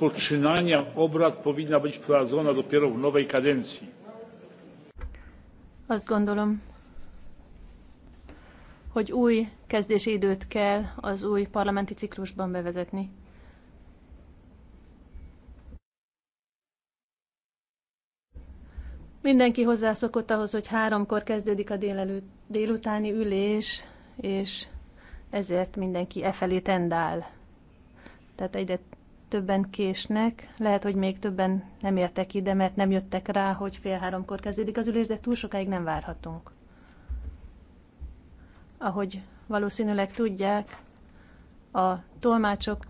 rozpoczynania obrad powinna być prowadzona dopiero w nowej kadencji. Azt gondolom, hogy új kezdési időt kell az új parlamenti ciklusban bevezetni. Mindenki hozzászokott ahhoz, hogy háromkor kezdődik a délelőtt, délutáni ülés, és ezért mindenki e felé tendál. Tehát egyre többen késnek, lehet, hogy még többen nem értek ide, mert nem jöttek rá, hogy fél háromkor kezdődik az ülés, de túl sokáig nem várhatunk. Ahogy valószínűleg tudják, a tolmácsok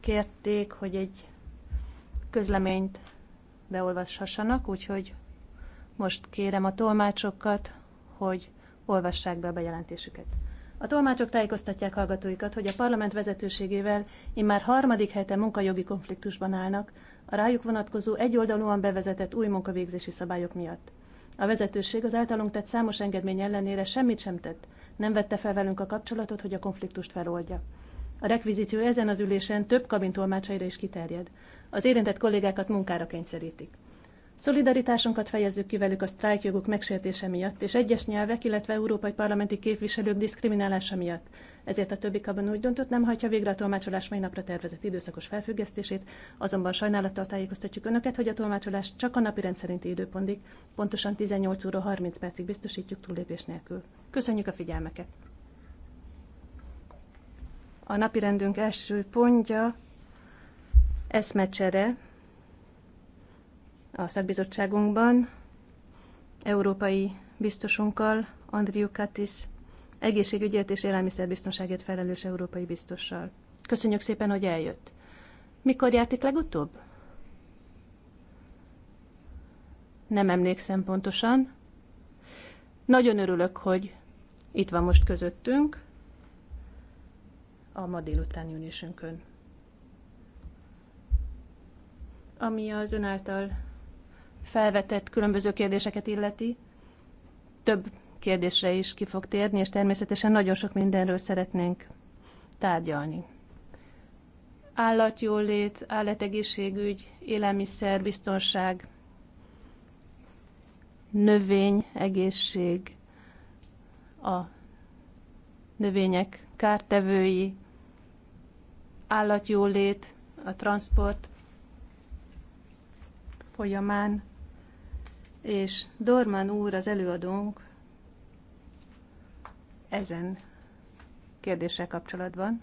kérték, hogy egy közleményt beolvashassanak, úgyhogy most kérem a tolmácsokat, hogy olvassák be a bejelentésüket. A tolmácsok tájékoztatják hallgatóikat, hogy a parlament vezetőségével már harmadik hete munkajogi konfliktusban állnak, a rájuk vonatkozó egyoldalúan bevezetett új munkavégzési szabályok miatt. A vezetőség az általunk tett számos engedmény ellenére semmit sem tett, nem vette fel velünk a kapcsolatot, hogy a konfliktust feloldja. A rekvizíció ezen az ülésen több kabintolmácsaira is kiterjed. Az érintett kollégákat munkára kényszerítik. Szolidaritásunkat fejezzük ki velük a sztrájkjogok megsértése miatt, és egyes nyelvek, illetve európai parlamenti képviselők diszkriminálása miatt. Ezért a többi kabban úgy döntött, nem hagyja végre a tolmácsolás mai napra tervezett időszakos felfüggesztését, azonban sajnálattal tájékoztatjuk Önöket, hogy a tolmácsolás csak a napi rendszerinti időpontig, pontosan 18 óra 30 percig biztosítjuk túllépés nélkül. Köszönjük a figyelmeket! A napirendünk első pontja eszmecsere, a szakbizottságunkban, európai biztosunkkal, Andriu Katis, egészségügyért és élelmiszerbiztonságért felelős európai biztossal. Köszönjük szépen, hogy eljött. Mikor járt itt legutóbb? Nem emlékszem pontosan. Nagyon örülök, hogy itt van most közöttünk a ma délután ülésünkön. Ami az ön által felvetett különböző kérdéseket illeti, több kérdésre is ki fog térni, és természetesen nagyon sok mindenről szeretnénk tárgyalni. Állatjólét, állategészségügy, élelmiszer, biztonság, növény, egészség, a növények kártevői, állatjólét, a transport folyamán és Dorman úr, az előadónk ezen kérdéssel kapcsolatban.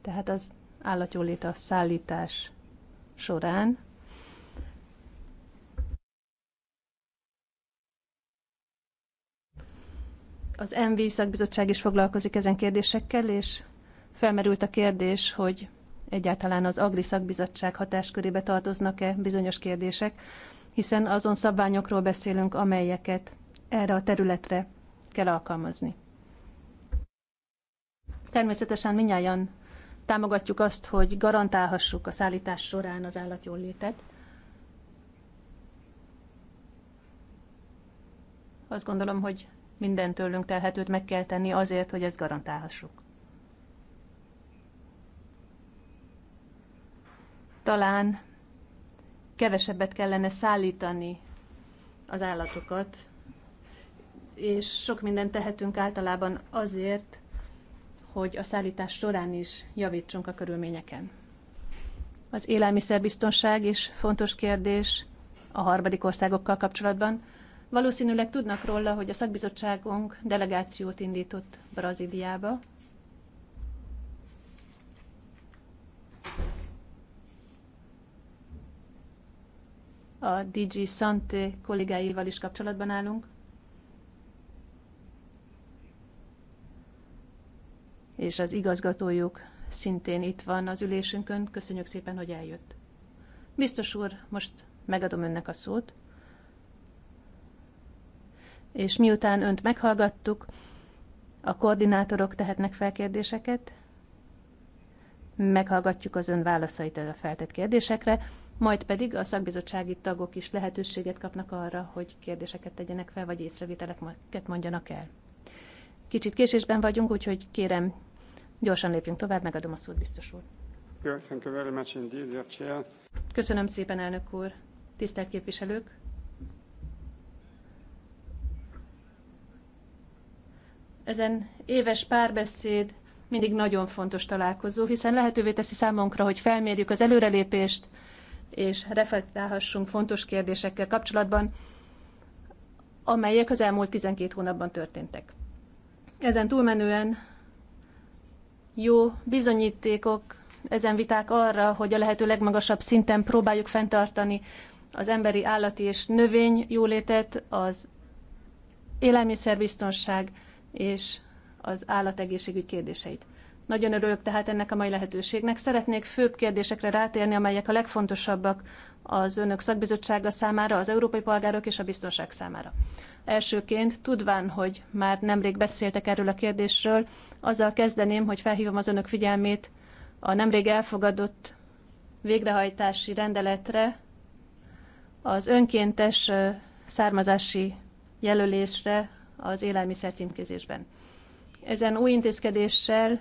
Tehát az állatjólét a szállítás során. Az MV szakbizottság is foglalkozik ezen kérdésekkel, és felmerült a kérdés, hogy egyáltalán az Agri Szakbizottság hatáskörébe tartoznak-e bizonyos kérdések, hiszen azon szabványokról beszélünk, amelyeket erre a területre kell alkalmazni. Természetesen minnyáján támogatjuk azt, hogy garantálhassuk a szállítás során az állatjólétet. Azt gondolom, hogy minden tőlünk telhetőt meg kell tenni azért, hogy ezt garantálhassuk. talán kevesebbet kellene szállítani az állatokat, és sok mindent tehetünk általában azért, hogy a szállítás során is javítsunk a körülményeken. Az élelmiszerbiztonság is fontos kérdés a harmadik országokkal kapcsolatban. Valószínűleg tudnak róla, hogy a szakbizottságunk delegációt indított Brazíliába, a DG Santé kollégáival is kapcsolatban állunk. És az igazgatójuk szintén itt van az ülésünkön. Köszönjük szépen, hogy eljött. Biztos úr, most megadom önnek a szót. És miután önt meghallgattuk, a koordinátorok tehetnek fel kérdéseket. Meghallgatjuk az ön válaszait a feltett kérdésekre majd pedig a szakbizottsági tagok is lehetőséget kapnak arra, hogy kérdéseket tegyenek fel, vagy észrevételeket mondjanak el. Kicsit késésben vagyunk, úgyhogy kérem, gyorsan lépjünk tovább, megadom a szót biztos úr. Köszönöm szépen, elnök úr. Tisztelt képviselők! Ezen éves párbeszéd mindig nagyon fontos találkozó, hiszen lehetővé teszi számunkra, hogy felmérjük az előrelépést, és reflektálhassunk fontos kérdésekkel kapcsolatban, amelyek az elmúlt 12 hónapban történtek. Ezen túlmenően jó bizonyítékok, ezen viták arra, hogy a lehető legmagasabb szinten próbáljuk fenntartani az emberi, állati és növény jólétet, az élelmiszerbiztonság és az állategészségügy kérdéseit. Nagyon örülök tehát ennek a mai lehetőségnek. Szeretnék főbb kérdésekre rátérni, amelyek a legfontosabbak az önök szakbizottsága számára, az európai polgárok és a biztonság számára. Elsőként, tudván, hogy már nemrég beszéltek erről a kérdésről, azzal kezdeném, hogy felhívom az önök figyelmét a nemrég elfogadott végrehajtási rendeletre, az önkéntes származási jelölésre az élelmiszer címkézésben. Ezen új intézkedéssel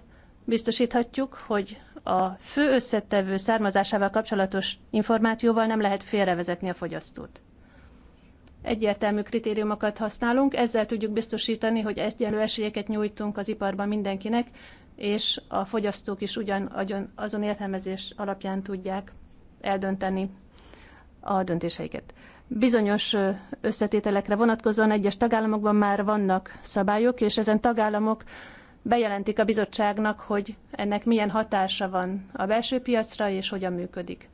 Biztosíthatjuk, hogy a fő összetevő származásával kapcsolatos információval nem lehet félrevezetni a fogyasztót. Egyértelmű kritériumokat használunk, ezzel tudjuk biztosítani, hogy egyenlő esélyeket nyújtunk az iparban mindenkinek, és a fogyasztók is ugyan azon értelmezés alapján tudják eldönteni a döntéseiket. Bizonyos összetételekre vonatkozóan egyes tagállamokban már vannak szabályok, és ezen tagállamok bejelentik a bizottságnak, hogy ennek milyen hatása van a belső piacra, és hogyan működik.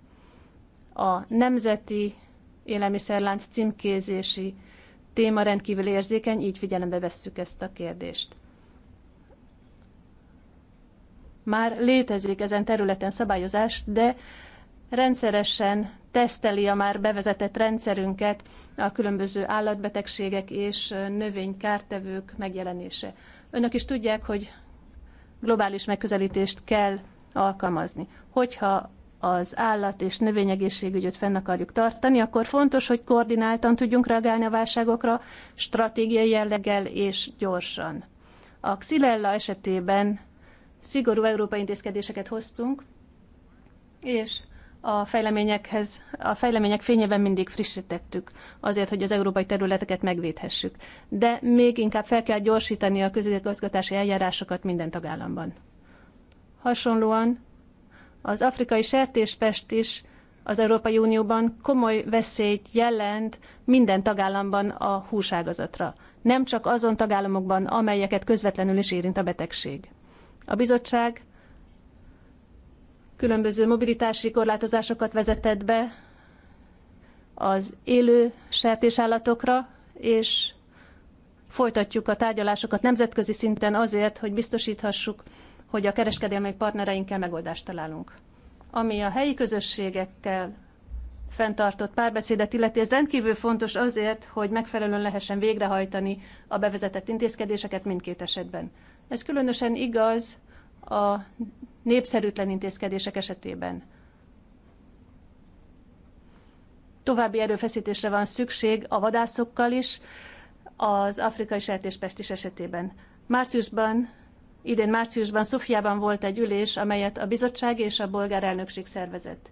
A nemzeti élelmiszerlánc címkézési téma rendkívül érzékeny, így figyelembe vesszük ezt a kérdést. Már létezik ezen területen szabályozás, de rendszeresen teszteli a már bevezetett rendszerünket a különböző állatbetegségek és növénykártevők megjelenése. Önök is tudják, hogy globális megközelítést kell alkalmazni. Hogyha az állat és növényegészségügyöt fenn akarjuk tartani, akkor fontos, hogy koordináltan tudjunk reagálni a válságokra, stratégiai jelleggel és gyorsan. A Xilella esetében szigorú európai intézkedéseket hoztunk, és a fejleményekhez, a fejlemények fényében mindig frissítettük, azért, hogy az európai területeket megvédhessük. De még inkább fel kell gyorsítani a közigazgatási eljárásokat minden tagállamban. Hasonlóan az afrikai sertéspest is az Európai Unióban komoly veszélyt jelent minden tagállamban a húságazatra. Nem csak azon tagállamokban, amelyeket közvetlenül is érint a betegség. A bizottság különböző mobilitási korlátozásokat vezetett be az élő sertésállatokra, és folytatjuk a tárgyalásokat nemzetközi szinten azért, hogy biztosíthassuk, hogy a kereskedelmi partnereinkkel megoldást találunk. Ami a helyi közösségekkel fenntartott párbeszédet illeti, ez rendkívül fontos azért, hogy megfelelően lehessen végrehajtani a bevezetett intézkedéseket mindkét esetben. Ez különösen igaz a népszerűtlen intézkedések esetében. További erőfeszítésre van szükség a vadászokkal is, az afrikai is esetében. Márciusban, idén márciusban Szofiában volt egy ülés, amelyet a bizottság és a bolgár elnökség szervezett.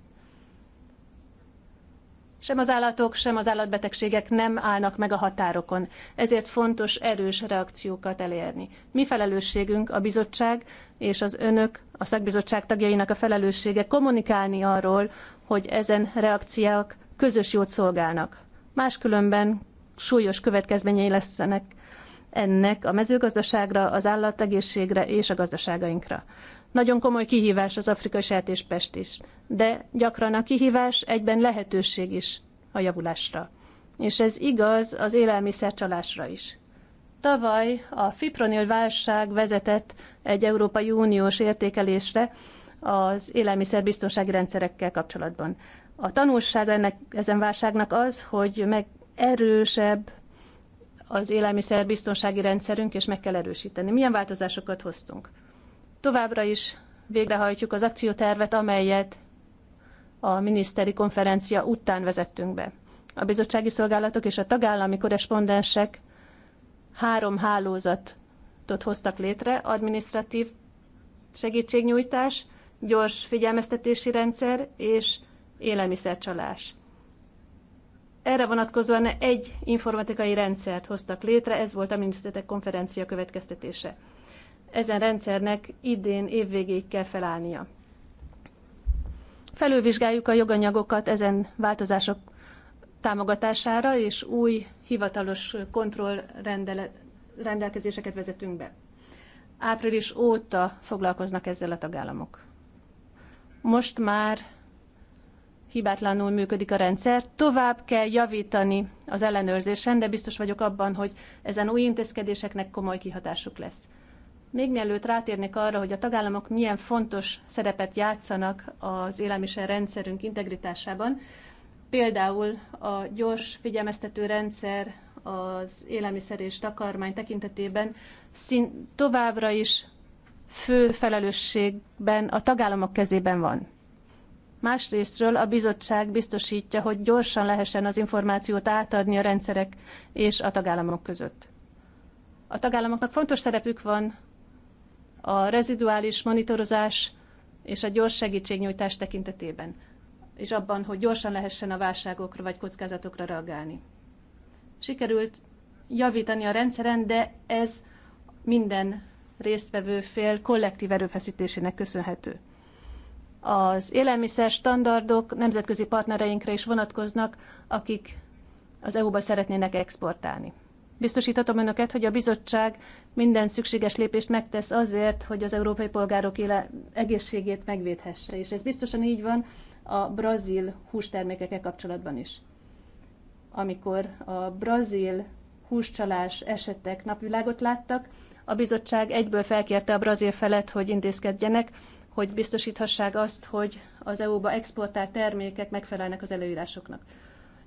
Sem az állatok, sem az állatbetegségek nem állnak meg a határokon. Ezért fontos erős reakciókat elérni. Mi felelősségünk a bizottság és az önök, a szakbizottság tagjainak a felelőssége kommunikálni arról, hogy ezen reakciók közös jót szolgálnak. Máskülönben súlyos következményei lesznek ennek a mezőgazdaságra, az állategészségre és a gazdaságainkra. Nagyon komoly kihívás az afrikai sertéspest is, de gyakran a kihívás egyben lehetőség is a javulásra. És ez igaz az élelmiszercsalásra is. Tavaly a fipronil válság vezetett egy Európai Uniós értékelésre az élelmiszerbiztonsági rendszerekkel kapcsolatban. A tanulság ennek, ezen válságnak az, hogy meg erősebb az élelmiszerbiztonsági rendszerünk, és meg kell erősíteni. Milyen változásokat hoztunk? Továbbra is végrehajtjuk az akciótervet, amelyet a miniszteri konferencia után vezettünk be. A bizottsági szolgálatok és a tagállami korrespondensek három hálózatot hoztak létre, administratív segítségnyújtás, gyors figyelmeztetési rendszer és élelmiszercsalás. Erre vonatkozóan egy informatikai rendszert hoztak létre, ez volt a miniszterek konferencia következtetése ezen rendszernek idén évvégéig kell felállnia. Felülvizsgáljuk a joganyagokat ezen változások támogatására, és új hivatalos kontrollrendele rendelkezéseket vezetünk be. Április óta foglalkoznak ezzel a tagállamok. Most már hibátlanul működik a rendszer, tovább kell javítani az ellenőrzésen, de biztos vagyok abban, hogy ezen új intézkedéseknek komoly kihatásuk lesz. Még mielőtt rátérnék arra, hogy a tagállamok milyen fontos szerepet játszanak az élelmiszer rendszerünk integritásában, például a gyors figyelmeztető rendszer az élelmiszer és takarmány tekintetében szint továbbra is fő felelősségben a tagállamok kezében van. Másrésztről a bizottság biztosítja, hogy gyorsan lehessen az információt átadni a rendszerek és a tagállamok között. A tagállamoknak fontos szerepük van a reziduális monitorozás és a gyors segítségnyújtás tekintetében, és abban, hogy gyorsan lehessen a válságokra vagy kockázatokra reagálni. Sikerült javítani a rendszeren, de ez minden résztvevő fél kollektív erőfeszítésének köszönhető. Az élelmiszer standardok nemzetközi partnereinkre is vonatkoznak, akik az EU-ba szeretnének exportálni. Biztosítatom önöket, hogy a bizottság minden szükséges lépést megtesz azért, hogy az európai polgárok éle, egészségét megvédhesse. És ez biztosan így van a brazil hústermékekkel kapcsolatban is. Amikor a brazil húscsalás esetek napvilágot láttak, a bizottság egyből felkérte a brazil felet, hogy intézkedjenek, hogy biztosíthassák azt, hogy az EU-ba exportált termékek megfelelnek az előírásoknak.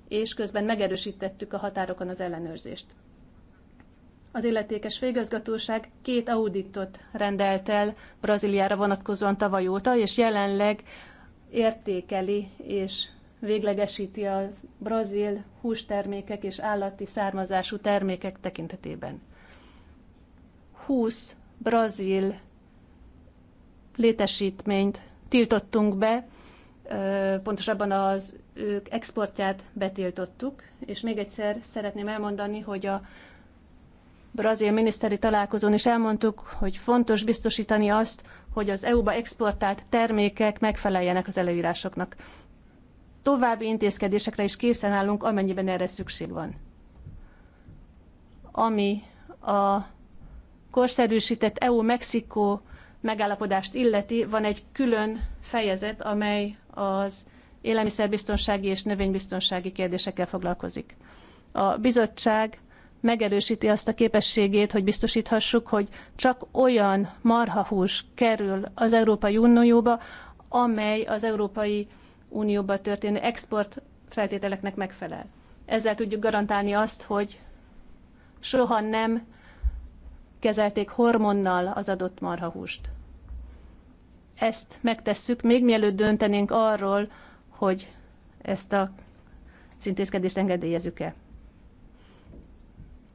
És közben megerősítettük a határokon az ellenőrzést az illetékes végözgatóság két auditot rendelt el Brazíliára vonatkozóan tavaly óta, és jelenleg értékeli és véglegesíti a brazil hústermékek és állati származású termékek tekintetében. 20 brazil létesítményt tiltottunk be, pontosabban az ők exportját betiltottuk, és még egyszer szeretném elmondani, hogy a brazil miniszteri találkozón is elmondtuk, hogy fontos biztosítani azt, hogy az EU-ba exportált termékek megfeleljenek az előírásoknak. További intézkedésekre is készen állunk, amennyiben erre szükség van. Ami a korszerűsített EU-Mexikó megállapodást illeti, van egy külön fejezet, amely az élelmiszerbiztonsági és növénybiztonsági kérdésekkel foglalkozik. A bizottság megerősíti azt a képességét, hogy biztosíthassuk, hogy csak olyan marhahús kerül az Európai Unióba, amely az Európai Unióba történő export feltételeknek megfelel. Ezzel tudjuk garantálni azt, hogy soha nem kezelték hormonnal az adott marhahúst. Ezt megtesszük, még mielőtt döntenénk arról, hogy ezt a szintézkedést engedélyezzük-e.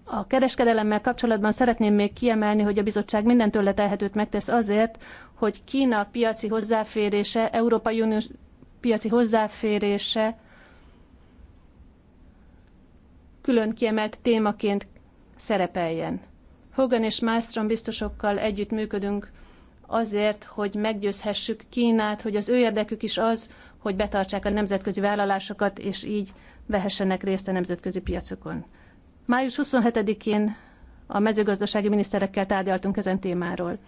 A kereskedelemmel kapcsolatban szeretném még kiemelni, hogy a bizottság minden tőle megtesz azért, hogy Kína piaci hozzáférése, Európai Uniós piaci hozzáférése külön kiemelt témaként szerepeljen. Hogan és Malmström biztosokkal együtt működünk azért, hogy meggyőzhessük Kínát, hogy az ő érdekük is az, hogy betartsák a nemzetközi vállalásokat, és így vehessenek részt a nemzetközi piacokon. Május 27-én a mezőgazdasági miniszterekkel tárgyaltunk ezen témáról.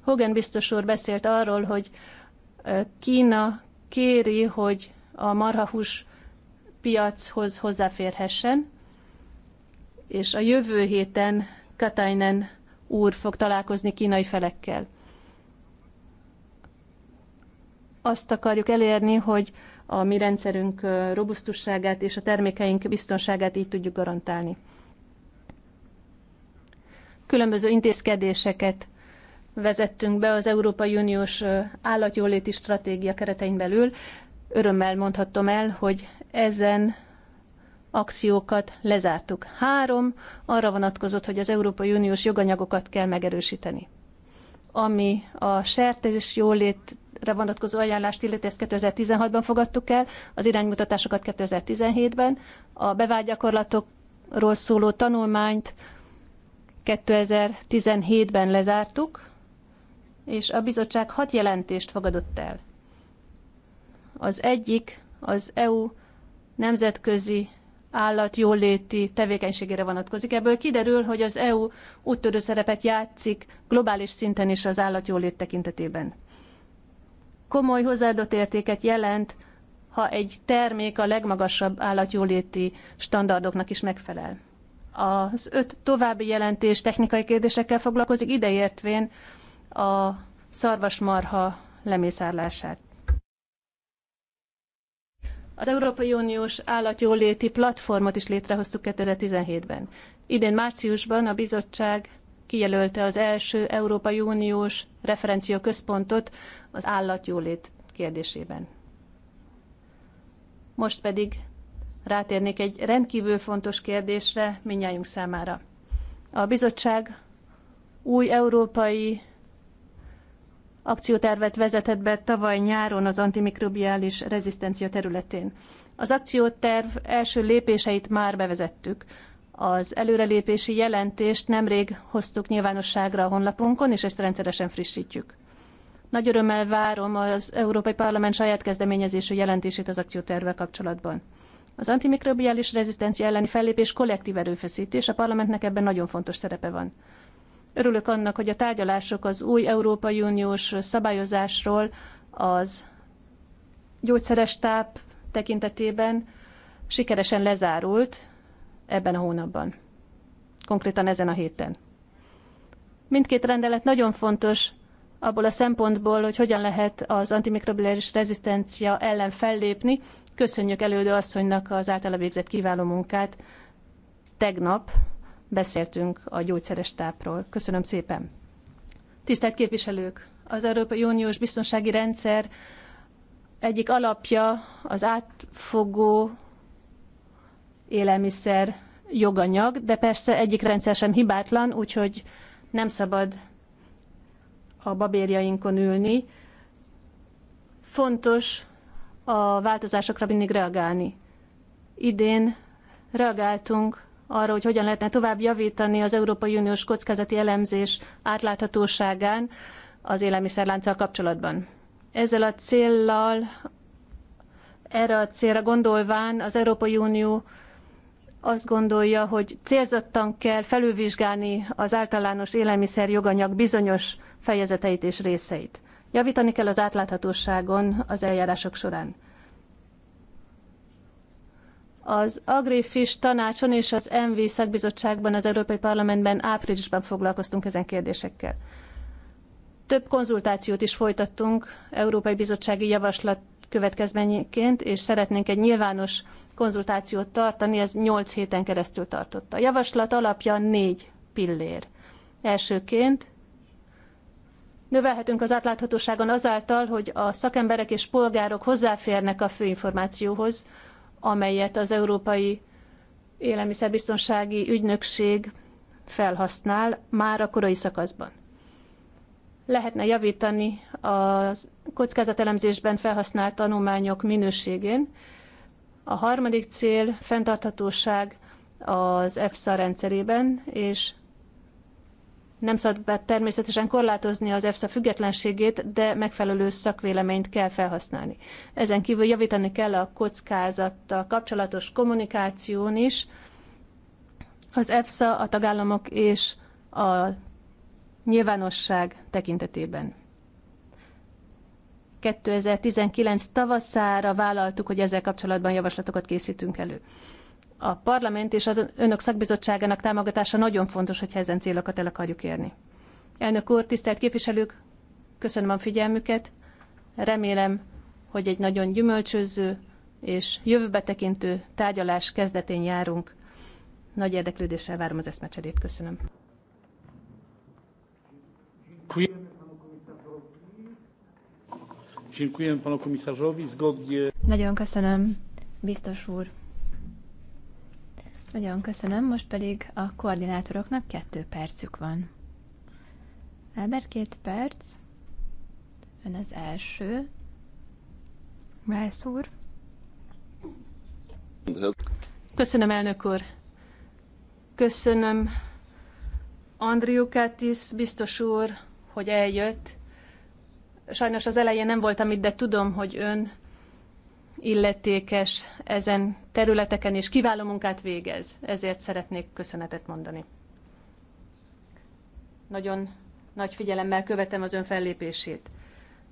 Hogan biztos úr beszélt arról, hogy Kína kéri, hogy a marhahús piachoz hozzáférhessen, és a jövő héten Katainen úr fog találkozni kínai felekkel. Azt akarjuk elérni, hogy a mi rendszerünk robusztusságát és a termékeink biztonságát így tudjuk garantálni különböző intézkedéseket vezettünk be az Európai Uniós állatjóléti stratégia keretein belül. Örömmel mondhatom el, hogy ezen akciókat lezártuk. Három arra vonatkozott, hogy az Európai Uniós joganyagokat kell megerősíteni. Ami a sertés jólétre vonatkozó ajánlást illeti, ezt 2016-ban fogadtuk el, az iránymutatásokat 2017-ben, a bevágyakorlatokról szóló tanulmányt 2017-ben lezártuk, és a bizottság hat jelentést fogadott el. Az egyik az EU nemzetközi állatjóléti tevékenységére vonatkozik. Ebből kiderül, hogy az EU úttörő szerepet játszik globális szinten is az állatjólét tekintetében. Komoly hozzáadott értéket jelent, ha egy termék a legmagasabb állatjóléti standardoknak is megfelel. Az öt további jelentés technikai kérdésekkel foglalkozik, ideértvén a szarvasmarha lemészárlását. Az Európai Uniós állatjóléti platformot is létrehoztuk 2017-ben. Idén márciusban a bizottság kijelölte az első Európai Uniós referencia központot az állatjólét kérdésében. Most pedig rátérnék egy rendkívül fontos kérdésre minnyájunk számára. A bizottság új európai akciótervet vezetett be tavaly nyáron az antimikrobiális rezisztencia területén. Az akcióterv első lépéseit már bevezettük. Az előrelépési jelentést nemrég hoztuk nyilvánosságra a honlapunkon, és ezt rendszeresen frissítjük. Nagy örömmel várom az Európai Parlament saját kezdeményezésű jelentését az akciótervvel kapcsolatban. Az antimikrobiális rezisztencia elleni fellépés kollektív erőfeszítés, a parlamentnek ebben nagyon fontos szerepe van. Örülök annak, hogy a tárgyalások az új Európai Uniós szabályozásról az gyógyszeres táp tekintetében sikeresen lezárult ebben a hónapban, konkrétan ezen a héten. Mindkét rendelet nagyon fontos abból a szempontból, hogy hogyan lehet az antimikrobiális rezisztencia ellen fellépni. Köszönjük elődő asszonynak az általa végzett kiváló munkát. Tegnap beszéltünk a gyógyszeres tápról. Köszönöm szépen. Tisztelt képviselők! Az Európai Uniós Biztonsági Rendszer egyik alapja az átfogó élelmiszer joganyag, de persze egyik rendszer sem hibátlan, úgyhogy nem szabad a babérjainkon ülni. Fontos a változásokra mindig reagálni. Idén reagáltunk arra, hogy hogyan lehetne tovább javítani az Európai Uniós kockázati elemzés átláthatóságán az élelmiszerlánccal kapcsolatban. Ezzel a céllal, erre a célra gondolván az Európai Unió azt gondolja, hogy célzottan kell felülvizsgálni az általános élelmiszer joganyag bizonyos fejezeteit és részeit. Javítani kell az átláthatóságon az eljárások során. Az Agrifis tanácson és az MV szakbizottságban az Európai Parlamentben áprilisban foglalkoztunk ezen kérdésekkel. Több konzultációt is folytattunk Európai Bizottsági Javaslat következményeként, és szeretnénk egy nyilvános konzultációt tartani, ez 8 héten keresztül tartotta. A javaslat alapja négy pillér. Elsőként növelhetünk az átláthatóságon azáltal, hogy a szakemberek és polgárok hozzáférnek a főinformációhoz, amelyet az Európai Élelmiszerbiztonsági Ügynökség felhasznál már a korai szakaszban. Lehetne javítani a kockázatelemzésben felhasznált tanulmányok minőségén, a harmadik cél fenntarthatóság az EFSA rendszerében, és nem szabad természetesen korlátozni az EFSA függetlenségét, de megfelelő szakvéleményt kell felhasználni. Ezen kívül javítani kell a kockázattal kapcsolatos kommunikáción is. Az EFSA, a tagállamok és a nyilvánosság tekintetében. 2019 tavaszára vállaltuk, hogy ezzel kapcsolatban javaslatokat készítünk elő. A parlament és az önök szakbizottságának támogatása nagyon fontos, hogyha ezen célokat el akarjuk érni. Elnök úr, tisztelt képviselők, köszönöm a figyelmüket. Remélem, hogy egy nagyon gyümölcsöző és jövőbe tekintő tárgyalás kezdetén járunk. Nagy érdeklődéssel várom az eszmecserét. Köszönöm. Queen. Nagyon köszönöm, biztos úr. Nagyon köszönöm, most pedig a koordinátoroknak kettő percük van. Ember két perc. Ön az első. Vász úr. Köszönöm, elnök úr. Köszönöm Andriukátis biztos úr, hogy eljött, sajnos az elején nem voltam itt, de tudom, hogy ön illetékes ezen területeken, és kiváló munkát végez. Ezért szeretnék köszönetet mondani. Nagyon nagy figyelemmel követem az ön fellépését,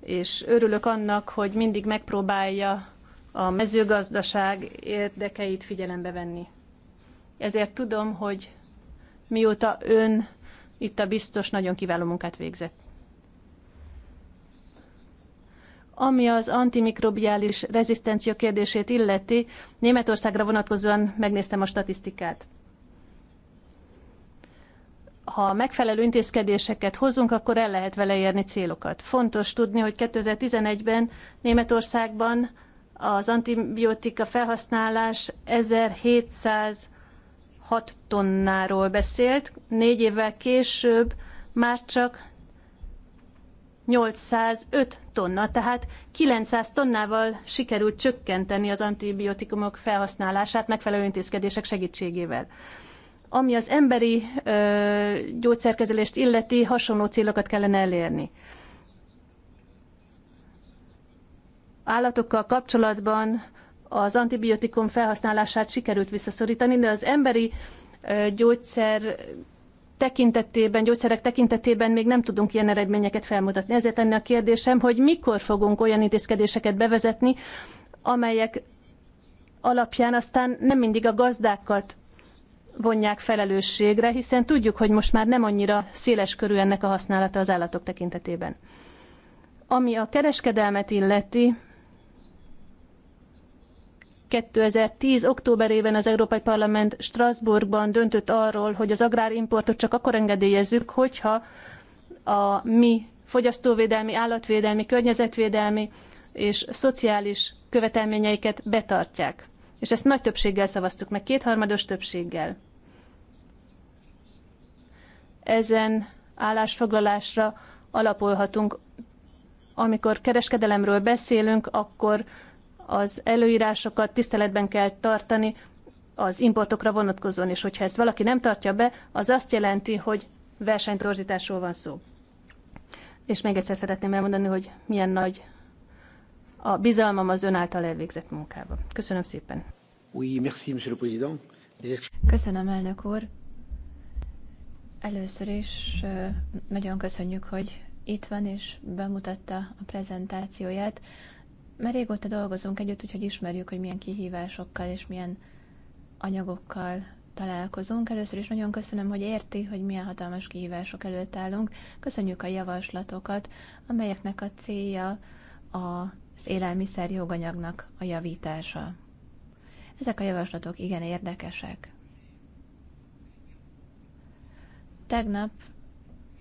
és örülök annak, hogy mindig megpróbálja a mezőgazdaság érdekeit figyelembe venni. Ezért tudom, hogy mióta ön itt a biztos nagyon kiváló munkát végzett. Ami az antimikrobiális rezisztencia kérdését illeti, Németországra vonatkozóan megnéztem a statisztikát. Ha megfelelő intézkedéseket hozunk, akkor el lehet vele érni célokat. Fontos tudni, hogy 2011-ben Németországban az antibiotika felhasználás 1706 tonnáról beszélt, négy évvel később már csak 805 tonna, tehát 900 tonnával sikerült csökkenteni az antibiotikumok felhasználását megfelelő intézkedések segítségével. Ami az emberi ö, gyógyszerkezelést illeti, hasonló célokat kellene elérni. Állatokkal kapcsolatban az antibiotikum felhasználását sikerült visszaszorítani, de az emberi gyógyszer tekintetében, gyógyszerek tekintetében még nem tudunk ilyen eredményeket felmutatni. Ezért lenne a kérdésem, hogy mikor fogunk olyan intézkedéseket bevezetni, amelyek alapján aztán nem mindig a gazdákat vonják felelősségre, hiszen tudjuk, hogy most már nem annyira széles körű ennek a használata az állatok tekintetében. Ami a kereskedelmet illeti, 2010. októberében az Európai Parlament Strasbourgban döntött arról, hogy az agrárimportot csak akkor engedélyezzük, hogyha a mi fogyasztóvédelmi, állatvédelmi, környezetvédelmi és szociális követelményeiket betartják. És ezt nagy többséggel szavaztuk meg, kétharmados többséggel. Ezen állásfoglalásra alapolhatunk. Amikor kereskedelemről beszélünk, akkor az előírásokat tiszteletben kell tartani az importokra vonatkozóan, és hogyha ezt valaki nem tartja be, az azt jelenti, hogy versenytorzításról van szó. És még egyszer szeretném elmondani, hogy milyen nagy a bizalmam az ön által elvégzett munkába. Köszönöm szépen. Oui, merci, monsieur le président. Köszönöm, elnök úr. Először is nagyon köszönjük, hogy itt van és bemutatta a prezentációját. Már régóta dolgozunk együtt, úgyhogy ismerjük, hogy milyen kihívásokkal és milyen anyagokkal találkozunk. Először is nagyon köszönöm, hogy érti, hogy milyen hatalmas kihívások előtt állunk. Köszönjük a javaslatokat, amelyeknek a célja az élelmiszer joganyagnak a javítása. Ezek a javaslatok igen érdekesek. Tegnap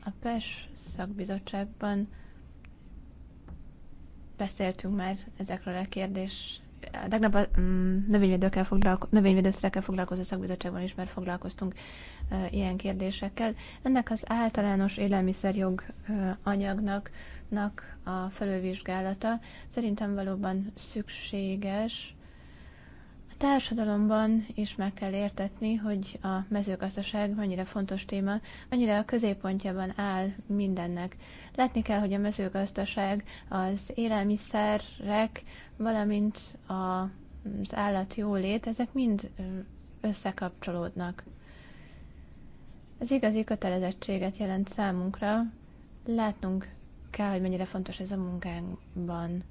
a PES szakbizottságban beszéltünk már ezekről a kérdés. Tegnap a mm, növényvédőkkel foglalko- növényvédőszerekkel foglalkozó szakbizottságban is már foglalkoztunk ilyen kérdésekkel. Ennek az általános élelmiszerjog anyagnak a felővizsgálata szerintem valóban szükséges, társadalomban is meg kell értetni, hogy a mezőgazdaság mennyire fontos téma, mennyire a középpontjában áll mindennek. Látni kell, hogy a mezőgazdaság az élelmiszerek, valamint a, az állat jólét, ezek mind összekapcsolódnak. Ez igazi kötelezettséget jelent számunkra, látnunk kell, hogy mennyire fontos ez a munkánkban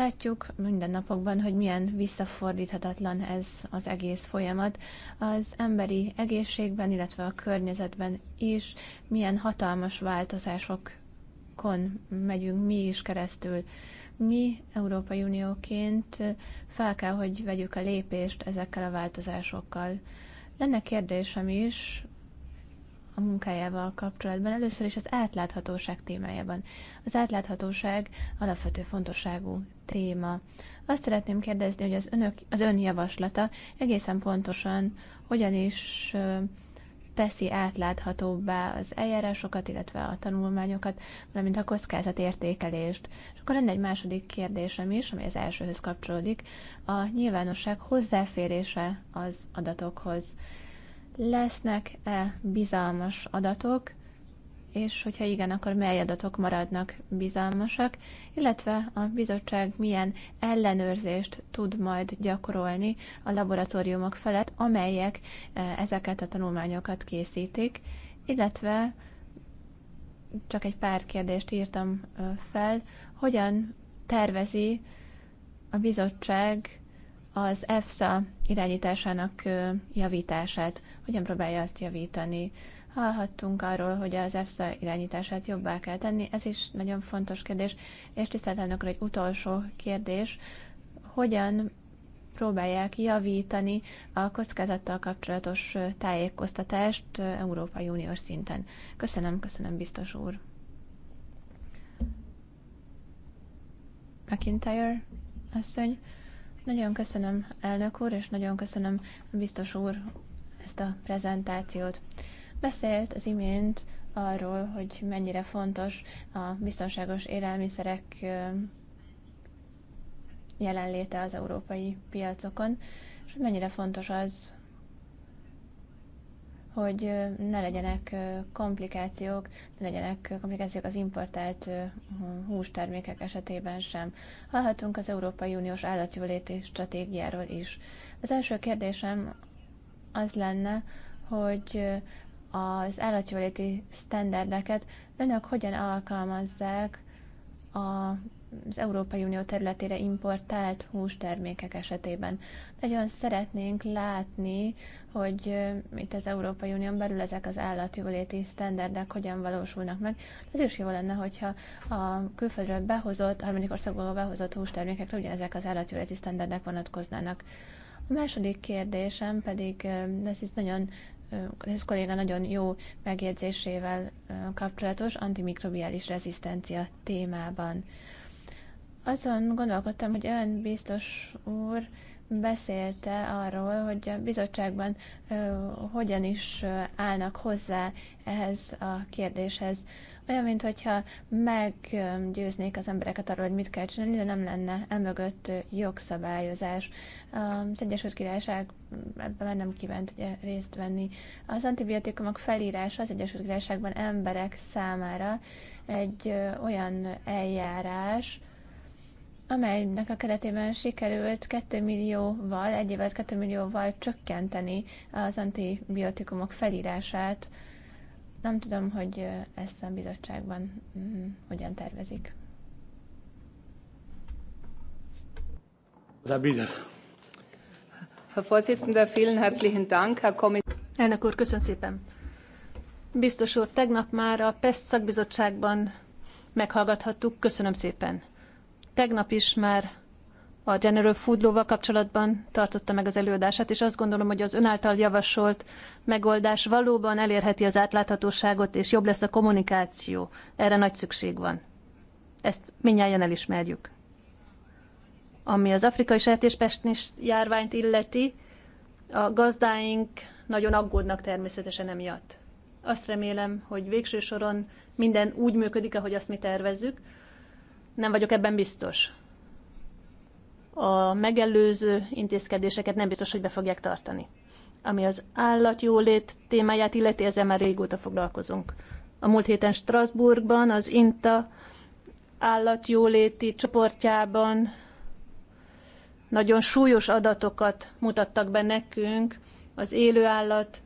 Látjuk mindennapokban, hogy milyen visszafordíthatatlan ez az egész folyamat. Az emberi egészségben, illetve a környezetben is milyen hatalmas változásokon megyünk mi is keresztül. Mi Európai Unióként fel kell, hogy vegyük a lépést ezekkel a változásokkal. Lenne kérdésem is a munkájával kapcsolatban. Először is az átláthatóság témájában. Az átláthatóság alapvető fontosságú téma. Azt szeretném kérdezni, hogy az, önök, az ön javaslata egészen pontosan hogyan is teszi átláthatóbbá az eljárásokat, illetve a tanulmányokat, valamint a értékelést? És akkor lenne egy második kérdésem is, ami az elsőhöz kapcsolódik, a nyilvánosság hozzáférése az adatokhoz lesznek-e bizalmas adatok, és hogyha igen, akkor mely adatok maradnak bizalmasak, illetve a bizottság milyen ellenőrzést tud majd gyakorolni a laboratóriumok felett, amelyek e, ezeket a tanulmányokat készítik, illetve csak egy pár kérdést írtam fel, hogyan tervezi a bizottság az EFSA irányításának javítását, hogyan próbálja azt javítani. Hallhattunk arról, hogy az EFSA irányítását jobbá kell tenni, ez is nagyon fontos kérdés, és tisztelt elnök egy utolsó kérdés, hogyan próbálják javítani a kockázattal kapcsolatos tájékoztatást Európai Unió szinten. Köszönöm, köszönöm, biztos úr. McIntyre asszony. Nagyon köszönöm, elnök úr, és nagyon köszönöm, biztos úr, ezt a prezentációt. Beszélt az imént arról, hogy mennyire fontos a biztonságos élelmiszerek jelenléte az európai piacokon, és mennyire fontos az, hogy ne legyenek komplikációk, ne legyenek komplikációk az importált hústermékek esetében sem. Hallhatunk az Európai Uniós állatjóléti stratégiáról is. Az első kérdésem az lenne, hogy az állatjóléti sztenderdeket önök hogyan alkalmazzák a az Európai Unió területére importált hústermékek esetében. Nagyon szeretnénk látni, hogy itt az Európai Unión belül ezek az állatjóléti sztenderdek hogyan valósulnak meg. Ez is jó lenne, hogyha a külföldről behozott, harmadik országból behozott hústermékekre ugyanezek az állatjóléti sztenderdek vonatkoznának. A második kérdésem pedig, ez is nagyon ez kolléga nagyon jó megjegyzésével kapcsolatos antimikrobiális rezisztencia témában. Azon gondolkodtam, hogy ön biztos úr beszélte arról, hogy a bizottságban ö, hogyan is állnak hozzá ehhez a kérdéshez. Olyan, mintha meggyőznék az embereket arról, hogy mit kell csinálni, de nem lenne emögött jogszabályozás. Az Egyesült Királyság ebben már nem kívánt ugye, részt venni. Az antibiotikumok felírása az Egyesült Királyságban emberek számára egy ö, olyan eljárás, amelynek a keretében sikerült 2 millióval, egy évvel 2 millióval csökkenteni az antibiotikumok felírását. Nem tudom, hogy ezt a bizottságban mm, hogyan tervezik. Herr Vorsitzender, vielen herzlichen Dank, Herr Elnök úr, köszönöm szépen. Biztos úr, tegnap már a PESZ szakbizottságban meghallgathattuk. Köszönöm szépen. Tegnap is már a General Food Law-val kapcsolatban tartotta meg az előadását, és azt gondolom, hogy az ön által javasolt megoldás valóban elérheti az átláthatóságot, és jobb lesz a kommunikáció. Erre nagy szükség van. Ezt mindjárt elismerjük. Ami az afrikai sertéspestnis járványt illeti, a gazdáink nagyon aggódnak természetesen emiatt. Azt remélem, hogy végső soron minden úgy működik, ahogy azt mi tervezzük, nem vagyok ebben biztos. A megelőző intézkedéseket nem biztos, hogy be fogják tartani. Ami az állatjólét témáját illeti, ezzel már régóta foglalkozunk. A múlt héten Strasbourgban az INTA állatjóléti csoportjában nagyon súlyos adatokat mutattak be nekünk az élőállat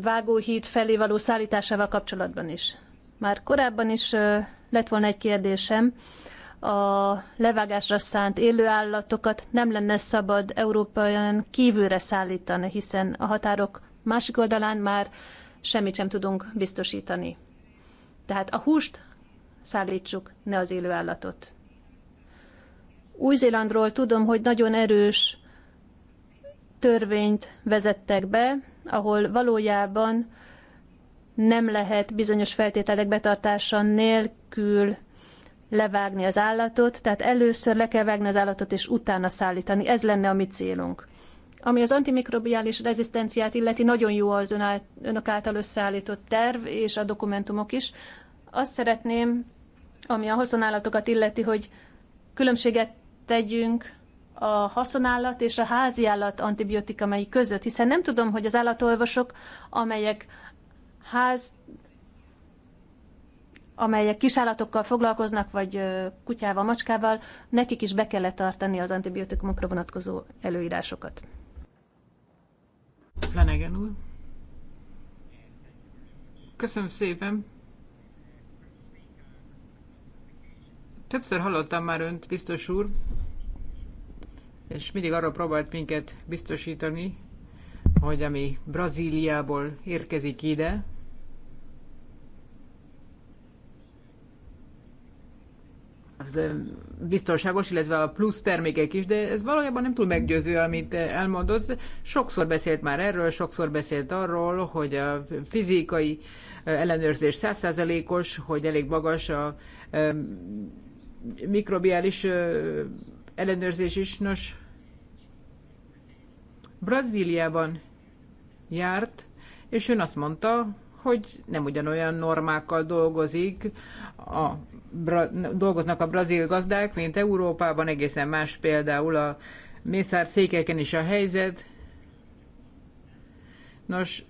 vágóhíd felé való szállításával kapcsolatban is. Már korábban is lett volna egy kérdésem a levágásra szánt élőállatokat nem lenne szabad Európán kívülre szállítani, hiszen a határok másik oldalán már semmit sem tudunk biztosítani. Tehát a húst szállítsuk, ne az élőállatot. Új-Zélandról tudom, hogy nagyon erős törvényt vezettek be, ahol valójában nem lehet bizonyos feltételek betartása nélkül nélkül levágni az állatot, tehát először le kell vágni az állatot, és utána szállítani. Ez lenne a mi célunk. Ami az antimikrobiális rezisztenciát illeti, nagyon jó az ön át, önök által összeállított terv és a dokumentumok is. Azt szeretném, ami a haszonállatokat illeti, hogy különbséget tegyünk a haszonállat és a háziállat antibiotikamai között, hiszen nem tudom, hogy az állatolvosok, amelyek ház amelyek kisállatokkal foglalkoznak, vagy kutyával, macskával, nekik is be kellett tartani az antibiotikumokra vonatkozó előírásokat. Flanagan úr. Köszönöm szépen. Többször hallottam már önt, biztos úr, és mindig arra próbált minket biztosítani, hogy ami Brazíliából érkezik ide, az biztonságos, illetve a plusz termékek is, de ez valójában nem túl meggyőző, amit elmondott. Sokszor beszélt már erről, sokszor beszélt arról, hogy a fizikai ellenőrzés százszázalékos, hogy elég magas a mikrobiális ellenőrzés is. Nos, Brazíliában járt, és ön azt mondta, hogy nem ugyanolyan normákkal dolgozik a dolgoznak a brazil gazdák, mint Európában, egészen más például a mészár székeken is a helyzet. Nos,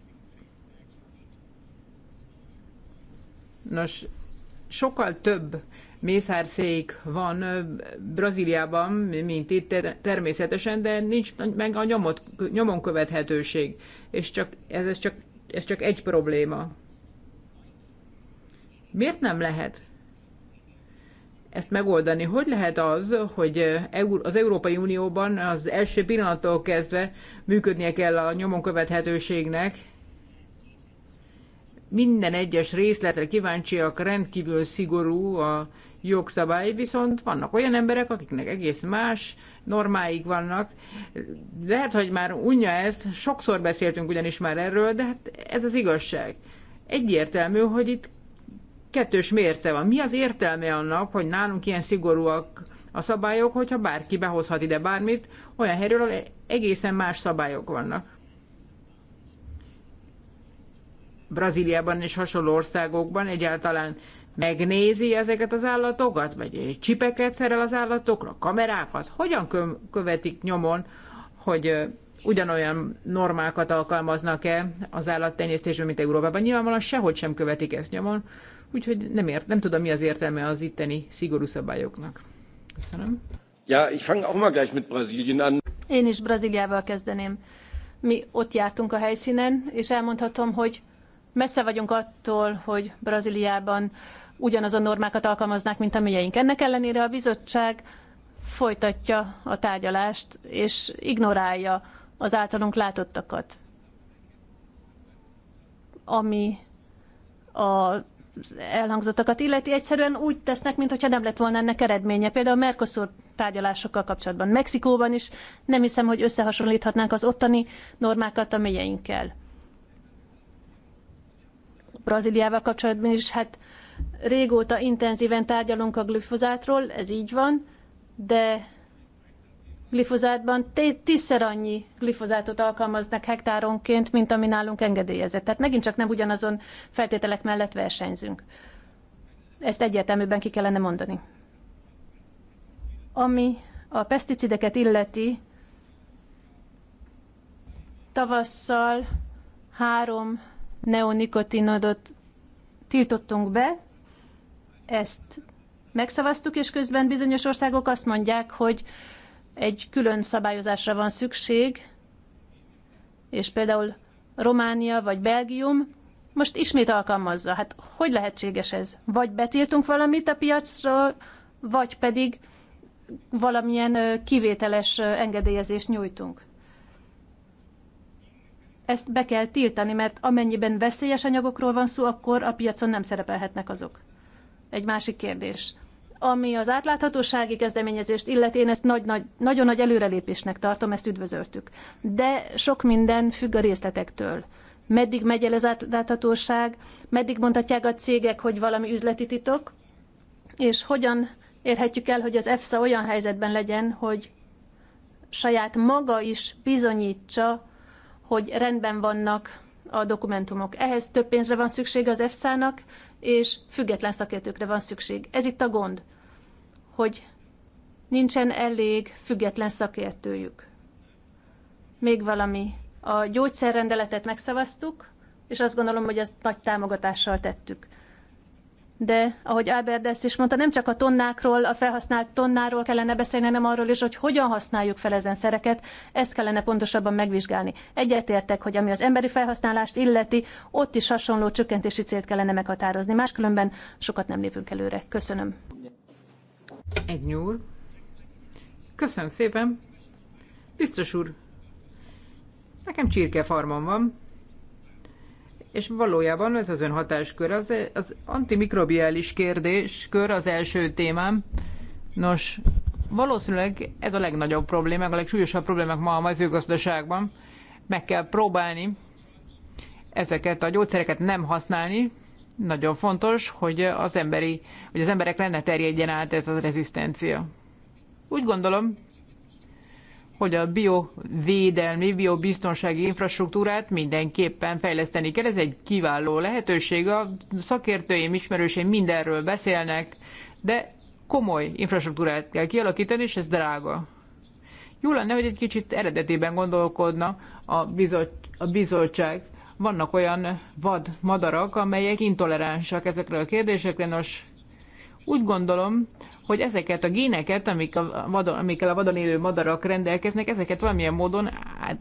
nos sokkal több mészárszék van Brazíliában, mint itt természetesen, de nincs meg a nyomot, nyomon követhetőség, és csak, ez, ez, csak, ez csak egy probléma. Miért nem lehet ezt megoldani. Hogy lehet az, hogy eh, az Európai Unióban az első pillanattól kezdve működnie kell a nyomon követhetőségnek? Minden egyes részletre kíváncsiak, rendkívül szigorú a jogszabály, viszont vannak olyan emberek, akiknek egész más normáik vannak. Lehet, hogy már unja ezt, sokszor beszéltünk ugyanis már erről, de hát ez az igazság. Egyértelmű, hogy itt kettős mérce van. Mi az értelme annak, hogy nálunk ilyen szigorúak a szabályok, hogyha bárki behozhat ide bármit, olyan helyről egészen más szabályok vannak. Brazíliában és hasonló országokban egyáltalán megnézi ezeket az állatokat, vagy csipeket szerel az állatokra, kamerákat, hogyan követik nyomon, hogy ugyanolyan normákat alkalmaznak-e az állattenyésztésben, mint Európában. Nyilvánvalóan sehogy sem követik ezt nyomon. Úgyhogy nem, ért, nem tudom, mi az értelme az itteni szigorú szabályoknak. Köszönöm. Ja, ich fange auch mal gleich mit Brasilien an. Én is Brazíliával kezdeném. Mi ott jártunk a helyszínen, és elmondhatom, hogy messze vagyunk attól, hogy Brazíliában ugyanazon normákat alkalmaznák, mint a miénk. Ennek ellenére a bizottság folytatja a tárgyalást, és ignorálja az általunk látottakat, ami a elhangzottakat illeti, egyszerűen úgy tesznek, mintha nem lett volna ennek eredménye. Például a Mercosur tárgyalásokkal kapcsolatban Mexikóban is nem hiszem, hogy összehasonlíthatnánk az ottani normákat a mélyeinkkel. Brazíliával kapcsolatban is, hát régóta intenzíven tárgyalunk a glifozátról, ez így van, de glifozátban tízszer annyi glifozátot alkalmaznak hektáronként, mint ami nálunk engedélyezett. Tehát megint csak nem ugyanazon feltételek mellett versenyzünk. Ezt egyértelműben ki kellene mondani. Ami a peszticideket illeti, tavasszal három neonikotinodot tiltottunk be, ezt megszavaztuk, és közben bizonyos országok azt mondják, hogy egy külön szabályozásra van szükség, és például Románia vagy Belgium most ismét alkalmazza. Hát hogy lehetséges ez? Vagy betiltunk valamit a piacról, vagy pedig valamilyen kivételes engedélyezést nyújtunk. Ezt be kell tiltani, mert amennyiben veszélyes anyagokról van szó, akkor a piacon nem szerepelhetnek azok. Egy másik kérdés. Ami az átláthatósági kezdeményezést illeti, én ezt nagy, nagy, nagyon nagy előrelépésnek tartom, ezt üdvözöltük. De sok minden függ a részletektől. Meddig megy el az átláthatóság, meddig mondhatják a cégek, hogy valami üzleti titok, és hogyan érhetjük el, hogy az EFSA olyan helyzetben legyen, hogy saját maga is bizonyítsa, hogy rendben vannak a dokumentumok. Ehhez több pénzre van szüksége az EFSA-nak, és független szakértőkre van szükség. Ez itt a gond hogy nincsen elég független szakértőjük. Még valami. A gyógyszerrendeletet megszavaztuk, és azt gondolom, hogy ezt nagy támogatással tettük. De, ahogy Albert is mondta, nem csak a tonnákról, a felhasznált tonnáról kellene beszélni, hanem arról is, hogy hogyan használjuk fel ezen szereket, ezt kellene pontosabban megvizsgálni. Egyetértek, hogy ami az emberi felhasználást illeti, ott is hasonló csökkentési célt kellene meghatározni, máskülönben sokat nem lépünk előre. Köszönöm. Egy nyúl. Köszönöm szépen. Biztos úr, nekem csirkefarmom van, és valójában ez az ön hatáskör, az, az antimikrobiális kérdéskör az első témám. Nos, valószínűleg ez a legnagyobb probléma, a legsúlyosabb problémák ma a mezőgazdaságban. Meg kell próbálni ezeket a gyógyszereket nem használni, nagyon fontos, hogy az, emberi, hogy az emberek ne terjedjen át ez a rezisztencia. Úgy gondolom, hogy a biovédelmi, biobiztonsági infrastruktúrát mindenképpen fejleszteni kell. Ez egy kiváló lehetőség. A szakértőim, ismerőseim mindenről beszélnek, de komoly infrastruktúrát kell kialakítani, és ez drága. Jó lenne, hogy egy kicsit eredetében gondolkodna a, bizot, a bizottság vannak olyan vad madarak, amelyek intoleránsak ezekre a kérdésekre. Nos, úgy gondolom, hogy ezeket a géneket, amik a vadon, amikkel a vadon élő madarak rendelkeznek, ezeket valamilyen módon át,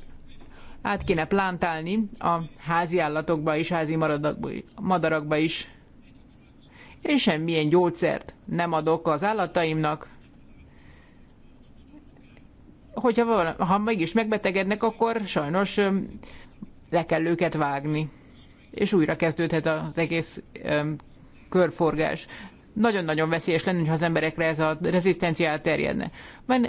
át kéne plántálni a házi állatokba és házi madarakba is. Én semmilyen gyógyszert nem adok az állataimnak. Hogyha vala, ha mégis megbetegednek, akkor sajnos le kell őket vágni, és újra kezdődhet az egész um, körforgás. Nagyon-nagyon veszélyes lenne, ha az emberekre ez a rezisztencia terjedne.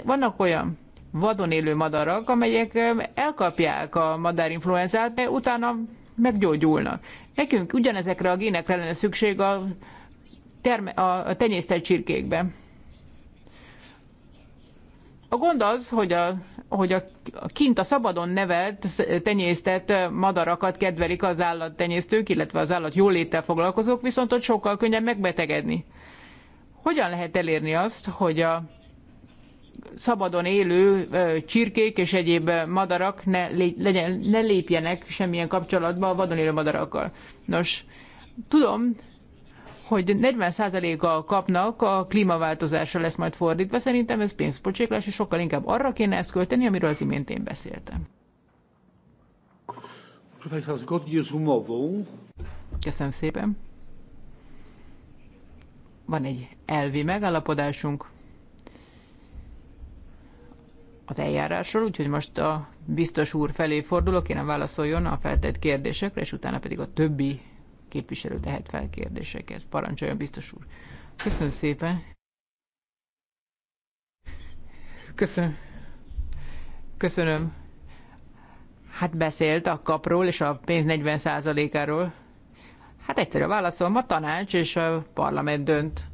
Vannak olyan vadon élő madarak, amelyek elkapják a madárinfluenzát, de utána meggyógyulnak. Nekünk ugyanezekre a génekre lenne szükség a, terme- a tenyésztett csirkékben. A gond az, hogy a, hogy a kint a szabadon nevelt, tenyésztett madarakat kedvelik az állattenyésztők, illetve az állat jóléttel foglalkozók, viszont ott sokkal könnyebb megbetegedni. Hogyan lehet elérni azt, hogy a szabadon élő csirkék és egyéb madarak ne, legyen, ne lépjenek semmilyen kapcsolatba a vadon élő madarakkal? Nos, tudom, hogy 40%-a kapnak a klímaváltozásra lesz majd fordítva. Szerintem ez pénzpocséklás, és sokkal inkább arra kéne ezt költeni, amiről az imént én beszéltem. Köszönöm szépen. Van egy elvi megállapodásunk az eljárásról, úgyhogy most a biztos úr felé fordulok, kérem válaszoljon a feltett kérdésekre, és utána pedig a többi képviselő tehet fel kérdéseket. Parancsoljon, biztos úr. Köszönöm szépen. Köszönöm. Köszönöm. Hát beszélt a kapról és a pénz 40%-áról. Hát egyszerű a válaszom, a tanács és a parlament dönt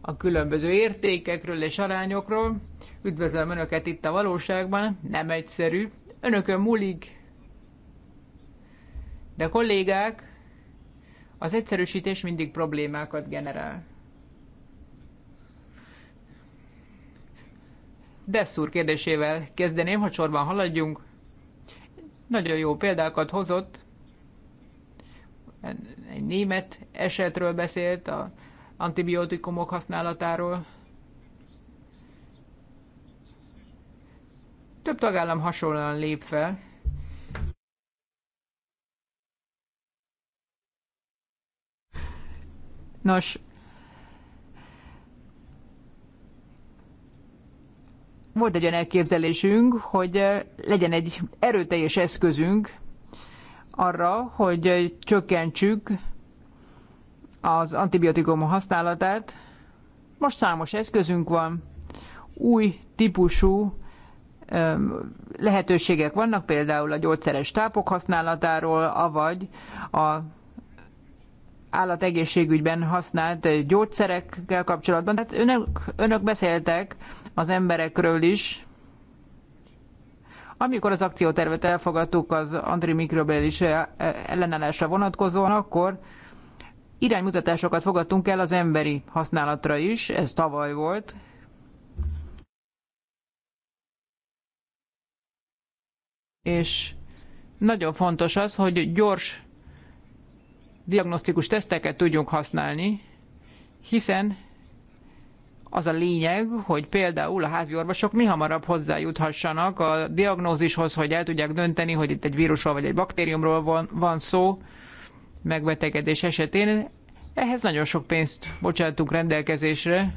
a különböző értékekről és arányokról. Üdvözlöm Önöket itt a valóságban, nem egyszerű. Önökön múlik. De kollégák, az egyszerűsítés mindig problémákat generál. Desszúr kérdésével kezdeném, ha sorban haladjunk. Nagyon jó példákat hozott. Egy német esetről beszélt, a antibiotikumok használatáról. Több tagállam hasonlóan lép fel. Nos, volt egy olyan elképzelésünk, hogy eh, legyen egy erőteljes eszközünk arra, hogy eh, csökkentsük az antibiotikum használatát. Most számos eszközünk van, új típusú lehetőségek vannak, például a gyógyszeres tápok használatáról, avagy a állategészségügyben használt gyógyszerekkel kapcsolatban. Tehát önök, önök beszéltek az emberekről is. Amikor az akciótervet elfogadtuk az antimikrobiális ellenállásra vonatkozóan, akkor iránymutatásokat fogadtunk el az emberi használatra is, ez tavaly volt, és nagyon fontos az, hogy gyors diagnosztikus teszteket tudjunk használni, hiszen az a lényeg, hogy például a házi orvosok mi hamarabb hozzájuthassanak a diagnózishoz, hogy el tudják dönteni, hogy itt egy vírusról vagy egy baktériumról van, van szó megbetegedés esetén. Ehhez nagyon sok pénzt bocsátunk rendelkezésre.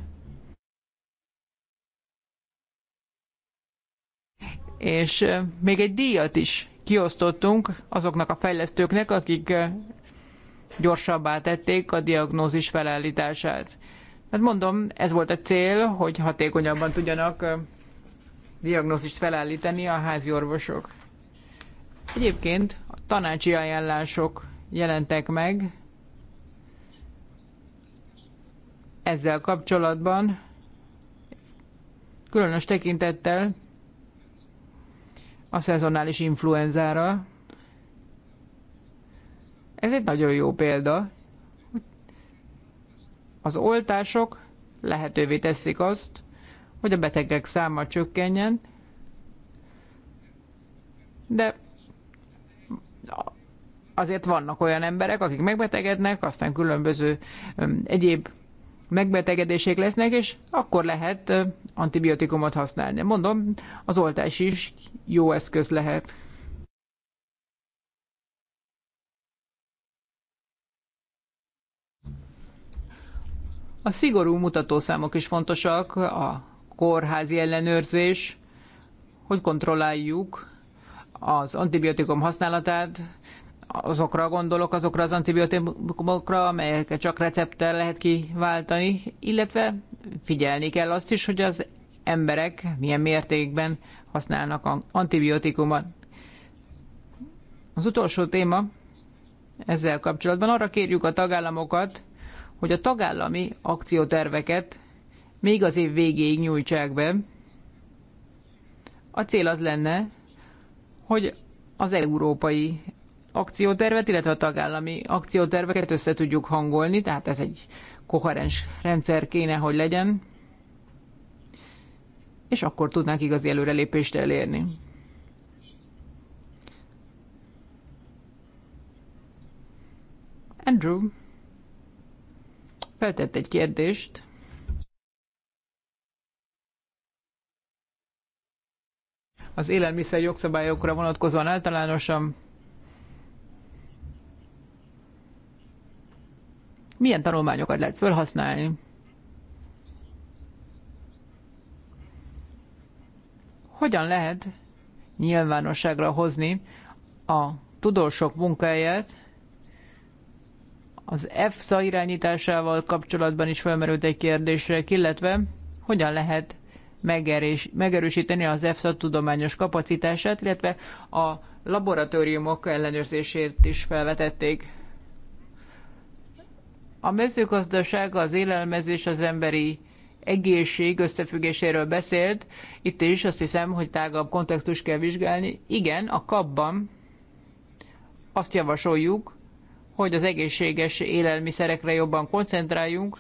És eh, még egy díjat is kiosztottunk azoknak a fejlesztőknek, akik eh, gyorsabbá tették a diagnózis felállítását. Hát mondom, ez volt a cél, hogy hatékonyabban tudjanak diagnózist felállítani a házi orvosok. Egyébként a tanácsi ajánlások jelentek meg ezzel kapcsolatban, különös tekintettel a szezonális influenzára, ez egy nagyon jó példa. Az oltások lehetővé teszik azt, hogy a betegek száma csökkenjen, de azért vannak olyan emberek, akik megbetegednek, aztán különböző egyéb megbetegedések lesznek, és akkor lehet antibiotikumot használni. Mondom, az oltás is jó eszköz lehet. A szigorú mutatószámok is fontosak, a kórházi ellenőrzés, hogy kontrolláljuk az antibiotikum használatát, azokra gondolok, azokra az antibiotikumokra, amelyeket csak recepttel lehet kiváltani, illetve figyelni kell azt is, hogy az emberek milyen mértékben használnak antibiotikumot. Az utolsó téma ezzel kapcsolatban arra kérjük a tagállamokat, hogy a tagállami akcióterveket még az év végéig nyújtsák be. A cél az lenne, hogy az európai akciótervet, illetve a tagállami akcióterveket össze tudjuk hangolni, tehát ez egy koherens rendszer kéne, hogy legyen, és akkor tudnánk igazi előrelépést elérni. Andrew feltett egy kérdést, az élelmiszer jogszabályokra vonatkozóan általánosan milyen tanulmányokat lehet felhasználni, hogyan lehet nyilvánosságra hozni a tudósok munkáját, az EFSA irányításával kapcsolatban is egy kérdésre, illetve hogyan lehet megerős, megerősíteni az EFSA tudományos kapacitását, illetve a laboratóriumok ellenőrzését is felvetették. A mezőgazdaság, az élelmezés, az emberi egészség összefüggéséről beszélt. Itt is azt hiszem, hogy tágabb kontextus kell vizsgálni. Igen, a kapban azt javasoljuk, hogy az egészséges élelmiszerekre jobban koncentráljunk.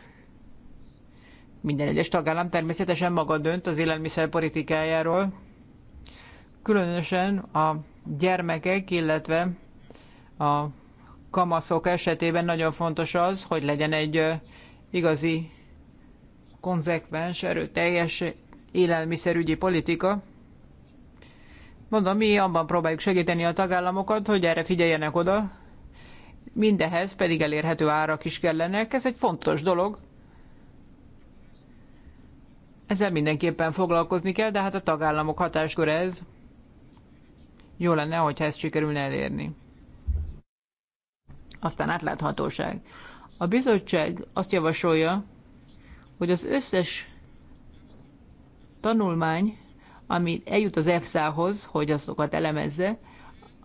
Minden egyes tagállam természetesen maga dönt az élelmiszer politikájáról. Különösen a gyermekek, illetve a kamaszok esetében nagyon fontos az, hogy legyen egy igazi, konzekvens, erőteljes élelmiszerügyi politika. Mondom, mi abban próbáljuk segíteni a tagállamokat, hogy erre figyeljenek oda, mindehez pedig elérhető árak is kellenek. Ez egy fontos dolog. Ezzel mindenképpen foglalkozni kell, de hát a tagállamok hatáskör ez. Jó lenne, hogyha ezt sikerülne elérni. Aztán átláthatóság. A bizottság azt javasolja, hogy az összes tanulmány, ami eljut az EFSA-hoz, hogy azokat elemezze,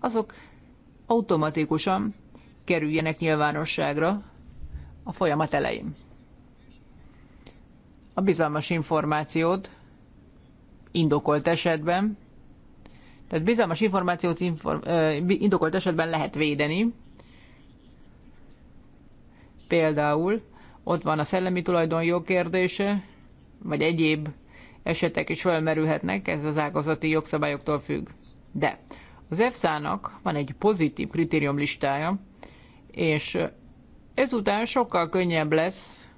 azok automatikusan kerüljenek nyilvánosságra a folyamat elején. A bizalmas információt indokolt esetben, tehát bizalmas információt inform, indokolt esetben lehet védeni. Például ott van a szellemi tulajdonjog kérdése, vagy egyéb esetek is felmerülhetnek, ez az ágazati jogszabályoktól függ. De az EFSA-nak van egy pozitív listája, és ezután sokkal könnyebb lesz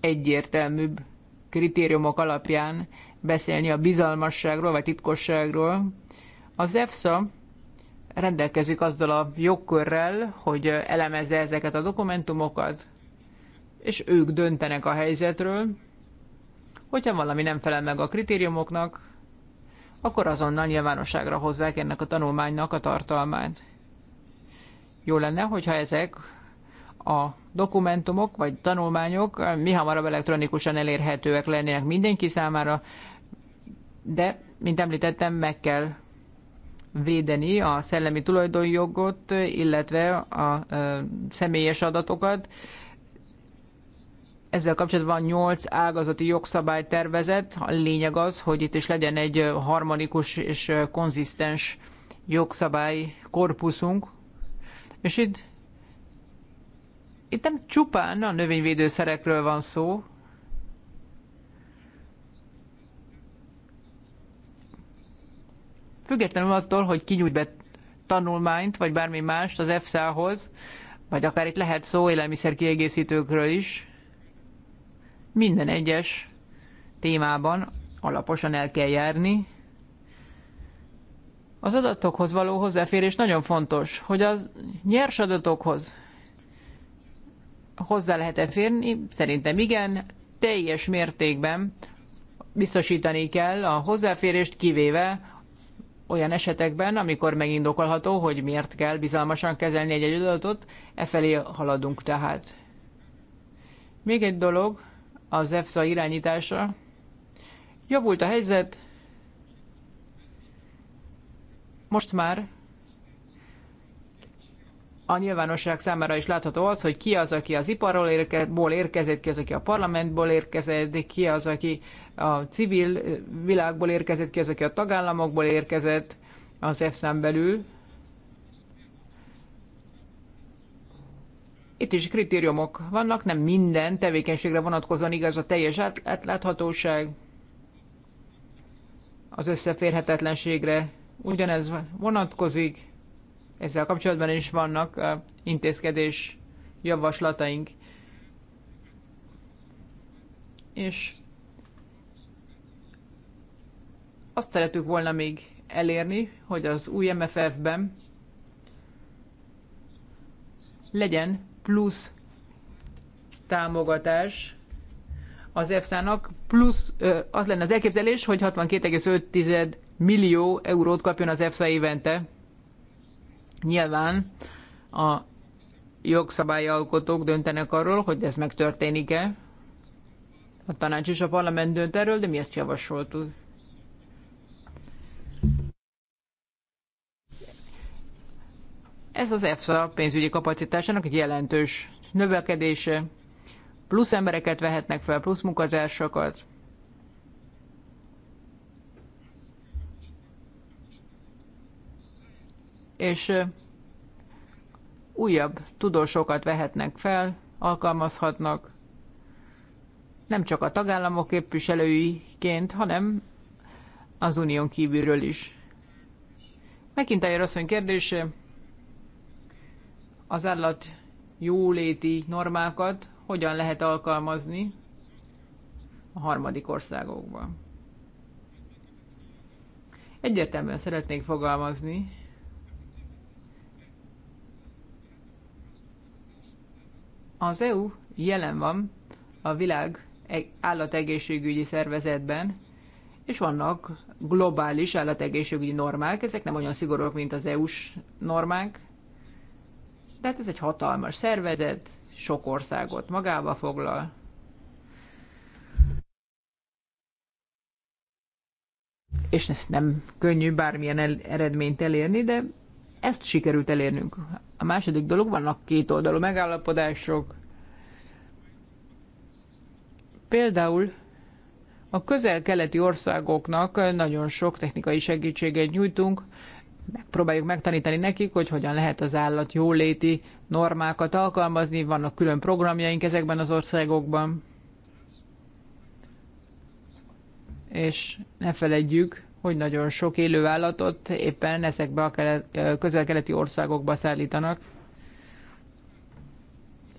egyértelműbb kritériumok alapján beszélni a bizalmasságról vagy titkosságról. Az EFSA rendelkezik azzal a jogkörrel, hogy elemezze ezeket a dokumentumokat, és ők döntenek a helyzetről. Hogyha valami nem felel meg a kritériumoknak, akkor azonnal nyilvánosságra hozzák ennek a tanulmánynak a tartalmát. Jó lenne, hogyha ezek a dokumentumok vagy tanulmányok eh, mi hamarabb elektronikusan elérhetőek lennének mindenki számára, de, mint említettem, meg kell védeni a szellemi tulajdonjogot, illetve a eh, személyes adatokat. Ezzel kapcsolatban 8 ágazati jogszabálytervezet. A lényeg az, hogy itt is legyen egy harmonikus és eh, konzisztens jogszabály korpuszunk, és itt, itt nem csupán a növényvédőszerekről van szó, függetlenül attól, hogy kinyújt be tanulmányt, vagy bármi mást az EFSA-hoz, vagy akár itt lehet szó élelmiszer kiegészítőkről is, minden egyes témában alaposan el kell járni, az adatokhoz való hozzáférés nagyon fontos, hogy az nyers adatokhoz hozzá lehet-e férni? Szerintem igen, teljes mértékben biztosítani kell a hozzáférést, kivéve olyan esetekben, amikor megindokolható, hogy miért kell bizalmasan kezelni egy, -egy adatot, e felé haladunk tehát. Még egy dolog, az EFSA irányítása. Javult a helyzet, Most már a nyilvánosság számára is látható az, hogy ki az, aki az iparról érkezett, érkezett, ki az, aki a parlamentból érkezett, ki az, aki a civil világból érkezett, ki az, aki a tagállamokból érkezett az EFSZ-en belül. Itt is kritériumok vannak, nem minden tevékenységre vonatkozóan igaz a teljes átláthatóság, az összeférhetetlenségre ugyanez vonatkozik, ezzel kapcsolatban is vannak intézkedés javaslataink. És azt szeretük volna még elérni, hogy az új MFF-ben legyen plusz támogatás az EFSA-nak, plusz az lenne az elképzelés, hogy 62,5 millió eurót kapjon az EFSA évente. Nyilván a jogszabályalkotók döntenek arról, hogy ez megtörténik-e. A tanács és a parlament dönt erről, de mi ezt javasoltuk. Ez az EFSA pénzügyi kapacitásának egy jelentős növekedése. Plusz embereket vehetnek fel, plusz munkatársakat. és újabb tudósokat vehetnek fel, alkalmazhatnak, nem csak a tagállamok képviselőiként, hanem az unión kívülről is. McIntyre asszony kérdése az állat jóléti normákat hogyan lehet alkalmazni a harmadik országokban. Egyértelműen szeretnék fogalmazni, Az EU jelen van a világ e- állategészségügyi szervezetben, és vannak globális állategészségügyi normák, ezek nem olyan szigorúak, mint az EU-s normák, de hát ez egy hatalmas szervezet, sok országot magába foglal. És nem könnyű bármilyen eredményt elérni, de ezt sikerült elérnünk. A második dolog, vannak két oldalú megállapodások. Például a közel-keleti országoknak nagyon sok technikai segítséget nyújtunk, megpróbáljuk megtanítani nekik, hogy hogyan lehet az állat jóléti normákat alkalmazni, vannak külön programjaink ezekben az országokban. És ne feledjük, hogy nagyon sok élő állatot éppen ezekbe a közel-keleti országokba szállítanak.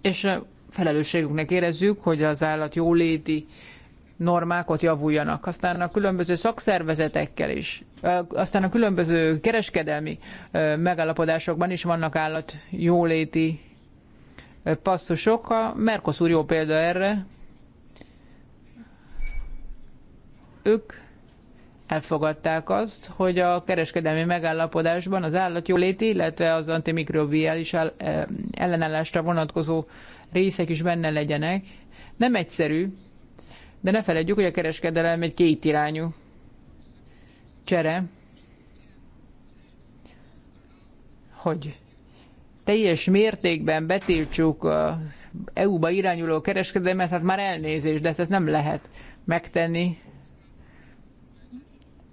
És felelősségünknek érezzük, hogy az állat jóléti normákot javuljanak. Aztán a különböző szakszervezetekkel is, aztán a különböző kereskedelmi megállapodásokban is vannak állat jóléti passzusok. A Mercosur jó példa erre. Ők elfogadták azt, hogy a kereskedelmi megállapodásban az állatjóléti, illetve az antimikrobiális e, ellenállásra vonatkozó részek is benne legyenek. Nem egyszerű, de ne feledjük, hogy a kereskedelem egy kétirányú csere, hogy teljes mértékben betiltsuk az EU-ba irányuló kereskedelmet, hát már elnézést, de ezt nem lehet megtenni.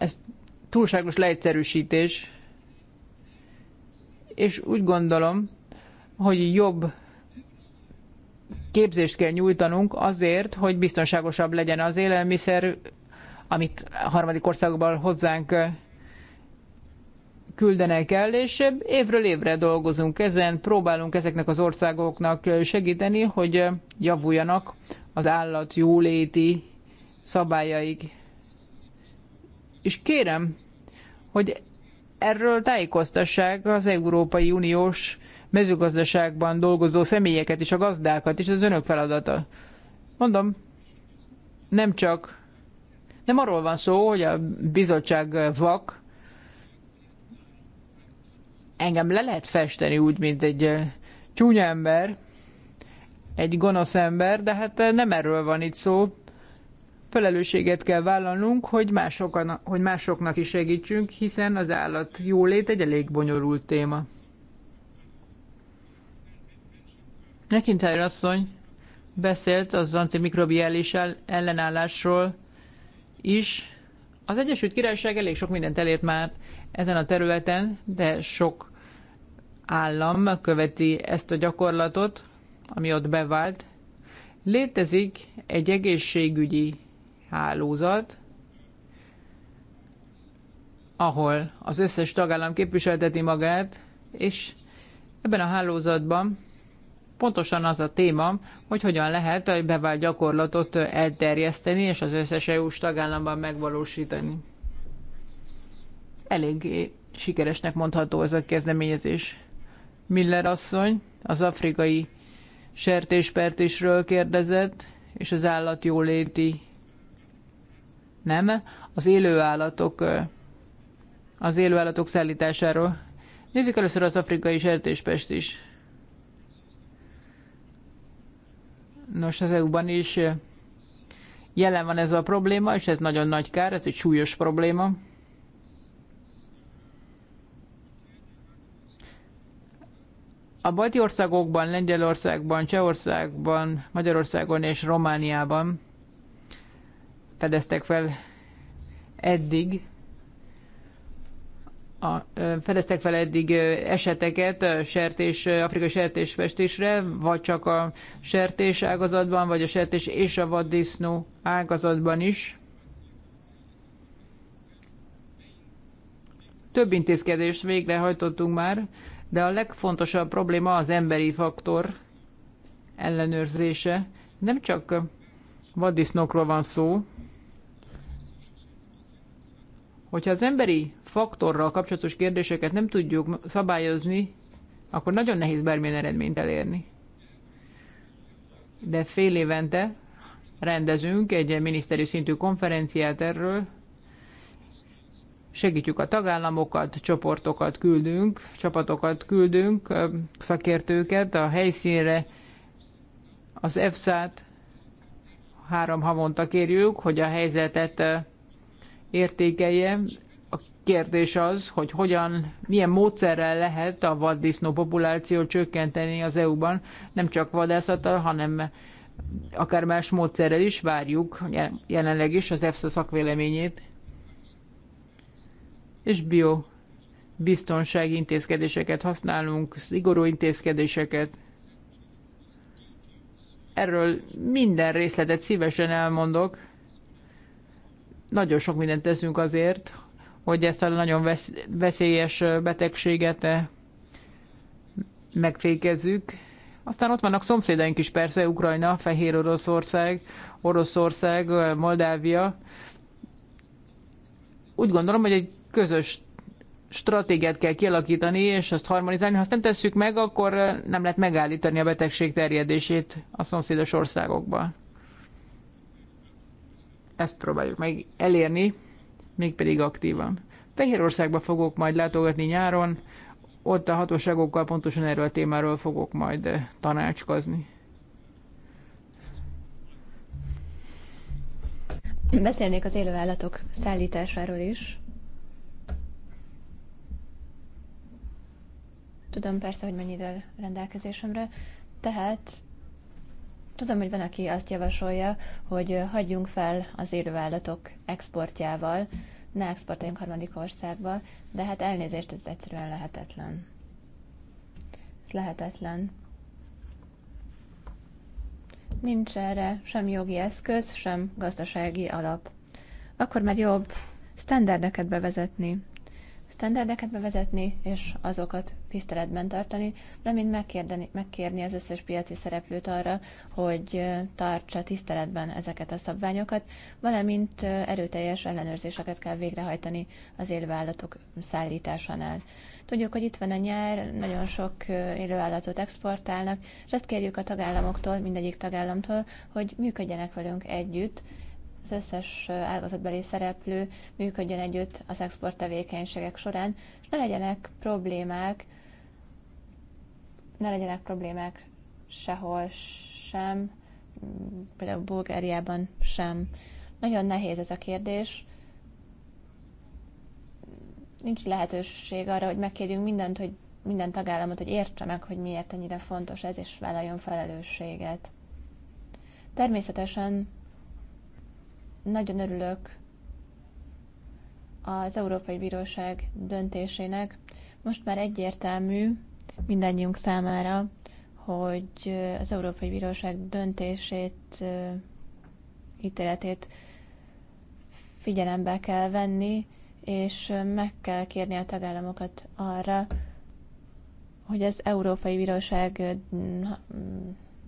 Ez túlságos leegyszerűsítés, és úgy gondolom, hogy jobb képzést kell nyújtanunk azért, hogy biztonságosabb legyen az élelmiszer, amit a harmadik országokban hozzánk küldenek el, és évről évre dolgozunk ezen, próbálunk ezeknek az országoknak segíteni, hogy javuljanak az állat jóléti szabályaik. És kérem, hogy erről tájékoztassák az Európai Uniós mezőgazdaságban dolgozó személyeket és a gazdákat, és az önök feladata. Mondom, nem csak, nem arról van szó, hogy a bizottság vak, engem le lehet festeni úgy, mint egy csúnya ember, egy gonosz ember, de hát nem erről van itt szó felelősséget kell vállalnunk, hogy, másokan, hogy másoknak is segítsünk, hiszen az állat jólét egy elég bonyolult téma. McIntyre asszony beszélt az antimikrobiális ellenállásról is. Az Egyesült Királyság elég sok mindent elért már ezen a területen, de sok állam követi ezt a gyakorlatot, ami ott bevált. Létezik egy egészségügyi hálózat, ahol az összes tagállam képviselteti magát, és ebben a hálózatban pontosan az a téma, hogy hogyan lehet a bevált gyakorlatot elterjeszteni és az összes EU-s tagállamban megvalósítani. Elég sikeresnek mondható ez a kezdeményezés. Miller asszony az afrikai sertéspertésről kérdezett, és az állatjóléti nem, az élőállatok, az élőállatok szállításáról. Nézzük először az afrikai sertéspest is. Nos, az EU-ban is jelen van ez a probléma, és ez nagyon nagy kár, ez egy súlyos probléma. A balti országokban, Lengyelországban, Csehországban, Magyarországon és Romániában fedeztek fel eddig, a, fedeztek fel eddig eseteket sertés, afrikai sertésfestésre, vagy csak a sertés ágazatban, vagy a sertés és a vaddisznó ágazatban is. Több intézkedést végrehajtottunk már, de a legfontosabb probléma az emberi faktor ellenőrzése. Nem csak vaddisznókról van szó, Hogyha az emberi faktorral kapcsolatos kérdéseket nem tudjuk szabályozni, akkor nagyon nehéz bármilyen eredményt elérni. De fél évente rendezünk egy miniszteri szintű konferenciát erről, segítjük a tagállamokat, csoportokat küldünk, csapatokat küldünk, szakértőket a helyszínre, az EFSA-t három havonta kérjük, hogy a helyzetet értékelje. A kérdés az, hogy hogyan, milyen módszerrel lehet a vaddisznó populációt csökkenteni az EU-ban, nem csak vadászattal, hanem akár más módszerrel is várjuk jelenleg is az EFSA szakvéleményét és bio biztonsági intézkedéseket használunk, szigorú intézkedéseket. Erről minden részletet szívesen elmondok. Nagyon sok mindent teszünk azért, hogy ezt a nagyon veszélyes betegséget megfékezzük. Aztán ott vannak szomszédaink is persze, Ukrajna, Fehér Oroszország, Oroszország, Moldávia. Úgy gondolom, hogy egy közös stratégiát kell kialakítani, és azt harmonizálni. Ha azt nem tesszük meg, akkor nem lehet megállítani a betegség terjedését a szomszédos országokban ezt próbáljuk meg elérni, mégpedig aktívan. Fehérországba fogok majd látogatni nyáron, ott a hatóságokkal pontosan erről a témáról fogok majd eh, tanácskozni. Beszélnék az élőállatok szállításáról is. Tudom persze, hogy mennyi idő rendelkezésemre, tehát Tudom, hogy van, aki azt javasolja, hogy hagyjunk fel az élőállatok exportjával, ne exportáljunk harmadik országba, de hát elnézést, ez egyszerűen lehetetlen. Ez lehetetlen. Nincs erre sem jogi eszköz, sem gazdasági alap. Akkor már jobb standardeket bevezetni. Standardeket bevezetni, és azokat tiszteletben tartani, valamint megkérdeni, megkérni az összes piaci szereplőt arra, hogy tartsa tiszteletben ezeket a szabványokat, valamint erőteljes ellenőrzéseket kell végrehajtani az élőállatok szállításánál. Tudjuk, hogy itt van a nyár, nagyon sok élőállatot exportálnak, és ezt kérjük a tagállamoktól, mindegyik tagállamtól, hogy működjenek velünk együtt, az összes ágazatbeli szereplő működjön együtt az export tevékenységek során, és ne legyenek problémák ne legyenek problémák sehol sem, például Bulgáriában sem. Nagyon nehéz ez a kérdés. Nincs lehetőség arra, hogy megkérjünk mindent, hogy minden tagállamot, hogy értse meg, hogy miért ennyire fontos ez, és vállaljon felelősséget. Természetesen nagyon örülök az Európai Bíróság döntésének. Most már egyértelmű, mindannyiunk számára, hogy az Európai Bíróság döntését, ítéletét figyelembe kell venni, és meg kell kérni a tagállamokat arra, hogy az Európai Bíróság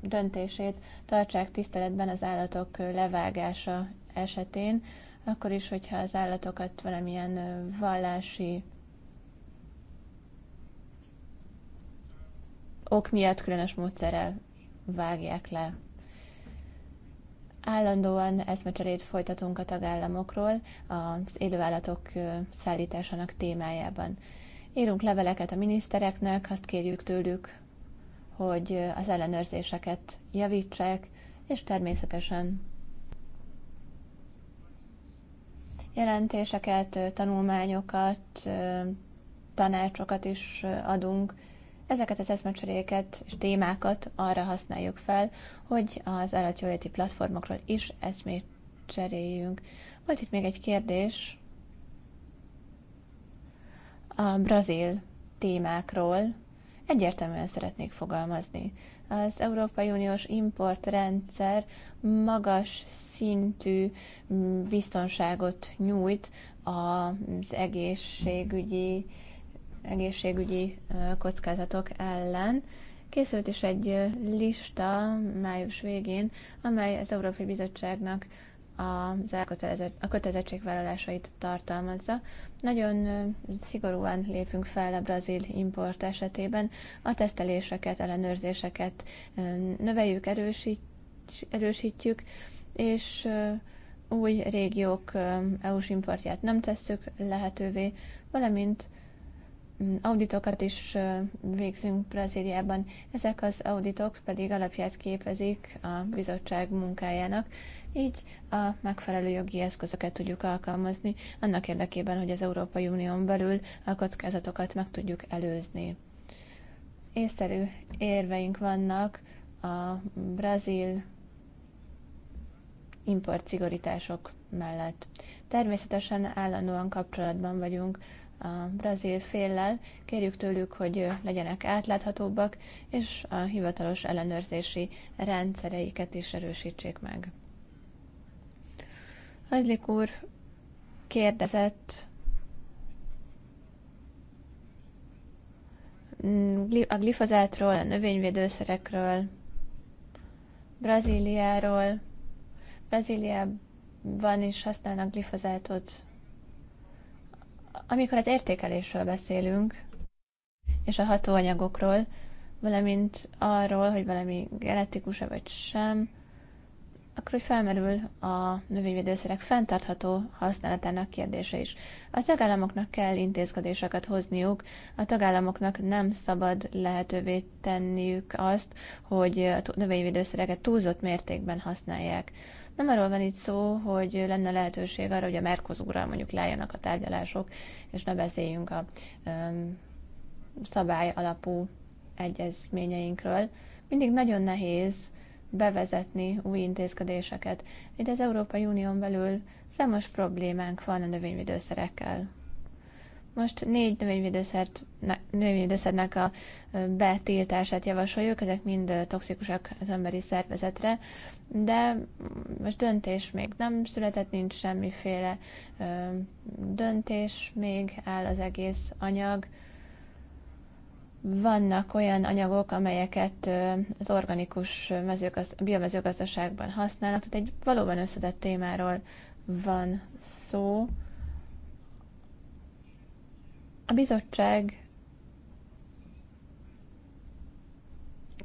döntését tartsák tiszteletben az állatok levágása esetén, akkor is, hogyha az állatokat valamilyen vallási ok miatt különös módszerrel vágják le. Állandóan eszmecserét folytatunk a tagállamokról az élőállatok szállításának témájában. Írunk leveleket a minisztereknek, azt kérjük tőlük, hogy az ellenőrzéseket javítsák, és természetesen jelentéseket, tanulmányokat, tanácsokat is adunk, Ezeket az eszmecseréket és témákat arra használjuk fel, hogy az állatjóléti platformokról is eszmét cseréljünk. Volt itt még egy kérdés a brazil témákról. Egyértelműen szeretnék fogalmazni. Az Európai Uniós importrendszer magas szintű biztonságot nyújt az egészségügyi egészségügyi kockázatok ellen. Készült is egy lista május végén, amely az Európai Bizottságnak az a kötelezettségvállalásait tartalmazza. Nagyon szigorúan lépünk fel a brazil import esetében. A teszteléseket, ellenőrzéseket növeljük, erősítjük, és új régiók EU-s importját nem tesszük lehetővé, valamint auditokat is végzünk Brazíliában. Ezek az auditok pedig alapját képezik a bizottság munkájának, így a megfelelő jogi eszközöket tudjuk alkalmazni, annak érdekében, hogy az Európai Unión belül a kockázatokat meg tudjuk előzni. Észszerű érveink vannak a brazil import mellett. Természetesen állandóan kapcsolatban vagyunk a brazil féllel, kérjük tőlük, hogy legyenek átláthatóbbak, és a hivatalos ellenőrzési rendszereiket is erősítsék meg. Hajzlik úr kérdezett mm, a glifozátról, a növényvédőszerekről, Brazíliáról. Brazíliában is használnak glifozátot amikor az értékelésről beszélünk, és a hatóanyagokról, valamint arról, hogy valami genetikus-e vagy sem, akkor hogy felmerül a növényvédőszerek fenntartható használatának kérdése is. A tagállamoknak kell intézkedéseket hozniuk, a tagállamoknak nem szabad lehetővé tenniük azt, hogy a növényvédőszereket túlzott mértékben használják. Nem arról van itt szó, hogy lenne lehetőség arra, hogy a Mercosurral mondjuk lejjenek a tárgyalások, és ne beszéljünk a um, szabály alapú egyezményeinkről. Mindig nagyon nehéz bevezetni új intézkedéseket. Itt az Európai Unión belül számos problémánk van a növényvédőszerekkel most négy növényvédőszert, növényvédőszernek a betiltását javasoljuk, ezek mind toxikusak az emberi szervezetre, de most döntés még nem született, nincs semmiféle döntés, még áll az egész anyag. Vannak olyan anyagok, amelyeket az organikus mezőgazd- biomezőgazdaságban használnak, tehát egy valóban összetett témáról van szó. A bizottság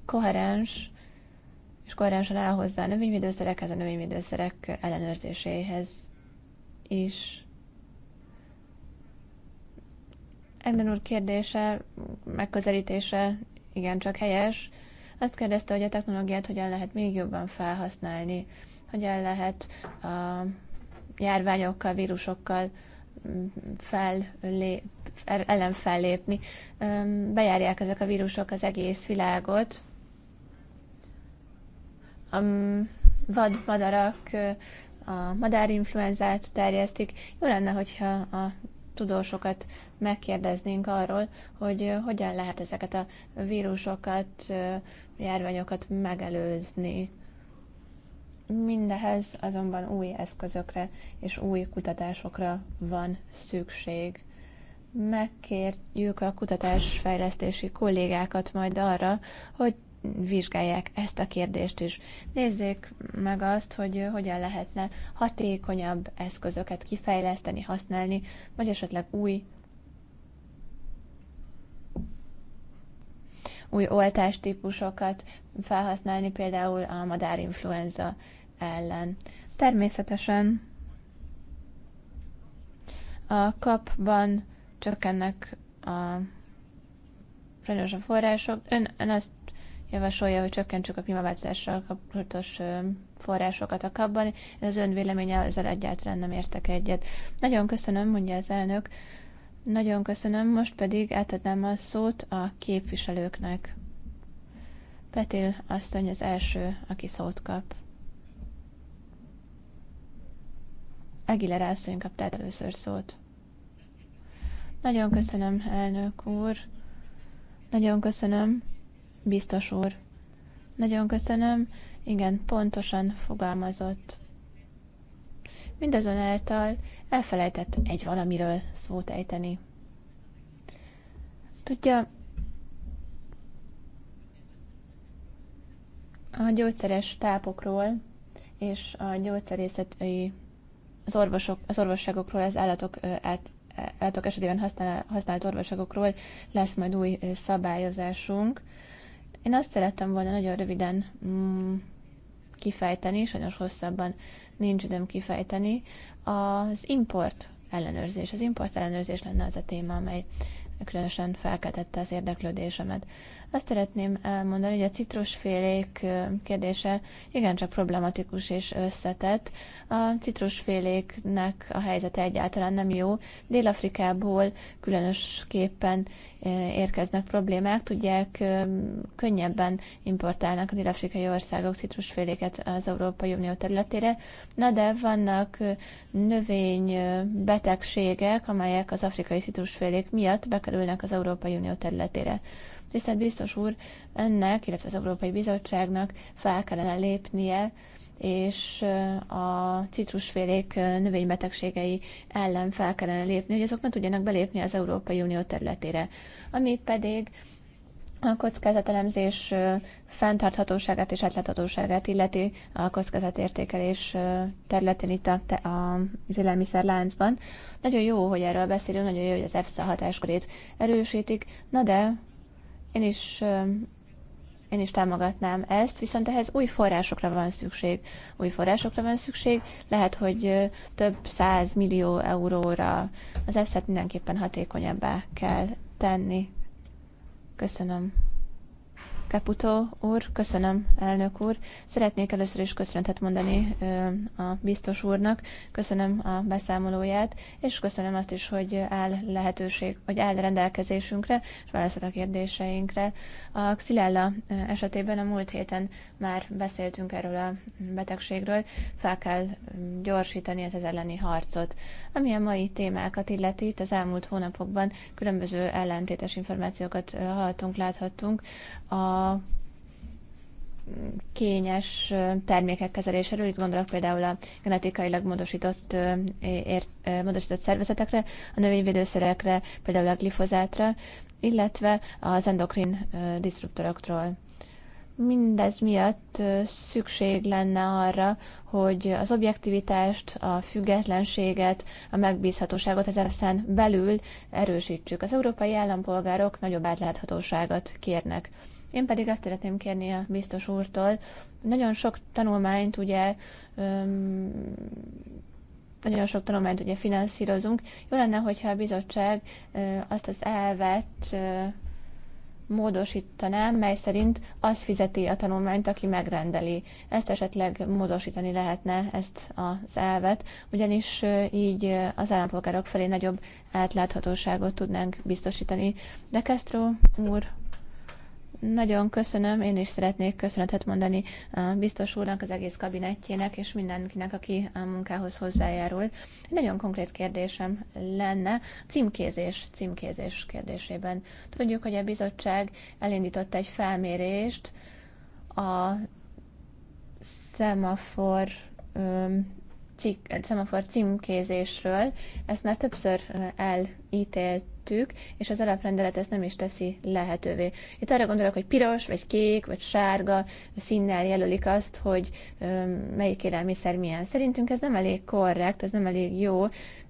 koherens és koherensen áll hozzá a növényvédőszerekhez, a növényvédőszerek ellenőrzéséhez is. Egden úr kérdése, megközelítése igencsak helyes. Azt kérdezte, hogy a technológiát hogyan lehet még jobban felhasználni, hogyan lehet a járványokkal, vírusokkal fellép, er, ellen fellépni. Bejárják ezek a vírusok az egész világot. A vad madarak a madárinfluenzát terjesztik. Jó lenne, hogyha a tudósokat megkérdeznénk arról, hogy hogyan lehet ezeket a vírusokat, járványokat megelőzni. Mindehez azonban új eszközökre és új kutatásokra van szükség. Megkérjük a kutatásfejlesztési kollégákat majd arra, hogy vizsgálják ezt a kérdést is. Nézzék meg azt, hogy hogyan lehetne hatékonyabb eszközöket kifejleszteni, használni, vagy esetleg új új oltástípusokat felhasználni, például a madárinfluenza ellen. Természetesen a kapban csökkennek a sajnos a források. Ön, ön azt javasolja, hogy csökkentsük a klímaváltozással kapcsolatos forrásokat a kapban. Ez az ön véleménye, ezzel egyáltalán nem értek egyet. Nagyon köszönöm, mondja az elnök. Nagyon köszönöm, most pedig átadnám a szót a képviselőknek. Petil asszony az első, aki szót kap. Aguilera asszony kapta először szót. Nagyon köszönöm, elnök úr. Nagyon köszönöm, biztos úr. Nagyon köszönöm, igen, pontosan fogalmazott. Mindazonáltal elfelejtett egy valamiről szót ejteni. Tudja, a gyógyszeres tápokról és a gyógyszerészeti az, orvosok, az orvosságokról, az állatok, át, állatok esetében használ, használt orvosságokról lesz majd új szabályozásunk. Én azt szerettem volna nagyon röviden mm, kifejteni, sajnos hosszabban nincs időm kifejteni, az import ellenőrzés. Az import ellenőrzés lenne az a téma, amely különösen felkeltette az érdeklődésemet. Azt szeretném elmondani, hogy a citrusfélék kérdése igencsak problematikus és összetett. A citrusféléknek a helyzete egyáltalán nem jó. Dél-Afrikából különösképpen érkeznek problémák, tudják, könnyebben importálnak a dél-afrikai országok citrusféléket az Európai Unió területére. Na de vannak növény amelyek az afrikai citrusfélék miatt bekerülnek az Európai Unió területére. Tisztelt biztos úr, ennek, illetve az Európai Bizottságnak fel kellene lépnie, és a citrusfélék növénybetegségei ellen fel kellene lépni, hogy azok ne tudjanak belépni az Európai Unió területére. Ami pedig a kockázatelemzés fenntarthatóságát és átláthatóságát illeti a kockázatértékelés területén itt a, az élelmiszerláncban. Nagyon jó, hogy erről beszélünk, nagyon jó, hogy az EFSA hatáskörét erősítik, na de én is én is támogatnám ezt, viszont ehhez új forrásokra van szükség. Új forrásokra van szükség, lehet, hogy több száz millió euróra az EFSZ-et mindenképpen hatékonyabbá kell tenni. Köszönöm. Caputo úr, köszönöm, elnök úr. Szeretnék először is köszönetet mondani a biztos úrnak, köszönöm a beszámolóját, és köszönöm azt is, hogy áll lehetőség, hogy áll rendelkezésünkre, és válaszol a kérdéseinkre. A Xilella esetében a múlt héten már beszéltünk erről a betegségről, fel kell gyorsítani az elleni harcot. Ami a mai témákat illeti, itt az elmúlt hónapokban különböző ellentétes információkat hallottunk, láthattunk. A kényes termékek kezeléséről, itt gondolok például a genetikailag módosított, ért, módosított szervezetekre, a növényvédőszerekre, például a glifozátra, illetve az endokrin disruptorokról. Mindez miatt szükség lenne arra, hogy az objektivitást, a függetlenséget, a megbízhatóságot az EFSZ-en belül erősítsük. Az európai állampolgárok nagyobb átláthatóságot kérnek. Én pedig azt szeretném kérni a biztos úrtól, nagyon sok tanulmányt ugye öm, nagyon sok tanulmányt ugye finanszírozunk. Jó lenne, hogyha a bizottság azt az elvet módosítanám, mely szerint az fizeti a tanulmányt, aki megrendeli. Ezt esetleg módosítani lehetne, ezt az elvet, ugyanis így az állampolgárok felé nagyobb átláthatóságot tudnánk biztosítani. De Castro úr nagyon köszönöm, én is szeretnék köszönetet mondani a biztos úrnak, az egész kabinettjének, és mindenkinek, aki a munkához hozzájárul. Egy nagyon konkrét kérdésem lenne, címkézés, címkézés kérdésében. Tudjuk, hogy a bizottság elindított egy felmérést a szemafor cik, szemafor címkézésről. Ezt már többször elítélt tettük, és az alaprendelet ezt nem is teszi lehetővé. Itt arra gondolok, hogy piros, vagy kék, vagy sárga színnel jelölik azt, hogy melyik élelmiszer milyen. Szerintünk ez nem elég korrekt, ez nem elég jó.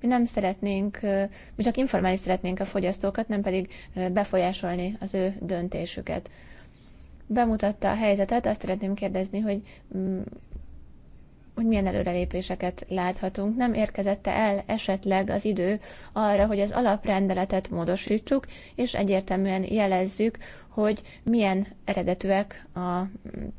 Mi nem szeretnénk, mi csak informálni szeretnénk a fogyasztókat, nem pedig befolyásolni az ő döntésüket bemutatta a helyzetet, azt szeretném kérdezni, hogy mm, hogy milyen előrelépéseket láthatunk. Nem érkezette el esetleg az idő arra, hogy az alaprendeletet módosítsuk, és egyértelműen jelezzük, hogy milyen eredetűek a,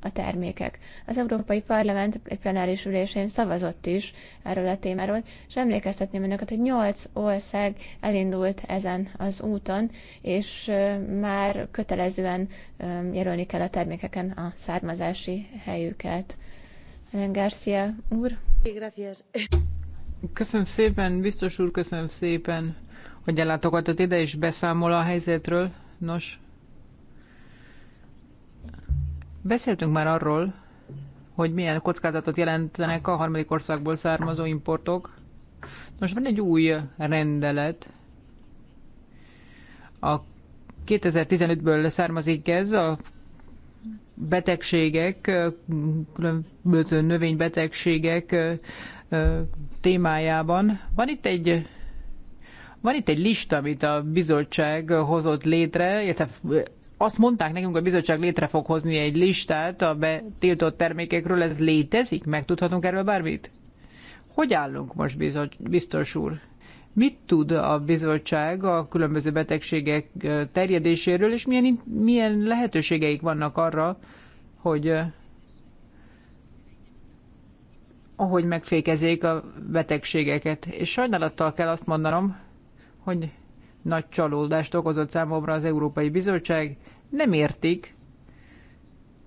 a termékek. Az Európai Parlament egy plenáris ülésén szavazott is erről a témáról, és emlékeztetném önöket, hogy nyolc ország elindult ezen az úton, és már kötelezően jelölni kell a termékeken a származási helyüket. Garcia úr. Köszönöm szépen, biztos úr, köszönöm szépen, hogy ellátogatott ide és beszámol a helyzetről. Nos, beszéltünk már arról, hogy milyen kockázatot jelentenek a harmadik országból származó importok. Nos, van egy új rendelet. A 2015-ből származik ez, a betegségek, különböző növénybetegségek témájában. Van itt egy van itt egy lista, amit a bizottság hozott létre, illetve azt mondták nekünk, a bizottság létre fog hozni egy listát a betiltott termékekről, ez létezik? Megtudhatunk erről bármit? Hogy állunk most, biztos úr? Mit tud a bizottság a különböző betegségek terjedéséről, és milyen, milyen lehetőségeik vannak arra, hogy ahogy megfékezzék a betegségeket. És sajnálattal kell azt mondanom, hogy nagy csalódást okozott számomra az Európai Bizottság. Nem értik,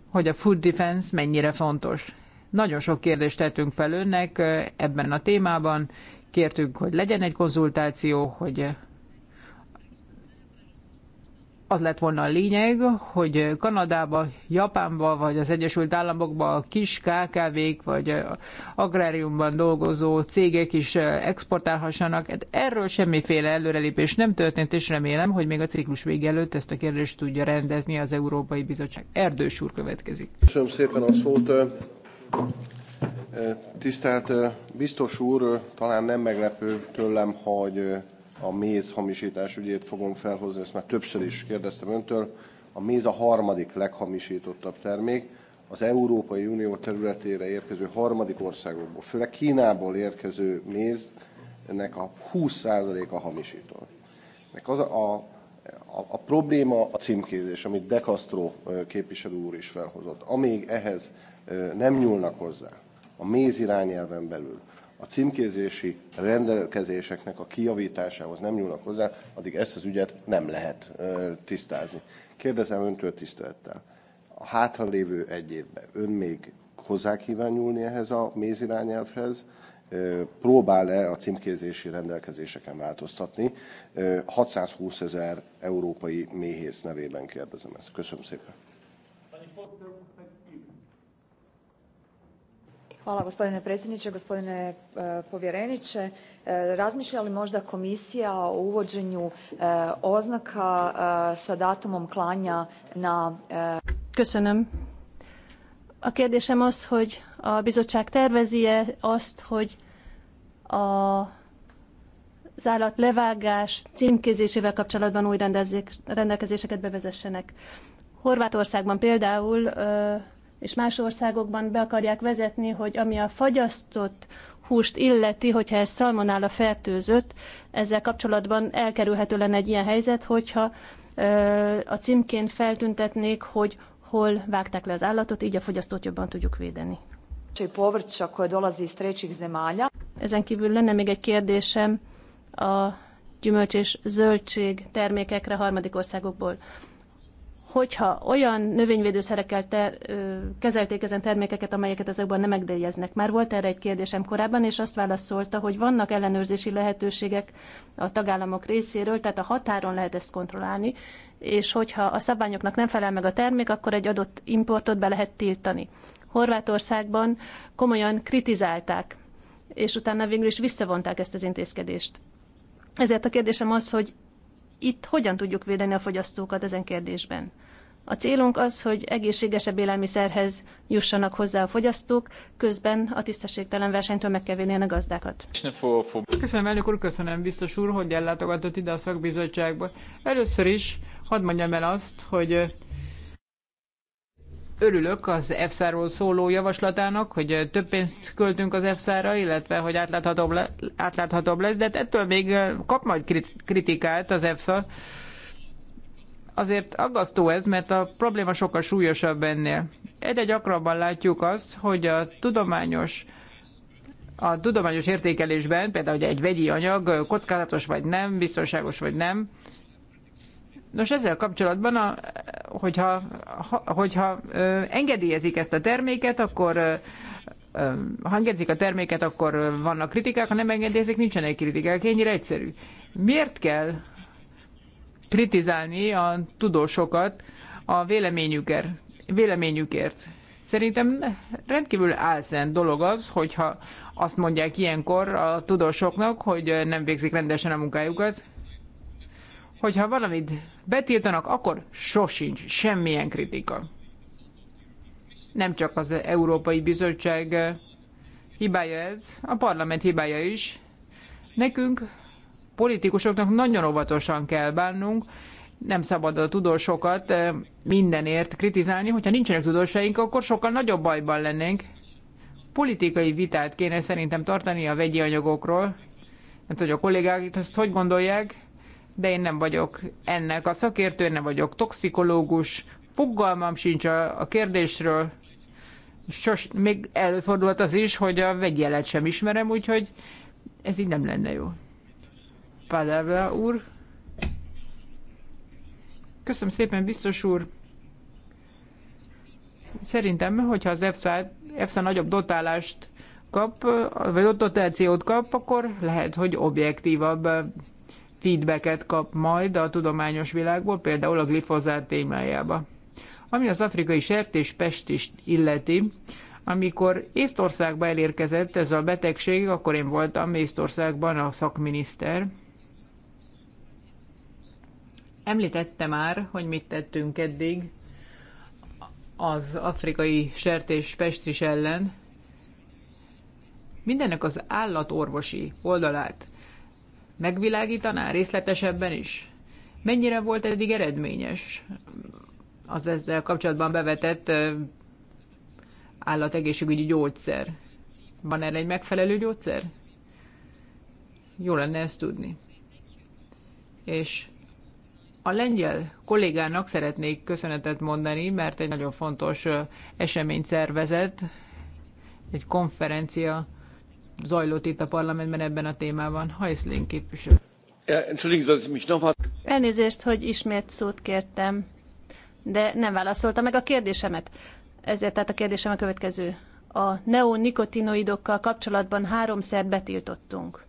hogy a food defense mennyire fontos. Nagyon sok kérdést tettünk fel önnek ebben a témában, kértünk, hogy legyen egy konzultáció, hogy az lett volna a lényeg, hogy Kanadába, Japánba vagy az Egyesült Államokba a kis KKV-k vagy agráriumban dolgozó cégek is exportálhassanak. Hát erről semmiféle előrelépés nem történt, és remélem, hogy még a ciklus vége előtt ezt a kérdést tudja rendezni az Európai Bizottság. Erdős úr következik. Köszönöm szépen a szót. Tisztelt biztos úr, talán nem meglepő tőlem, hogy a méz hamisítás ügyét fogom felhozni, ezt már többször is kérdeztem öntől. A méz a harmadik leghamisítottabb termék. Az Európai Unió területére érkező harmadik országokból, főleg Kínából érkező méznek a 20%-a hamisított. Az a, a, a probléma a címkézés, amit De Castro képviselő úr is felhozott. Amíg ehhez nem nyúlnak hozzá, a méz irányelven belül a címkézési rendelkezéseknek a kijavításához nem nyúlnak hozzá, addig ezt az ügyet nem lehet ö, tisztázni. Kérdezem öntől tisztelettel. A hátralévő egy évben ön még hozzá kíván nyúlni ehhez a mézirányelvhez, próbál-e a címkézési rendelkezéseken változtatni. 620 ezer európai méhész nevében kérdezem ezt. Köszönöm szépen. gospodine predsjednie gospodine e, povjerenie razmilja li moda komisija o uvoenju e, oznaka e, s datumom klanja na... Köszönöm. A kérdésem az, hogy a bizottság tervezi-e azt, hogy a az levágás címkézésével kapcsolatban új rendelkezéseket bevezessenek. Horvátországban például és más országokban be akarják vezetni, hogy ami a fagyasztott húst illeti, hogyha ez szalmonála fertőzött, ezzel kapcsolatban elkerülhető lenne egy ilyen helyzet, hogyha a címként feltüntetnék, hogy hol vágták le az állatot, így a fogyasztót jobban tudjuk védeni. Ezen kívül lenne még egy kérdésem a gyümölcs és zöldség termékekre harmadik országokból hogyha olyan növényvédőszerekkel ter, ö, kezelték ezen termékeket, amelyeket ezekben nem engedélyeznek. Már volt erre egy kérdésem korábban, és azt válaszolta, hogy vannak ellenőrzési lehetőségek a tagállamok részéről, tehát a határon lehet ezt kontrollálni, és hogyha a szabványoknak nem felel meg a termék, akkor egy adott importot be lehet tiltani. Horvátországban komolyan kritizálták, és utána végül is visszavonták ezt az intézkedést. Ezért a kérdésem az, hogy itt hogyan tudjuk védeni a fogyasztókat ezen kérdésben? A célunk az, hogy egészségesebb élelmiszerhez jussanak hozzá a fogyasztók, közben a tisztességtelen versenytől meg kell a gazdákat. Köszönöm, elnök úr, köszönöm biztos úr, hogy ellátogatott ide a szakbizottságba. Először is hadd mondjam el azt, hogy örülök az EFSA-ról szóló javaslatának, hogy több pénzt költünk az EFSA-ra, illetve hogy átláthatóbb, le, átláthatóbb lesz, de ettől még kap majd kritikát az EFSA. Azért aggasztó ez, mert a probléma sokkal súlyosabb ennél. Egyre gyakrabban látjuk azt, hogy a tudományos a tudományos értékelésben, például egy vegyi anyag kockázatos vagy nem, biztonságos vagy nem. Nos, ezzel kapcsolatban, a, hogyha, hogyha engedélyezik ezt a terméket, akkor ha engedzik a terméket, akkor vannak kritikák, ha nem engedélyezik, nincsenek kritikák. Ennyire egyszerű. Miért kell kritizálni a tudósokat a véleményükért. véleményükért. Szerintem rendkívül álszent dolog az, hogyha azt mondják ilyenkor a tudósoknak, hogy nem végzik rendesen a munkájukat. Hogyha valamit betiltanak, akkor sosincs semmilyen kritika. Nem csak az Európai Bizottság hibája ez, a parlament hibája is. Nekünk politikusoknak nagyon óvatosan kell bánnunk, nem szabad a tudósokat eh, mindenért kritizálni, hogyha nincsenek tudósaink, akkor sokkal nagyobb bajban lennénk. Politikai vitát kéne szerintem tartani a vegyi anyagokról. Nem tudom, a kollégák ezt hogy gondolják, de én nem vagyok ennek a szakértő, nem vagyok toxikológus, fogalmam sincs a, a kérdésről. Sos, még előfordult az is, hogy a vegyelet sem ismerem, úgyhogy ez így nem lenne jó. Padevla úr. Köszönöm szépen, biztos úr. Szerintem, hogyha az EFSA, EFSA nagyobb dotálást kap, vagy dotációt kap, akkor lehet, hogy objektívabb feedbacket kap majd a tudományos világból, például a glifozát témájába. Ami az afrikai sertés pestist illeti, amikor Észtországba elérkezett ez a betegség, akkor én voltam Észtországban a szakminiszter, Említette már, hogy mit tettünk eddig az afrikai sertés pestis ellen. Mindennek az állatorvosi oldalát megvilágítaná részletesebben is? Mennyire volt eddig eredményes az ezzel kapcsolatban bevetett állategészségügyi gyógyszer? Van erre egy megfelelő gyógyszer? Jó lenne ezt tudni. És a lengyel kollégának szeretnék köszönetet mondani, mert egy nagyon fontos eseményt szervezett, egy konferencia zajlott itt a parlamentben ebben a témában. Hajszlén képviselő. Elnézést, hogy ismét szót kértem, de nem válaszolta meg a kérdésemet. Ezért tehát a kérdésem a következő. A neonikotinoidokkal kapcsolatban háromszer betiltottunk.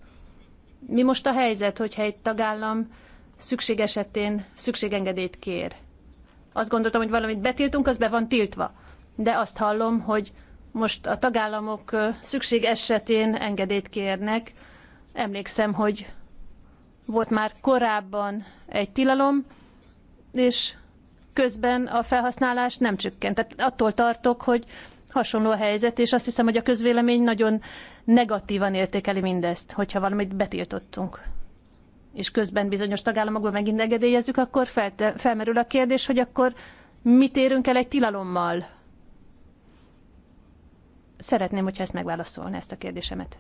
Mi most a helyzet, hogyha egy tagállam szükség esetén szükségengedélyt kér. Azt gondoltam, hogy valamit betiltunk, az be van tiltva. De azt hallom, hogy most a tagállamok szükség esetén engedélyt kérnek. Emlékszem, hogy volt már korábban egy tilalom, és közben a felhasználás nem csökkent. Tehát attól tartok, hogy hasonló a helyzet, és azt hiszem, hogy a közvélemény nagyon negatívan értékeli mindezt, hogyha valamit betiltottunk és közben bizonyos tagállamokban megint engedélyezzük, akkor felte, felmerül a kérdés, hogy akkor mit érünk el egy tilalommal? Szeretném, hogyha ezt megválaszolna, ezt a kérdésemet.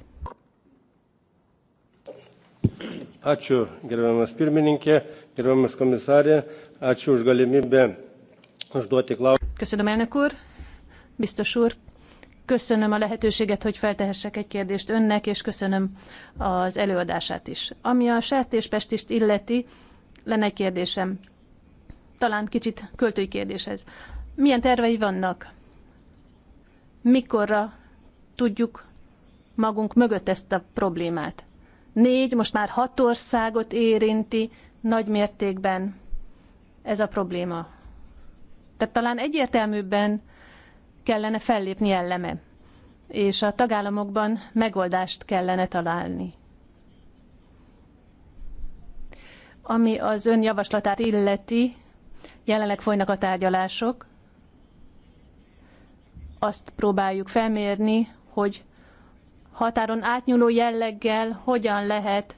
Ačiū, gerbiamas pirmininkė, gerbiamas komisarė, ačiū už galimybę užduoti klausimą. Köszönöm, elnök úr, biztos úr, Köszönöm a lehetőséget, hogy feltehessek egy kérdést önnek, és köszönöm az előadását is. Ami a sertéspestist illeti, lenne egy kérdésem. Talán kicsit költői kérdés ez. Milyen tervei vannak? Mikorra tudjuk magunk mögött ezt a problémát? Négy, most már hat országot érinti nagy mértékben ez a probléma. Tehát talán egyértelműbben kellene fellépni elleme, és a tagállamokban megoldást kellene találni. Ami az ön javaslatát illeti, jelenleg folynak a tárgyalások. Azt próbáljuk felmérni, hogy határon átnyúló jelleggel hogyan lehet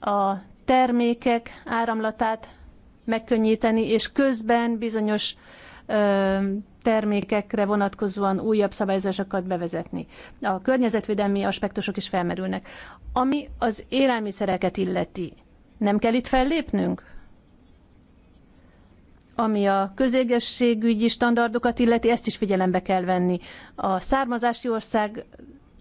a termékek áramlatát megkönnyíteni, és közben bizonyos ö, termékekre vonatkozóan újabb szabályozásokat bevezetni. A környezetvédelmi aspektusok is felmerülnek. Ami az élelmiszereket illeti, nem kell itt fellépnünk? Ami a közégességügyi standardokat illeti, ezt is figyelembe kell venni. A származási ország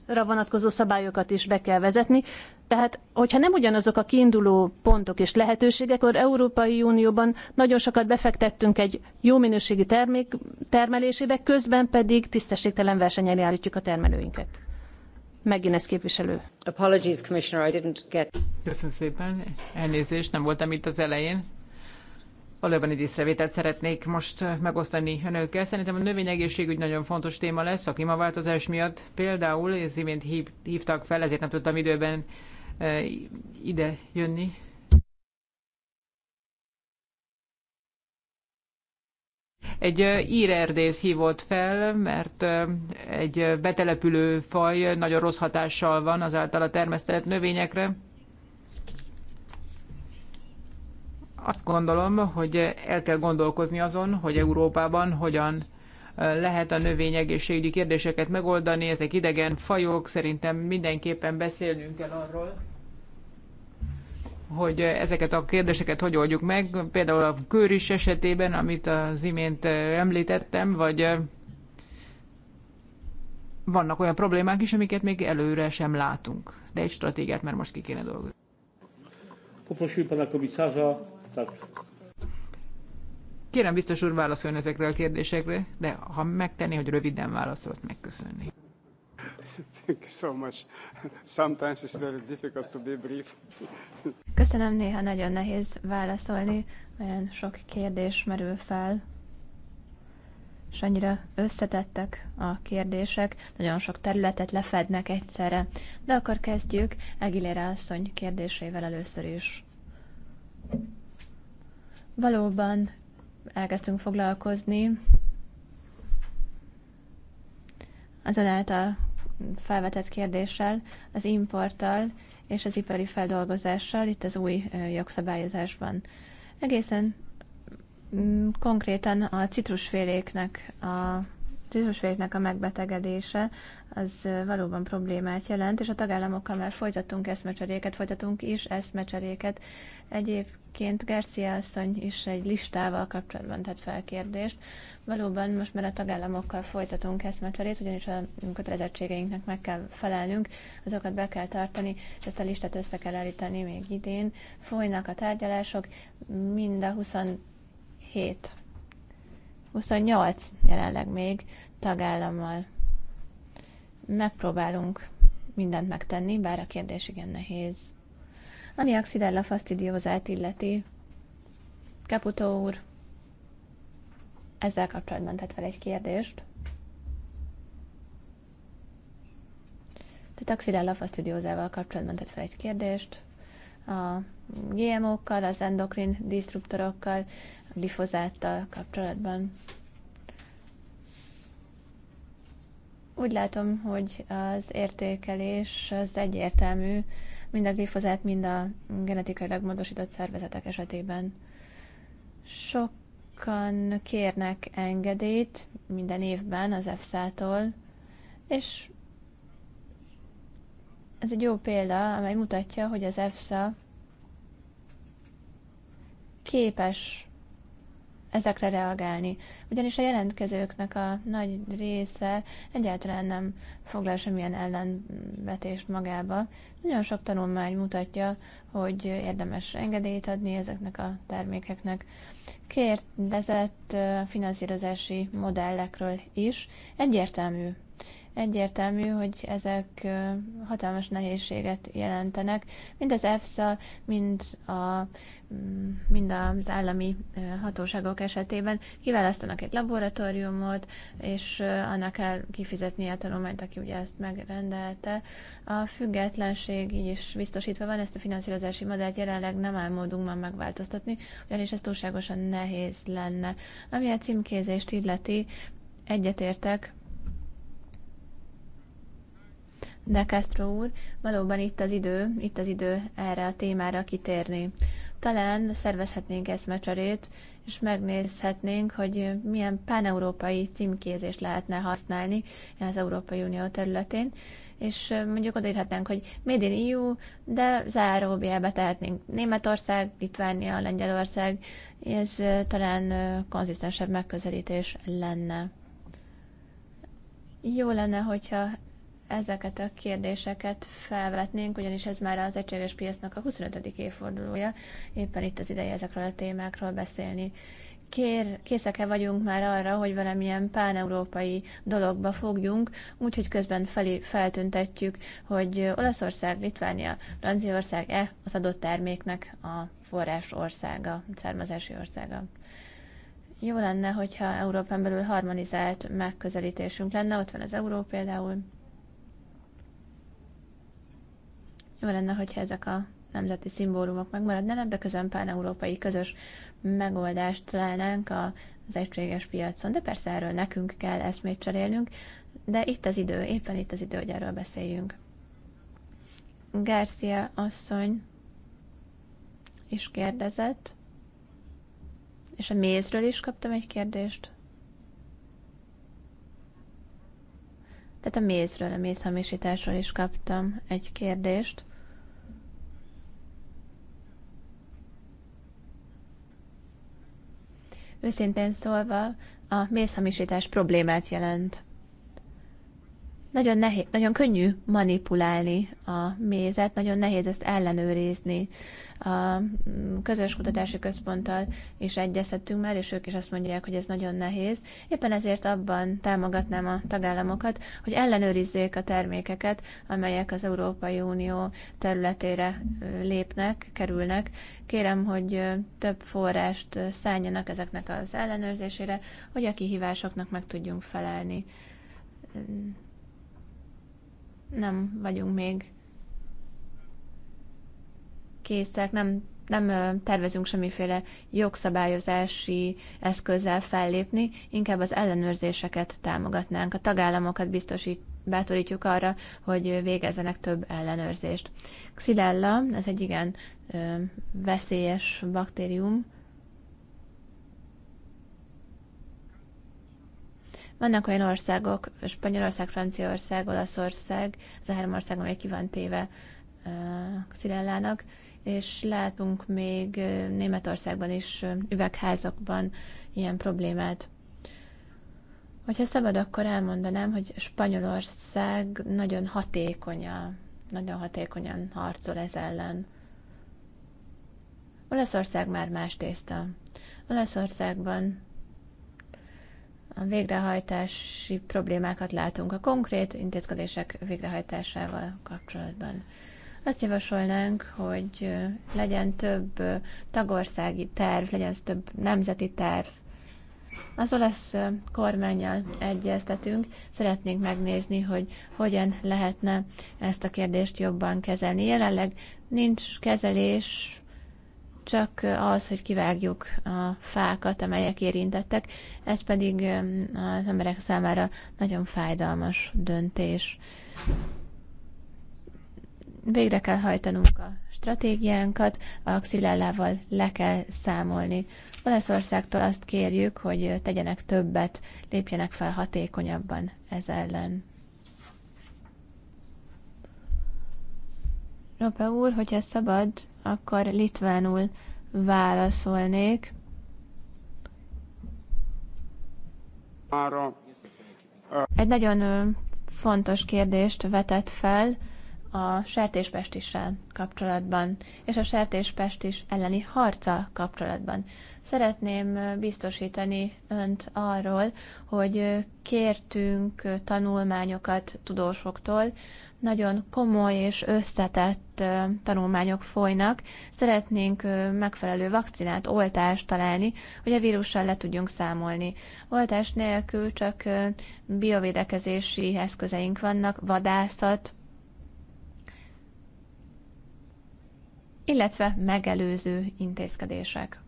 vonatkozó szabályokat is be kell vezetni. Tehát, hogyha nem ugyanazok a kiinduló pontok és lehetőségek, akkor Európai Unióban nagyon sokat befektettünk egy jó minőségi termék termelésébe, közben pedig tisztességtelen versenyen állítjuk a termelőinket. Megint ez képviselő. Apologies, Commissioner, I didn't get... Köszönöm szépen. Elnézést, nem voltam itt az elején valóban egy észrevételt szeretnék most megosztani önökkel. Szerintem a növényegészségügy nagyon fontos téma lesz a klímaváltozás miatt. Például, ez imént hív, hívtak fel, ezért nem tudtam időben e, ide jönni. Egy eh, írerdész hívott fel, mert eh, egy betelepülő faj nagyon rossz hatással van az általa termesztett növényekre Azt gondolom, hogy el kell gondolkozni azon, hogy Európában hogyan lehet a növényegészségügyi kérdéseket megoldani, ezek idegen fajok, szerintem mindenképpen beszélnünk kell arról, hogy ezeket a kérdéseket hogy oldjuk meg, például a kőris esetében, amit az imént említettem, vagy vannak olyan problémák is, amiket még előre sem látunk. De egy stratégiát már most ki kéne dolgozni. Poprosím pana komisarza Kérem biztos úr válaszoljon ezekre a kérdésekre, de ha megtenni, hogy röviden válaszol, azt megköszönni. Thank you so much. Sometimes it's very difficult to be brief. Köszönöm, néha nagyon nehéz válaszolni, olyan sok kérdés merül fel, és annyira összetettek a kérdések, nagyon sok területet lefednek egyszerre. De akkor kezdjük Egilére asszony kérdésével először is. Valóban elkezdtünk foglalkozni azon által felvetett kérdéssel, az importtal és az ipari feldolgozással itt az új jogszabályozásban. Egészen mm, konkrétan a citrusféléknek a az a megbetegedése az valóban problémát jelent, és a tagállamokkal már folytatunk eszmecseréket, folytatunk is eszmecseréket. Egyébként Garcia asszony is egy listával kapcsolatban tett fel kérdést. Valóban most már a tagállamokkal folytatunk eszmecserét, ugyanis a kötelezettségeinknek meg kell felelnünk, azokat be kell tartani, és ezt a listát össze kell állítani még idén. Folynak a tárgyalások, mind a 27 28 jelenleg még tagállammal. Megpróbálunk mindent megtenni, bár a kérdés igen nehéz. Ami a Xidella fastidiózát illeti, Caputo úr, ezzel kapcsolatban tett fel egy kérdést. Tehát a Xylella fastidiózával kapcsolatban tett fel egy kérdést. A GMO-kkal, az endokrin disruptorokkal glifozáttal kapcsolatban. Úgy látom, hogy az értékelés az egyértelmű, mind a glifozát, mind a genetikailag módosított szervezetek esetében. Sokan kérnek engedélyt minden évben az EFSA-tól, és ez egy jó példa, amely mutatja, hogy az EFSA képes ezekre reagálni. Ugyanis a jelentkezőknek a nagy része egyáltalán nem foglal semmilyen ellenvetést magába. Nagyon sok tanulmány mutatja, hogy érdemes engedélyt adni ezeknek a termékeknek. Kérdezett finanszírozási modellekről is egyértelmű Egyértelmű, hogy ezek hatalmas nehézséget jelentenek, mind az EFSA, mind, a, mm, mind az állami hatóságok esetében. Kiválasztanak egy laboratóriumot, és annak kell kifizetni a tanulmányt, aki ugye ezt megrendelte. A függetlenség így is biztosítva van, ezt a finanszírozási modellt jelenleg nem álmodunk már megváltoztatni, ugyanis ez túlságosan nehéz lenne. Ami a címkézést illeti, egyetértek, de Castro úr, valóban itt az idő, itt az idő erre a témára kitérni. Talán szervezhetnénk mecserét, és megnézhetnénk, hogy milyen pán-európai címkézést lehetne használni az Európai Unió területén, és mondjuk odaírhatnánk, hogy Made in EU, de záróbjelbe tehetnénk Németország, Litvánia, Lengyelország, ez talán konzisztensebb megközelítés lenne. Jó lenne, hogyha ezeket a kérdéseket felvetnénk, ugyanis ez már az egységes piacnak a 25. évfordulója, éppen itt az ideje ezekről a témákról beszélni. Kér, készek-e vagyunk már arra, hogy valamilyen pán-európai dologba fogjunk, úgyhogy közben fel, feltüntetjük, hogy Olaszország, Litvánia, Franciaország-e az adott terméknek a forrás országa, származási országa jó lenne, hogyha Európán belül harmonizált megközelítésünk lenne, ott van az euró például. Jó lenne, hogyha ezek a nemzeti szimbólumok megmaradnának, de közön pán-európai közös megoldást találnánk az egységes piacon. De persze erről nekünk kell eszmét cserélnünk, de itt az idő, éppen itt az idő, hogy erről beszéljünk. Garcia asszony is kérdezett, és a mézről is kaptam egy kérdést. Tehát a mézről, a mézhamisításról is kaptam egy kérdést. őszintén szólva a mézhamisítás problémát jelent. Nagyon, nehéz, nagyon könnyű manipulálni a mézet, nagyon nehéz ezt ellenőrizni. A mm, közös kutatási központtal is egyeztettünk már, és ők is azt mondják, hogy ez nagyon nehéz. Éppen ezért abban támogatnám a tagállamokat, hogy ellenőrizzék a termékeket, amelyek az Európai Unió területére lépnek, kerülnek. Kérem, hogy több forrást szálljanak ezeknek az ellenőrzésére, hogy a kihívásoknak meg tudjunk felelni nem vagyunk még készek, nem, nem tervezünk semmiféle jogszabályozási eszközzel fellépni, inkább az ellenőrzéseket támogatnánk. A tagállamokat biztosít, bátorítjuk arra, hogy végezzenek több ellenőrzést. Xylella, ez egy igen veszélyes baktérium, Vannak olyan országok, Spanyolország, Franciaország, Olaszország, ez a három ország, amely ki van téve uh, Xirellának, és látunk még Németországban is üvegházakban ilyen problémát. Hogyha szabad, akkor elmondanám, hogy Spanyolország nagyon hatékonyan, nagyon hatékonyan harcol ez ellen. Olaszország már más tészta. Olaszországban a végrehajtási problémákat látunk a konkrét intézkedések végrehajtásával kapcsolatban. Azt javasolnánk, hogy legyen több tagországi terv, legyen több nemzeti terv. Az olasz kormányjal egyeztetünk, szeretnénk megnézni, hogy hogyan lehetne ezt a kérdést jobban kezelni. Jelenleg nincs kezelés csak az, hogy kivágjuk a fákat, amelyek érintettek, ez pedig um, az emberek számára nagyon fájdalmas döntés. Végre kell hajtanunk a stratégiánkat, a xilellával le kell számolni. Olaszországtól azt kérjük, hogy tegyenek többet, lépjenek fel hatékonyabban ez ellen. Rope úr, hogyha szabad, akkor litvánul válaszolnék. Egy nagyon fontos kérdést vetett fel a sertéspestissel kapcsolatban, és a sertéspestis elleni harca kapcsolatban. Szeretném biztosítani önt arról, hogy kértünk tanulmányokat tudósoktól, nagyon komoly és összetett tanulmányok folynak. Szeretnénk megfelelő vakcinát, oltást találni, hogy a vírussal le tudjunk számolni. Oltás nélkül csak biovédekezési eszközeink vannak, vadászat, illetve megelőző intézkedések.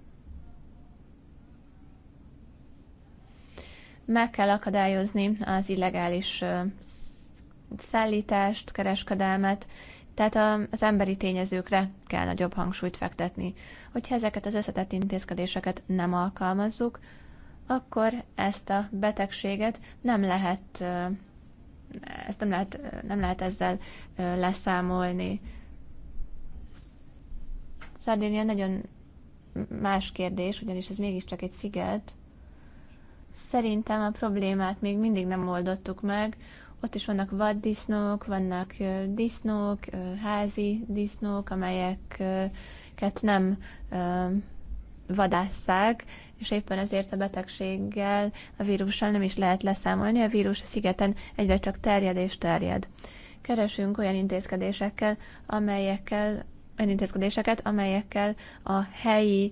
Meg kell akadályozni az illegális szállítást, kereskedelmet, tehát az emberi tényezőkre kell nagyobb hangsúlyt fektetni. Hogyha ezeket az összetett intézkedéseket nem alkalmazzuk, akkor ezt a betegséget nem lehet, ezt nem lehet, nem lehet ezzel leszámolni. Szardénia nagyon más kérdés, ugyanis ez mégiscsak egy sziget. Szerintem a problémát még mindig nem oldottuk meg, ott is vannak vaddisznók, vannak disznók, házi disznók, amelyeket nem vadásszák, és éppen ezért a betegséggel, a vírussal nem is lehet leszámolni, a vírus a szigeten egyre csak terjed és terjed. Keresünk olyan intézkedésekkel, amelyekkel olyan intézkedéseket, amelyekkel a helyi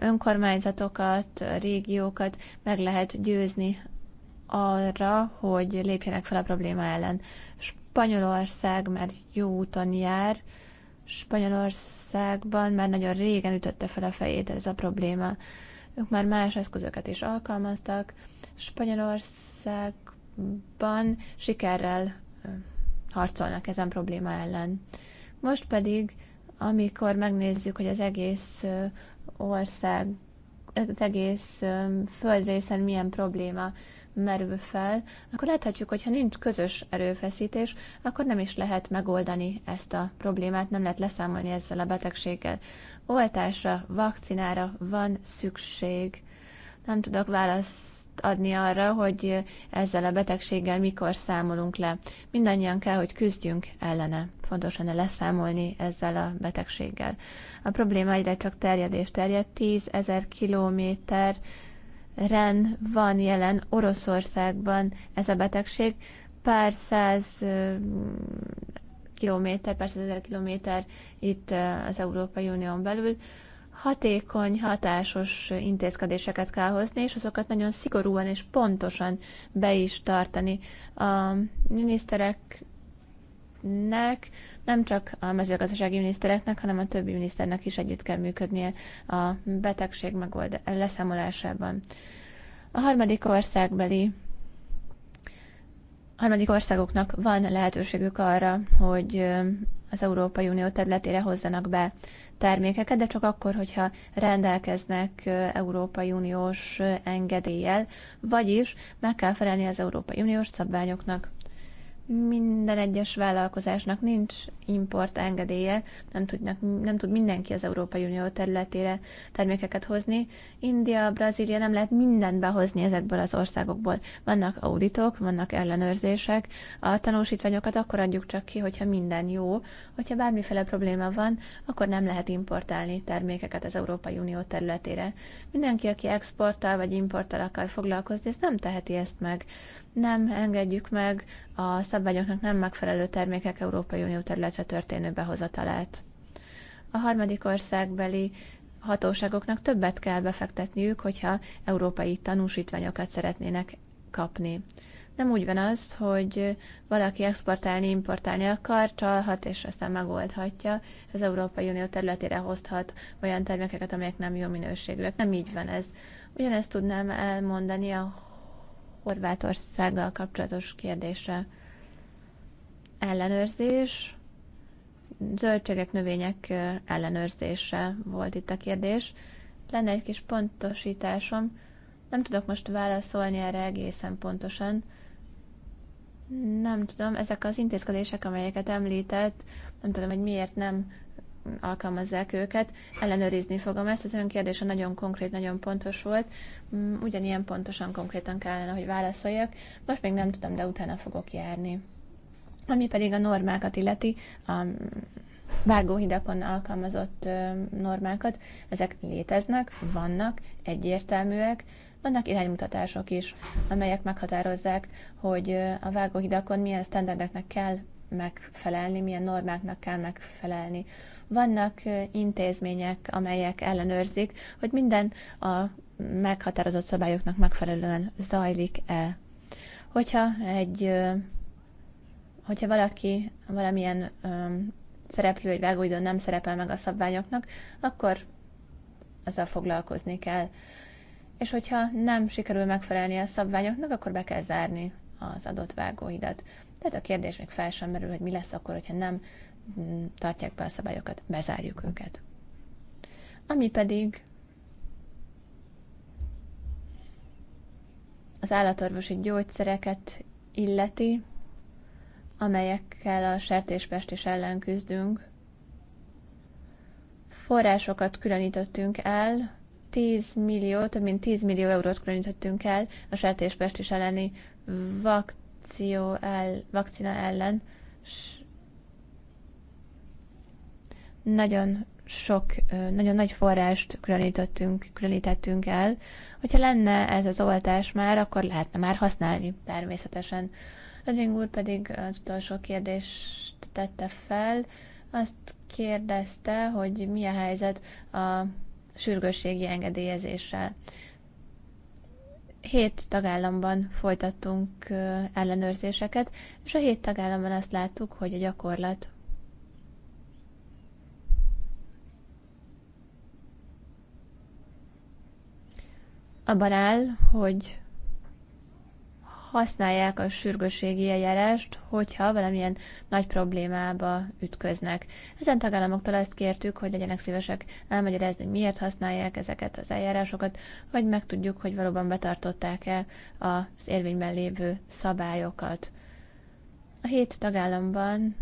önkormányzatokat, a régiókat meg lehet győzni arra, hogy lépjenek fel a probléma ellen. Spanyolország már jó úton jár, Spanyolországban már nagyon régen ütötte fel a fejét ez a probléma. Ők már más eszközöket is alkalmaztak. Spanyolországban sikerrel harcolnak ezen probléma ellen. Most pedig, amikor megnézzük, hogy az egész ország az egész földrészen milyen probléma merül fel, akkor láthatjuk, hogy ha nincs közös erőfeszítés, akkor nem is lehet megoldani ezt a problémát, nem lehet leszámolni ezzel a betegséggel. Oltásra, vakcinára van szükség. Nem tudok válasz adni arra, hogy ezzel a betegséggel mikor számolunk le. Mindannyian kell, hogy küzdjünk ellene. Fontos lenne leszámolni ezzel a betegséggel. A probléma egyre csak terjed és terjed. 10 ezer kilométer ren van jelen Oroszországban ez a betegség. Pár száz kilométer, pár ezer kilométer itt az Európai Unión belül hatékony, hatásos intézkedéseket kell hozni, és azokat nagyon szigorúan és pontosan be is tartani. A minisztereknek, nem csak a mezőgazdasági minisztereknek, hanem a többi miniszternek is együtt kell működnie a betegség megold leszámolásában. A harmadik országbeli harmadik országoknak van lehetőségük arra, hogy az Európai Unió területére hozzanak be termékeket, de csak akkor, hogyha rendelkeznek Európai Uniós engedéllyel, vagyis meg kell felelni az Európai Uniós szabványoknak minden egyes vállalkozásnak nincs import engedélye, nem, tudnak, nem tud mindenki az Európai Unió területére termékeket hozni. India, Brazília nem lehet mindent behozni ezekből az országokból. Vannak auditok, vannak ellenőrzések, a tanúsítványokat akkor adjuk csak ki, hogyha minden jó, hogyha bármiféle probléma van, akkor nem lehet importálni termékeket az Európai Unió területére. Mindenki, aki exporttal vagy importtal akar foglalkozni, ez nem teheti ezt meg nem engedjük meg a szabványoknak nem megfelelő termékek Európai Unió területre történő behozatalát. A harmadik országbeli hatóságoknak többet kell befektetniük, hogyha európai tanúsítványokat szeretnének kapni. Nem úgy van az, hogy valaki exportálni, importálni akar, csalhat, és aztán megoldhatja, az Európai Unió területére hozhat olyan termékeket, amelyek nem jó minőségűek. Nem így van ez. Ugyanezt tudnám elmondani a Horvátországgal kapcsolatos kérdése. Ellenőrzés, zöldségek, növények ellenőrzése volt itt a kérdés. Lenne egy kis pontosításom. Nem tudok most válaszolni erre egészen pontosan. Nem tudom, ezek az intézkedések, amelyeket említett, nem tudom, hogy miért nem alkalmazzák őket. Ellenőrizni fogom ezt. Az ön kérdése nagyon konkrét, nagyon pontos volt. Mm, ugyanilyen pontosan, konkrétan kellene, hogy válaszoljak. Most még nem tudom, de utána fogok járni. Ami pedig a normákat illeti, a vágóhidakon alkalmazott normákat, ezek léteznek, vannak, egyértelműek, vannak iránymutatások is, amelyek meghatározzák, hogy a vágóhidakon milyen sztenderdeknek kell megfelelni, milyen normáknak kell megfelelni. Vannak intézmények, amelyek ellenőrzik, hogy minden a meghatározott szabályoknak megfelelően zajlik-e. Hogyha egy hogyha valaki valamilyen öm, szereplő egy vágóidőn nem szerepel meg a szabványoknak, akkor azzal foglalkozni kell. És hogyha nem sikerül megfelelni a szabványoknak, akkor be kell zárni az adott vágóidat. Tehát a kérdés még fel sem merül, hogy mi lesz akkor, hogyha nem Mm, tartják be a szabályokat, bezárjuk őket. Ami pedig az állatorvosi gyógyszereket illeti, amelyekkel a is ellen küzdünk. Forrásokat különítettünk el, 10 millió, több mint 10 millió eurót különítettünk el a is elleni vakció el, vakcina ellen, s nagyon sok, nagyon nagy forrást különítettünk, különítettünk el. Hogyha lenne ez az oltás már, akkor lehetne már használni természetesen. Nagyon úr pedig az utolsó kérdést tette fel, azt kérdezte, hogy mi a helyzet a sürgősségi engedélyezéssel. Hét tagállamban folytattunk ellenőrzéseket, és a hét tagállamban azt láttuk, hogy a gyakorlat abban áll, hogy használják a sürgőségi eljárást, hogyha valamilyen nagy problémába ütköznek. Ezen tagállamoktól azt kértük, hogy legyenek szívesek elmagyarázni, miért használják ezeket az eljárásokat, hogy megtudjuk, hogy valóban betartották-e az érvényben lévő szabályokat. A hét tagállamban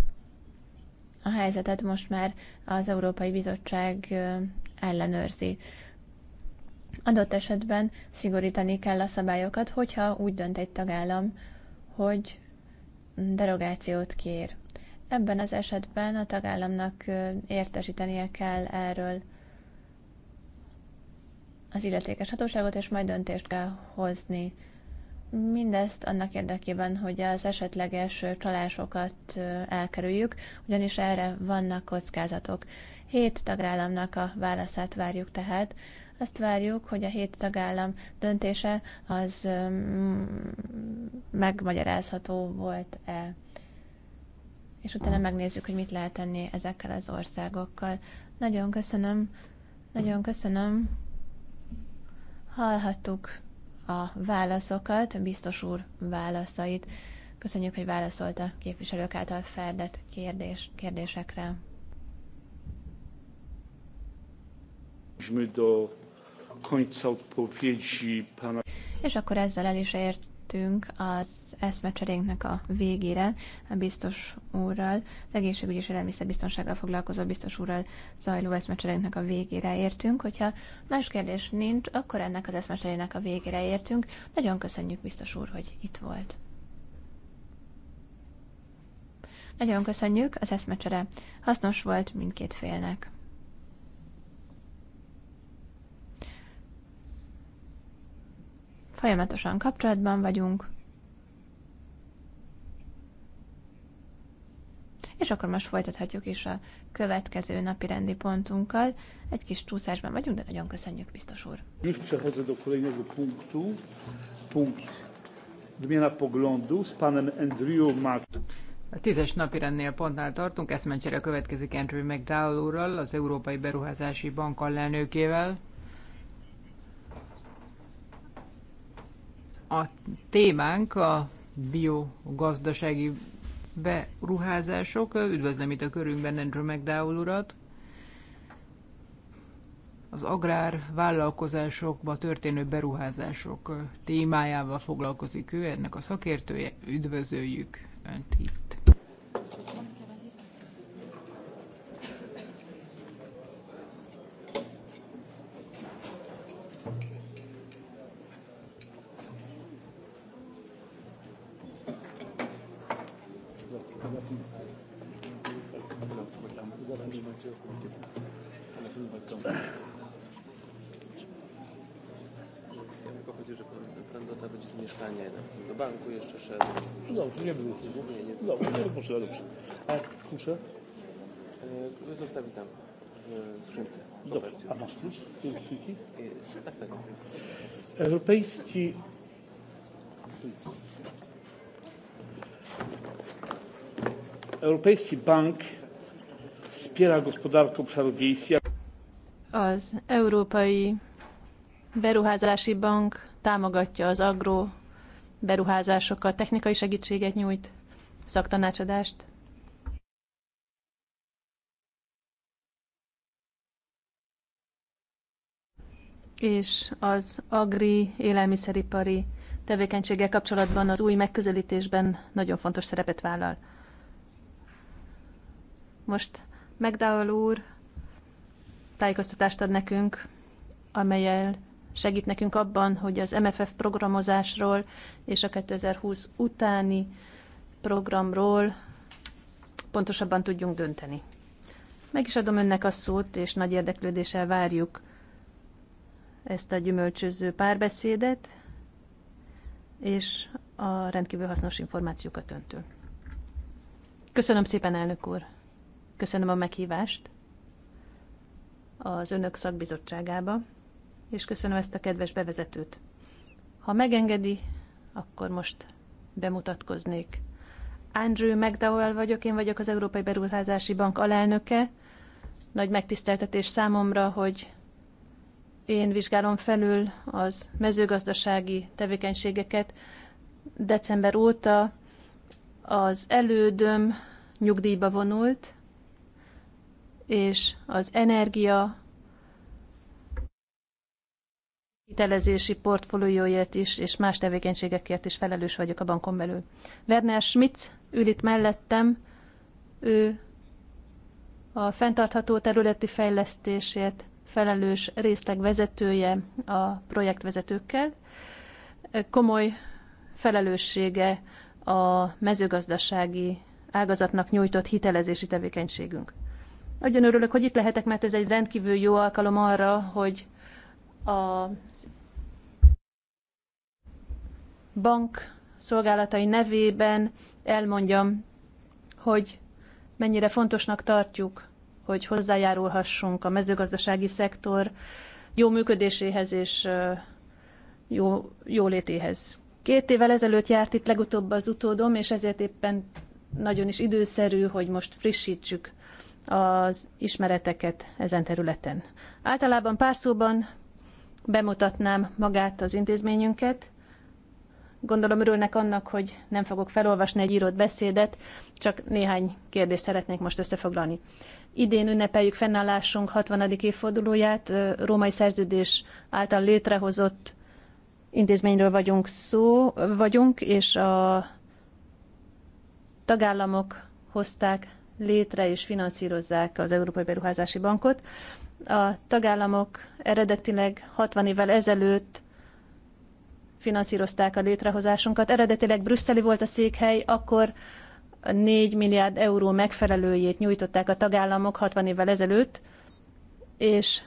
a helyzetet most már az Európai Bizottság ellenőrzi. Adott esetben szigorítani kell a szabályokat, hogyha úgy dönt egy tagállam, hogy derogációt kér. Ebben az esetben a tagállamnak értesítenie kell erről az illetékes hatóságot, és majd döntést kell hozni. Mindezt annak érdekében, hogy az esetleges csalásokat elkerüljük, ugyanis erre vannak kockázatok. Hét tagállamnak a válaszát várjuk tehát, azt várjuk, hogy a hét tagállam döntése az megmagyarázható volt-e. És utána megnézzük, hogy mit lehet tenni ezekkel az országokkal. Nagyon köszönöm, nagyon köszönöm. Hallhattuk a válaszokat, biztos úr válaszait. Köszönjük, hogy válaszolt a képviselők által feldett kérdés, kérdésekre końca odpowiedzi pana... És akkor ezzel el is értünk az eszmecserénknek a végére, a biztos úrral, az egészségügyi és élelmiszerbiztonsággal foglalkozó biztos úrral zajló eszmecserénknek a végére értünk. Hogyha más kérdés nincs, akkor ennek az eszmecserének a végére értünk. Nagyon köszönjük, biztos úr, hogy itt volt. Nagyon köszönjük, az eszmecsere hasznos volt mindkét félnek. Folyamatosan kapcsolatban vagyunk. És akkor most folytathatjuk is a következő napi rendi pontunkkal. Egy kis csúszásban vagyunk, de nagyon köszönjük, biztos úr. A tízes napi rendnél pontnál tartunk, eszmencsere következik Andrew McDowell úrral, az Európai Beruházási Bank alelnökével. A témánk a biogazdasági beruházások. Üdvözlöm itt a körünkben Andrew McDowell urat. Az agrár vállalkozásokba történő beruházások témájával foglalkozik ő, ennek a szakértője. Üdvözöljük Önt itt. Więc do banku jeszcze szedł. Dobrze, nie było. Nie, Dobrze, nie dobrze. A klucze? Zostawi tam w skrzynce. Dobrze. A masz klucz? Tak, tak. Europejski Europejski Bank wspiera gospodarkę obszarów wiejskich. Az Európai Beruházási Bank támogatja az agro beruházásokat, technikai segítséget nyújt, szaktanácsadást. És az agri élelmiszeripari tevékenységgel kapcsolatban az új megközelítésben nagyon fontos szerepet vállal. Most McDowell úr tájékoztatást ad nekünk, amelyel segít nekünk abban, hogy az MFF programozásról és a 2020 utáni programról pontosabban tudjunk dönteni. Meg is adom önnek a szót, és nagy érdeklődéssel várjuk ezt a gyümölcsöző párbeszédet, és a rendkívül hasznos információkat öntől. Köszönöm szépen, elnök úr! Köszönöm a meghívást az Önök szakbizottságába, és köszönöm ezt a kedves bevezetőt. Ha megengedi, akkor most bemutatkoznék. Andrew McDowell vagyok, én vagyok az Európai Beruházási Bank alelnöke. Nagy megtiszteltetés számomra, hogy én vizsgálom felül az mezőgazdasági tevékenységeket december óta az elődöm nyugdíjba vonult, és az energia hitelezési portfólióért is, és más tevékenységekért is felelős vagyok a bankon belül. Werner Schmitz ül itt mellettem, ő a fenntartható területi fejlesztésért felelős részleg vezetője a projektvezetőkkel. Komoly felelőssége a mezőgazdasági ágazatnak nyújtott hitelezési tevékenységünk. Nagyon örülök, hogy itt lehetek, mert ez egy rendkívül jó alkalom arra, hogy a bank szolgálatai nevében elmondjam, hogy mennyire fontosnak tartjuk, hogy hozzájárulhassunk a mezőgazdasági szektor jó működéséhez és jó, létéhez. Két évvel ezelőtt járt itt legutóbb az utódom, és ezért éppen nagyon is időszerű, hogy most frissítsük az ismereteket ezen területen. Általában pár szóban bemutatnám magát az intézményünket. Gondolom örülnek annak, hogy nem fogok felolvasni egy írott beszédet, csak néhány kérdést szeretnék most összefoglalni. Idén ünnepeljük fennállásunk 60. évfordulóját, római szerződés által létrehozott intézményről vagyunk szó, vagyunk, és a tagállamok hozták létre és finanszírozzák az Európai Beruházási Bankot. A tagállamok eredetileg 60 évvel ezelőtt finanszírozták a létrehozásunkat. Eredetileg brüsszeli volt a székhely, akkor 4 milliárd euró megfelelőjét nyújtották a tagállamok 60 évvel ezelőtt, és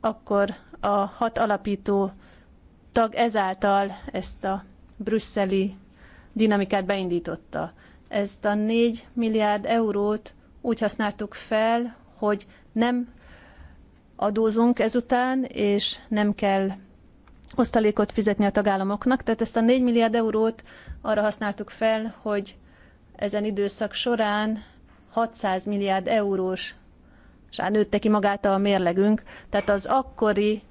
akkor a hat alapító tag ezáltal ezt a brüsszeli dinamikát beindította. Ezt a 4 milliárd eurót úgy használtuk fel, hogy nem adózunk ezután, és nem kell osztalékot fizetni a tagállamoknak. Tehát ezt a 4 milliárd eurót arra használtuk fel, hogy ezen időszak során 600 milliárd eurós és hát nőtte ki magát a mérlegünk, tehát az akkori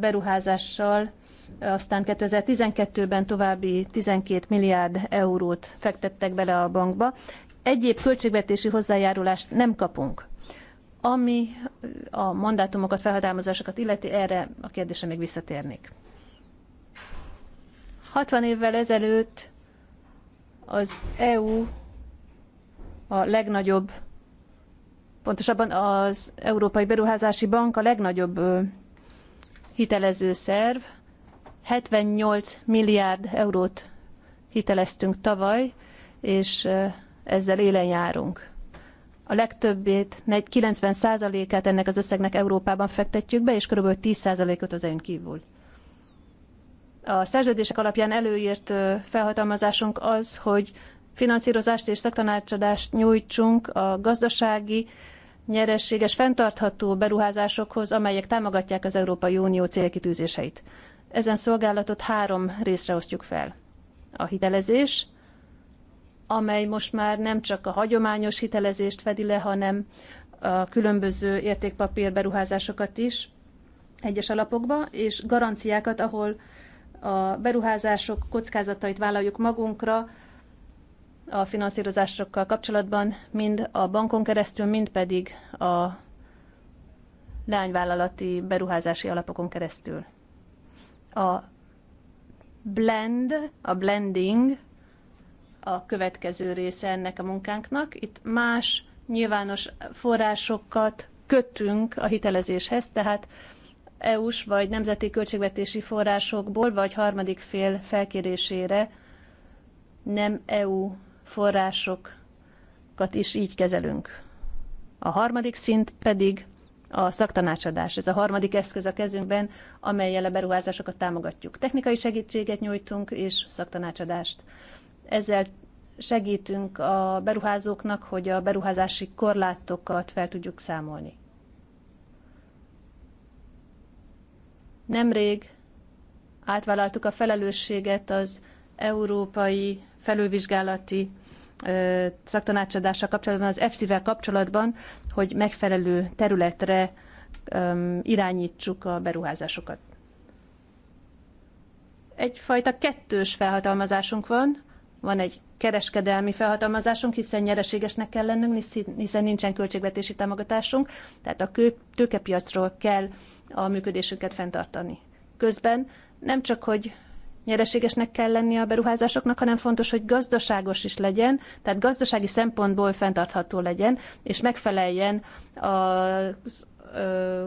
beruházással aztán 2012-ben további 12 milliárd eurót fektettek bele a bankba. Egyéb költségvetési hozzájárulást nem kapunk. Ami a mandátumokat, felhatalmazásokat illeti, erre a kérdésre még visszatérnék. 60 évvel ezelőtt az EU a legnagyobb, pontosabban az Európai Beruházási Bank a legnagyobb hitelező szerv, 78 milliárd eurót hiteleztünk tavaly, és ezzel élen járunk. A legtöbbét, 90%-át ennek az összegnek Európában fektetjük be, és kb. 10%-ot az EU-n kívül. A szerződések alapján előírt felhatalmazásunk az, hogy finanszírozást és szaktanácsadást nyújtsunk a gazdasági, nyerességes, fenntartható beruházásokhoz, amelyek támogatják az Európai Unió célkitűzéseit. Ezen szolgálatot három részre osztjuk fel. A hitelezés, amely most már nem csak a hagyományos hitelezést fedi le, hanem a különböző értékpapír beruházásokat is egyes alapokba, és garanciákat, ahol a beruházások kockázatait vállaljuk magunkra a finanszírozásokkal kapcsolatban, mind a bankon keresztül, mind pedig a leányvállalati beruházási alapokon keresztül. A blend, a blending a következő része ennek a munkánknak. Itt más nyilvános forrásokat kötünk a hitelezéshez, tehát EU-s vagy nemzeti költségvetési forrásokból, vagy harmadik fél felkérésére nem EU forrásokat is így kezelünk. A harmadik szint pedig a szaktanácsadás. Ez a harmadik eszköz a kezünkben, amelyel a beruházásokat támogatjuk. Technikai segítséget nyújtunk és szaktanácsadást. Ezzel segítünk a beruházóknak, hogy a beruházási korlátokat fel tudjuk számolni. Nemrég átvállaltuk a felelősséget az európai Felővizsgálati szaktanácsadással kapcsolatban, az EFSZ-vel kapcsolatban, hogy megfelelő területre irányítsuk a beruházásokat. Egyfajta kettős felhatalmazásunk van, van egy kereskedelmi felhatalmazásunk, hiszen nyereségesnek kell lennünk, hiszen nincsen költségvetési támogatásunk, tehát a tőkepiacról kell a működésünket fenntartani. Közben nem csak, hogy nyereségesnek kell lennie a beruházásoknak, hanem fontos, hogy gazdaságos is legyen, tehát gazdasági szempontból fenntartható legyen, és megfeleljen az ö,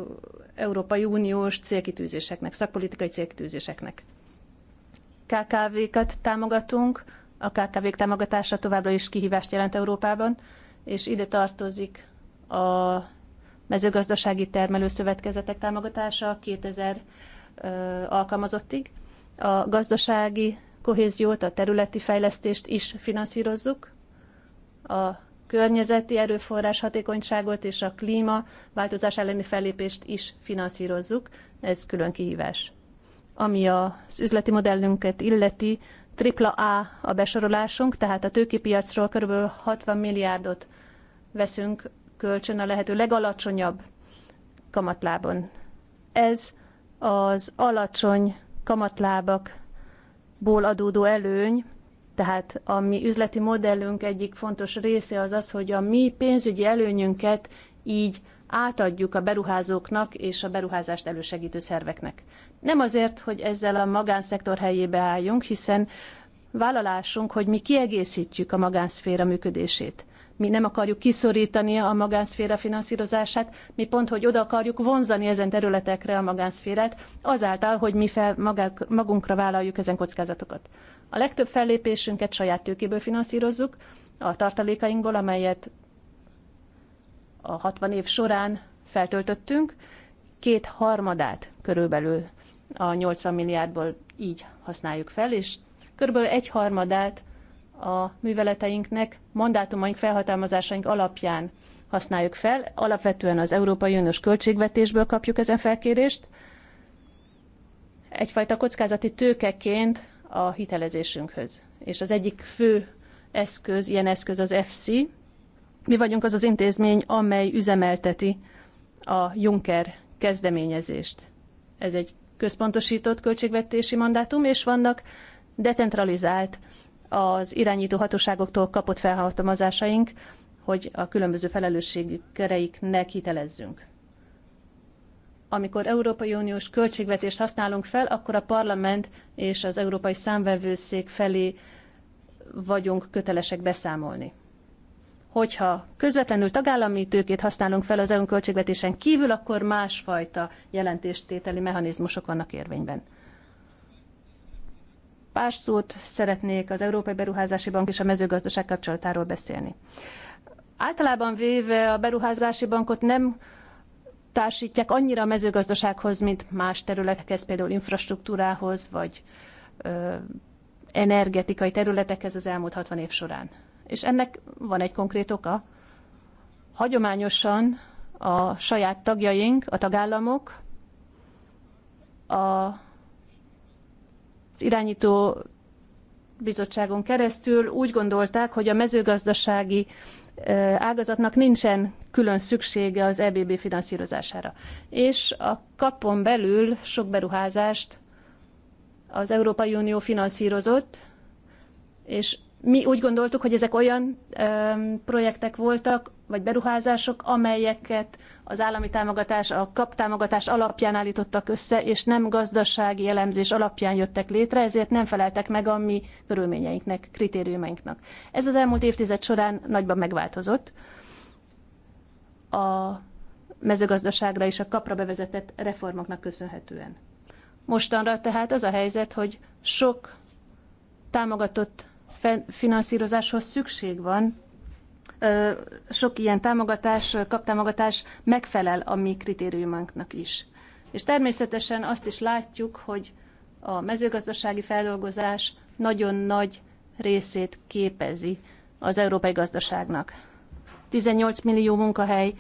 Európai Uniós célkitűzéseknek, szakpolitikai célkitűzéseknek. KKV-kat támogatunk, a KKV-k támogatása továbbra is kihívást jelent Európában, és ide tartozik a mezőgazdasági termelőszövetkezetek támogatása 2000 alkalmazottig a gazdasági kohéziót, a területi fejlesztést is finanszírozzuk, a környezeti erőforrás hatékonyságot és a klíma változás elleni fellépést is finanszírozzuk. Ez külön kihívás. Ami az üzleti modellünket illeti, tripla A a besorolásunk, tehát a tőkipiacról kb. 60 milliárdot veszünk kölcsön a lehető legalacsonyabb kamatlábon. Ez az alacsony kamatlábakból adódó előny, tehát a mi üzleti modellünk egyik fontos része az az, hogy a mi pénzügyi előnyünket így átadjuk a beruházóknak és a beruházást elősegítő szerveknek. Nem azért, hogy ezzel a magánszektor helyébe álljunk, hiszen vállalásunk, hogy mi kiegészítjük a magánszféra működését mi nem akarjuk kiszorítani a magánszféra finanszírozását, mi pont, hogy oda akarjuk vonzani ezen területekre a magánszférát, azáltal, hogy mi fel magák, magunkra vállaljuk ezen kockázatokat. A legtöbb fellépésünket saját tőkéből finanszírozzuk, a tartalékainkból, amelyet a 60 év során feltöltöttünk, két harmadát körülbelül a 80 milliárdból így használjuk fel, és körülbelül egy harmadát a műveleteinknek mandátumaink, felhatalmazásaink alapján használjuk fel. Alapvetően az Európai Uniós költségvetésből kapjuk ezen felkérést. Egyfajta kockázati tőkeként a hitelezésünkhöz. És az egyik fő eszköz, ilyen eszköz az FC. Mi vagyunk az az intézmény, amely üzemelteti a Juncker kezdeményezést. Ez egy központosított költségvetési mandátum, és vannak decentralizált az irányító hatóságoktól kapott felhatalmazásaink, hogy a különböző felelősségük ne hitelezzünk. Amikor Európai Uniós költségvetést használunk fel, akkor a parlament és az Európai Számvevőszék felé vagyunk kötelesek beszámolni. Hogyha közvetlenül tagállami tőkét használunk fel az EU költségvetésen kívül, akkor másfajta jelentéstételi mechanizmusok vannak érvényben. Pár szót szeretnék az Európai Beruházási Bank és a mezőgazdaság kapcsolatáról beszélni. Általában véve a beruházási bankot nem társítják annyira a mezőgazdasághoz, mint más területekhez, például infrastruktúrához, vagy ö, energetikai területekhez az elmúlt 60 év során. És ennek van egy konkrét oka. Hagyományosan a saját tagjaink, a tagállamok a irányító bizottságon keresztül úgy gondolták, hogy a mezőgazdasági ágazatnak nincsen külön szüksége az EBB finanszírozására. És a kapon belül sok beruházást az Európai Unió finanszírozott, és mi úgy gondoltuk, hogy ezek olyan projektek voltak, vagy beruházások, amelyeket az állami támogatás, a kap támogatás alapján állítottak össze, és nem gazdasági elemzés alapján jöttek létre, ezért nem feleltek meg a mi körülményeinknek, kritériumainknak. Ez az elmúlt évtized során nagyban megváltozott. A mezőgazdaságra és a kapra bevezetett reformoknak köszönhetően. Mostanra tehát az a helyzet, hogy sok támogatott finanszírozáshoz szükség van sok ilyen támogatás, kaptámogatás megfelel a mi kritériumunknak is. És természetesen azt is látjuk, hogy a mezőgazdasági feldolgozás nagyon nagy részét képezi az európai gazdaságnak. 18 millió munkahely,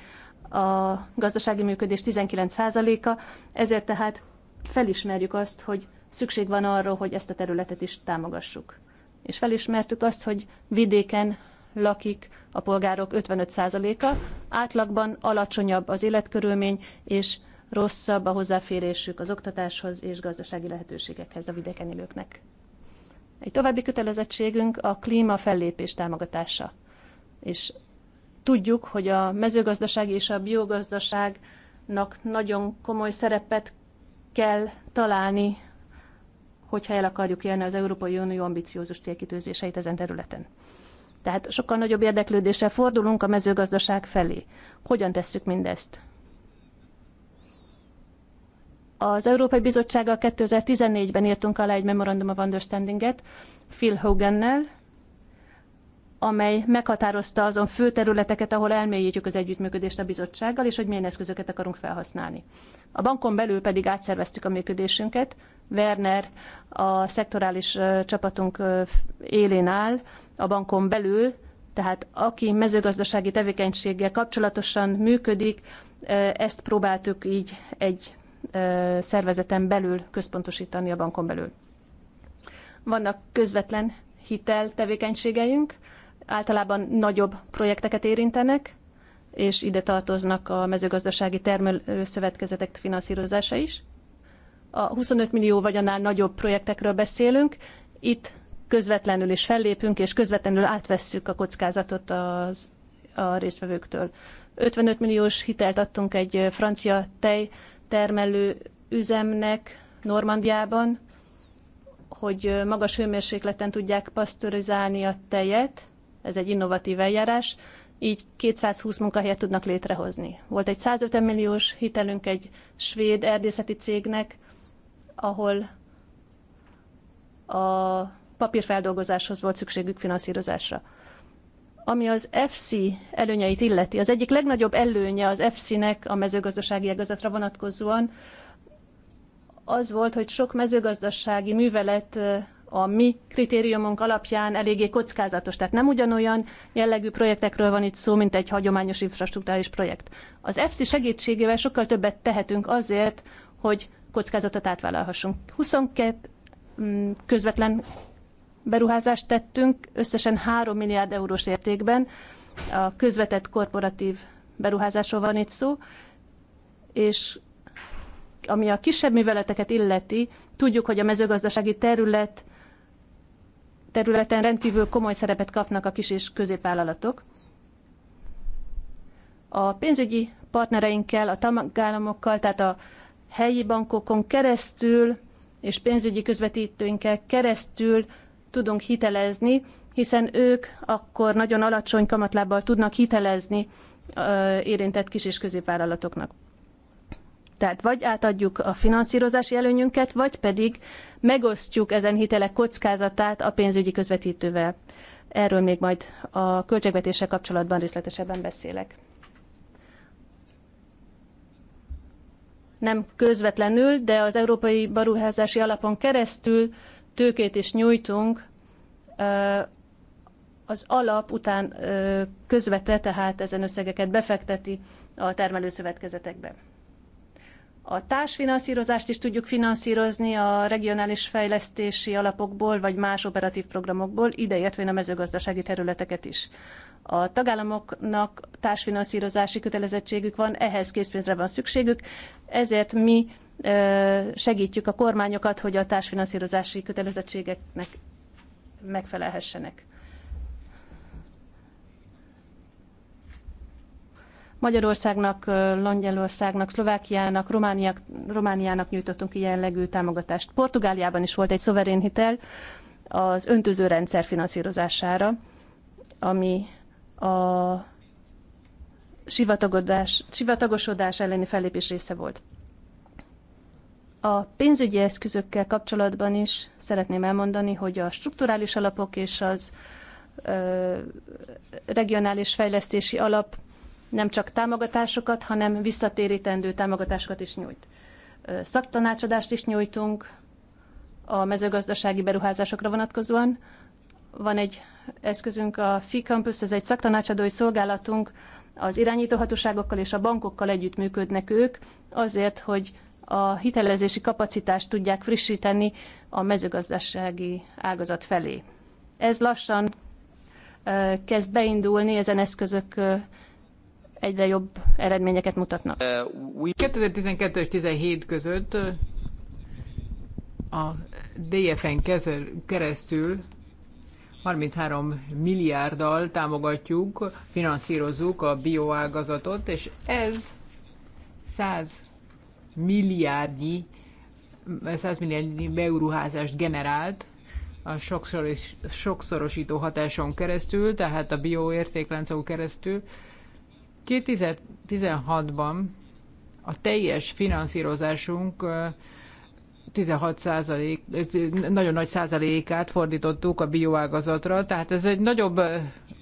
a gazdasági működés 19%-a, ezért tehát felismerjük azt, hogy szükség van arra, hogy ezt a területet is támogassuk. És felismertük azt, hogy vidéken lakik a polgárok 55%-a, átlagban alacsonyabb az életkörülmény, és rosszabb a hozzáférésük az oktatáshoz és gazdasági lehetőségekhez a vidéken élőknek. Egy további kötelezettségünk a klíma fellépés támogatása. És tudjuk, hogy a mezőgazdaság és a biogazdaságnak nagyon komoly szerepet kell találni, hogyha el akarjuk élni az Európai Unió ambiciózus célkitűzéseit ezen területen. Tehát sokkal nagyobb érdeklődéssel fordulunk a mezőgazdaság felé. Hogyan tesszük mindezt? Az Európai Bizottsággal 2014-ben írtunk alá egy Memorandum of Understanding-et Phil Hogannel, amely meghatározta azon fő területeket, ahol elmélyítjük az együttműködést a bizottsággal, és hogy milyen eszközöket akarunk felhasználni. A bankon belül pedig átszerveztük a működésünket, Werner a szektorális csapatunk élén áll a bankon belül, tehát aki mezőgazdasági tevékenységgel kapcsolatosan működik, ezt próbáltuk így egy szervezeten belül központosítani a bankon belül. Vannak közvetlen hitel tevékenységeink, általában nagyobb projekteket érintenek, és ide tartoznak a mezőgazdasági termelőszövetkezetek finanszírozása is a 25 millió vagy annál nagyobb projektekről beszélünk, itt közvetlenül is fellépünk, és közvetlenül átvesszük a kockázatot az, a résztvevőktől. 55 milliós hitelt adtunk egy francia tejtermelő üzemnek Normandiában, hogy magas hőmérsékleten tudják pasztörizálni a tejet, ez egy innovatív eljárás, így 220 munkahelyet tudnak létrehozni. Volt egy 150 milliós hitelünk egy svéd erdészeti cégnek, ahol a papírfeldolgozáshoz volt szükségük finanszírozásra. Ami az FC előnyeit illeti, az egyik legnagyobb előnye az FC-nek a mezőgazdasági ágazatra vonatkozóan az volt, hogy sok mezőgazdasági művelet a mi kritériumunk alapján eléggé kockázatos. Tehát nem ugyanolyan jellegű projektekről van itt szó, mint egy hagyományos infrastruktúrális projekt. Az FC segítségével sokkal többet tehetünk azért, hogy kockázatot átvállalhassunk. 22 mm, közvetlen beruházást tettünk, összesen 3 milliárd eurós értékben. A közvetett korporatív beruházásról van itt szó, és ami a kisebb műveleteket illeti, tudjuk, hogy a mezőgazdasági terület területen rendkívül komoly szerepet kapnak a kis és középvállalatok. A pénzügyi partnereinkkel, a tagállamokkal, tehát a helyi bankokon keresztül és pénzügyi közvetítőinkkel keresztül tudunk hitelezni, hiszen ők akkor nagyon alacsony kamatlábbal tudnak hitelezni érintett kis- és középvállalatoknak. Tehát vagy átadjuk a finanszírozási előnyünket, vagy pedig megosztjuk ezen hitelek kockázatát a pénzügyi közvetítővel. Erről még majd a költségvetéssel kapcsolatban részletesebben beszélek. nem közvetlenül, de az Európai Baruházási Alapon keresztül tőkét is nyújtunk az alap után közvetve, tehát ezen összegeket befekteti a termelőszövetkezetekbe. A társfinanszírozást is tudjuk finanszírozni a regionális fejlesztési alapokból, vagy más operatív programokból, ideértve a mezőgazdasági területeket is. A tagállamoknak társfinanszírozási kötelezettségük van, ehhez készpénzre van szükségük, ezért mi segítjük a kormányokat, hogy a társfinanszírozási kötelezettségeknek megfelelhessenek. Magyarországnak, Lengyelországnak, Szlovákiának, Romániak, Romániának nyújtottunk ilyen jellegű támogatást. Portugáliában is volt egy szoverén hitel az öntöző rendszer finanszírozására, ami a sivatagosodás elleni fellépés része volt. A pénzügyi eszközökkel kapcsolatban is szeretném elmondani, hogy a strukturális alapok és az ö, regionális fejlesztési alap nem csak támogatásokat, hanem visszatérítendő támogatásokat is nyújt. Szaktanácsadást is nyújtunk a mezőgazdasági beruházásokra vonatkozóan, van egy eszközünk, a FI Campus, ez egy szaktanácsadói szolgálatunk, az irányítóhatóságokkal és a bankokkal együttműködnek ők azért, hogy a hitelezési kapacitást tudják frissíteni a mezőgazdasági ágazat felé. Ez lassan kezd beindulni, ezen eszközök egyre jobb eredményeket mutatnak. 2012 és 2017 között a DFN keresztül 33 milliárddal támogatjuk, finanszírozzuk a bioágazatot, és ez 100 milliárdnyi 100 milliárdnyi beuruházást generált a sokszoros, sokszorosító hatáson keresztül, tehát a bioértékláncon keresztül. 2016-ban a teljes finanszírozásunk 16 százalék, nagyon nagy százalékát fordítottuk a bioágazatra, tehát ez egy nagyobb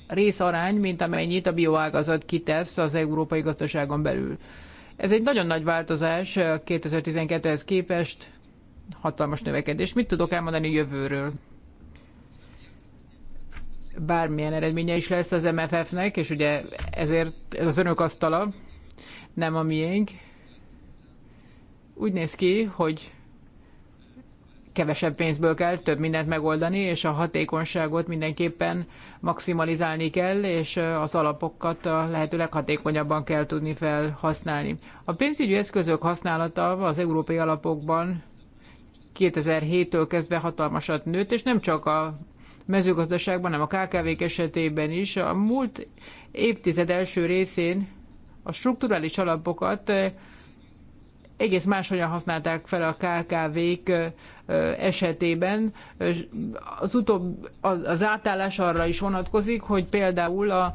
részarány, mint amennyit a bioágazat kitesz az európai gazdaságon belül. Ez egy nagyon nagy változás 2012-hez képest, hatalmas növekedés. Mit tudok elmondani jövőről? Bármilyen eredménye is lesz az MFF-nek, és ugye ezért ez az önök asztala, nem a miénk. Úgy néz ki, hogy kevesebb pénzből kell több mindent megoldani, és a hatékonyságot mindenképpen maximalizálni kell, és az alapokat a lehető leghatékonyabban kell tudni felhasználni. A pénzügyi eszközök használata az európai alapokban 2007-től kezdve hatalmasat nőtt, és nem csak a mezőgazdaságban, hanem a kkv esetében is. A múlt évtized első részén a strukturális alapokat egész máshogyan használták fel a KKV-k esetében. Az, utóbb, az, átállás arra is vonatkozik, hogy például a,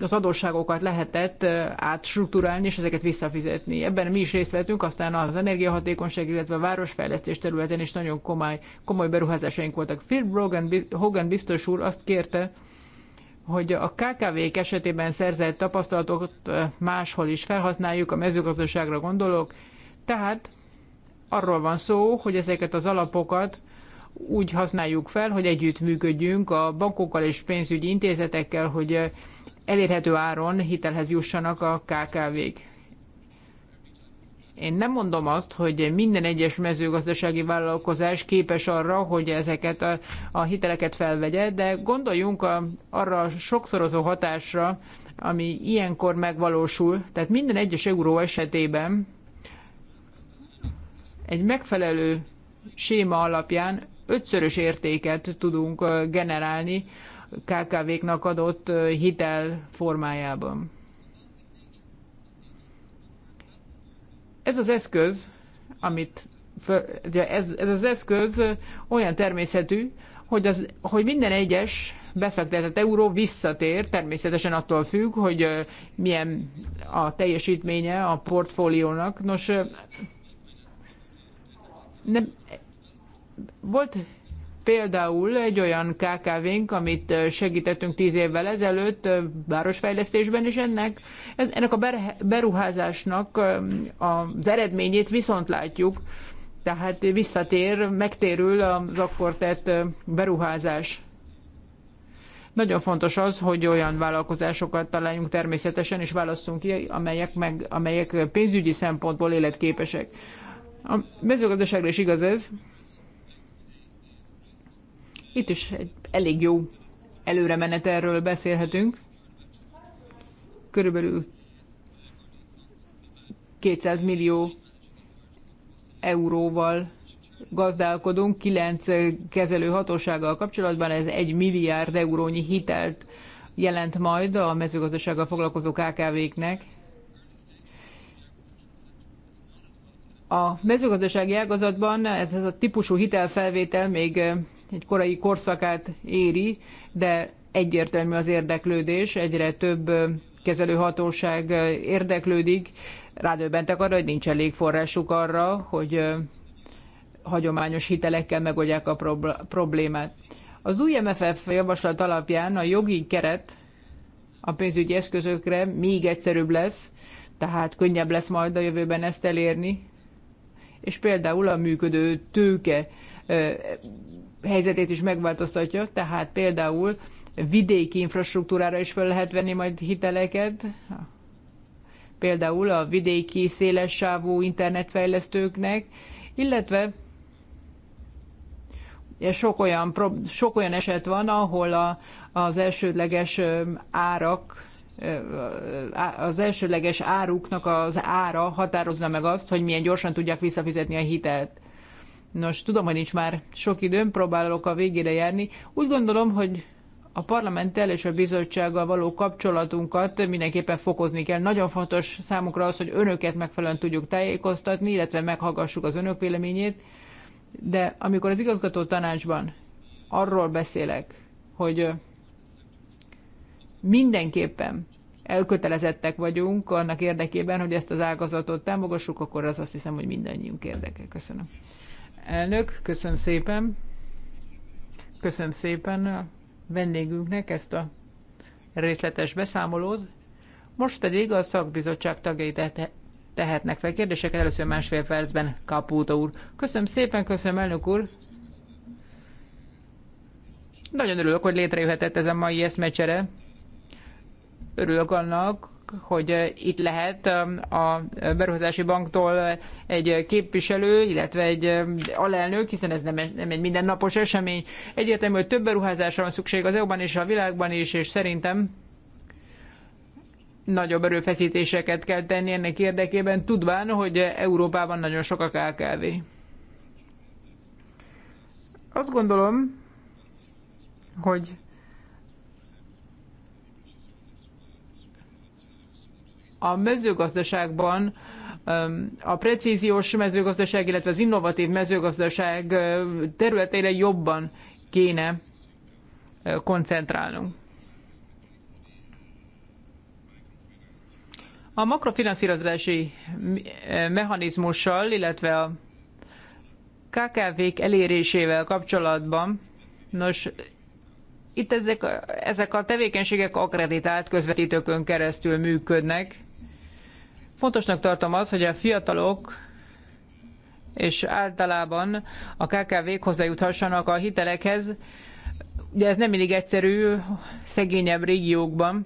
az adósságokat lehetett átstruktúrálni, és ezeket visszafizetni. Ebben mi is részt vettünk, aztán az energiahatékonyság, illetve a városfejlesztés területen is nagyon komoly, komoly beruházásaink voltak. Phil Hogan biztos úr azt kérte, hogy a KKV-k esetében szerzett tapasztalatokat máshol is felhasználjuk, a mezőgazdaságra gondolok. Tehát arról van szó, hogy ezeket az alapokat úgy használjuk fel, hogy együtt működjünk a bankokkal és pénzügyi intézetekkel, hogy elérhető áron hitelhez jussanak a KKV-k. Én nem mondom azt, hogy minden egyes mezőgazdasági vállalkozás képes arra, hogy ezeket a, a hiteleket felvegye, de gondoljunk a, arra a sokszorozó hatásra, ami ilyenkor megvalósul. Tehát minden egyes euró esetében egy megfelelő séma alapján ötszörös értéket tudunk generálni KKV-knak adott hitel formájában. Ez az eszköz, amit ez, ez az eszköz olyan természetű, hogy, az, hogy minden egyes befektetett euró visszatér, természetesen attól függ, hogy milyen a teljesítménye a portfóliónak. Nos, nem, volt Például egy olyan KKV-nk, amit segítettünk tíz évvel ezelőtt városfejlesztésben, és ennek, ennek a beruházásnak az eredményét viszont látjuk, tehát visszatér, megtérül az akkor tett beruházás. Nagyon fontos az, hogy olyan vállalkozásokat találjunk természetesen, és válasszunk ki, amelyek, meg, amelyek pénzügyi szempontból életképesek. A mezőgazdaságra is igaz ez, itt is egy elég jó előre erről beszélhetünk. Körülbelül 200 millió euróval gazdálkodunk, 9 kezelő hatósággal kapcsolatban ez 1 milliárd eurónyi hitelt jelent majd a mezőgazdasággal foglalkozó KKV-knek. A mezőgazdasági ágazatban ez, ez a típusú hitelfelvétel még egy korai korszakát éri, de egyértelmű az érdeklődés, egyre több kezelőhatóság érdeklődik, rádöbbentek arra, hogy nincs elég forrásuk arra, hogy hagyományos hitelekkel megoldják a problémát. Az új MFF javaslat alapján a jogi keret a pénzügyi eszközökre még egyszerűbb lesz, tehát könnyebb lesz majd a jövőben ezt elérni, és például a működő tőke helyzetét is megváltoztatja, tehát például vidéki infrastruktúrára is fel lehet venni majd hiteleket, például a vidéki szélessávú internetfejlesztőknek, illetve sok olyan, sok olyan eset van, ahol a, az elsődleges árak, az elsődleges áruknak az ára határozza meg azt, hogy milyen gyorsan tudják visszafizetni a hitelt. Nos, tudom, hogy nincs már sok időm, próbálok a végére járni. Úgy gondolom, hogy a parlamenttel és a bizottsággal való kapcsolatunkat mindenképpen fokozni kell. Nagyon fontos számukra az, hogy önöket megfelelően tudjuk tájékoztatni, illetve meghallgassuk az önök véleményét. De amikor az igazgató tanácsban arról beszélek, hogy mindenképpen elkötelezettek vagyunk annak érdekében, hogy ezt az ágazatot támogassuk, akkor az azt hiszem, hogy mindannyiunk érdeke. Köszönöm. Elnök, köszönöm szépen. Köszönöm szépen a vendégünknek ezt a részletes beszámolót. Most pedig a szakbizottság tagjai te tehetnek fel kérdéseket. Először másfél percben Kapóta úr. Köszönöm szépen, köszönöm elnök úr. Nagyon örülök, hogy létrejöhetett ez a mai eszmecsere. Örülök annak, hogy itt lehet a beruházási banktól egy képviselő, illetve egy alelnök, hiszen ez nem, egy mindennapos esemény. Egyértelmű, hogy több beruházásra van szükség az EU-ban és a világban is, és szerintem nagyobb erőfeszítéseket kell tenni ennek érdekében, tudván, hogy Európában nagyon sok a KKV. Azt gondolom, hogy A mezőgazdaságban a precíziós mezőgazdaság, illetve az innovatív mezőgazdaság területére jobban kéne koncentrálnunk. A makrofinanszírozási mechanizmussal, illetve a KKV-k elérésével kapcsolatban, nos, itt ezek, ezek a tevékenységek akreditált közvetítőkön keresztül működnek, Fontosnak tartom az, hogy a fiatalok és általában a KKV-k hozzájuthassanak a hitelekhez. Ugye ez nem mindig egyszerű szegényebb régiókban.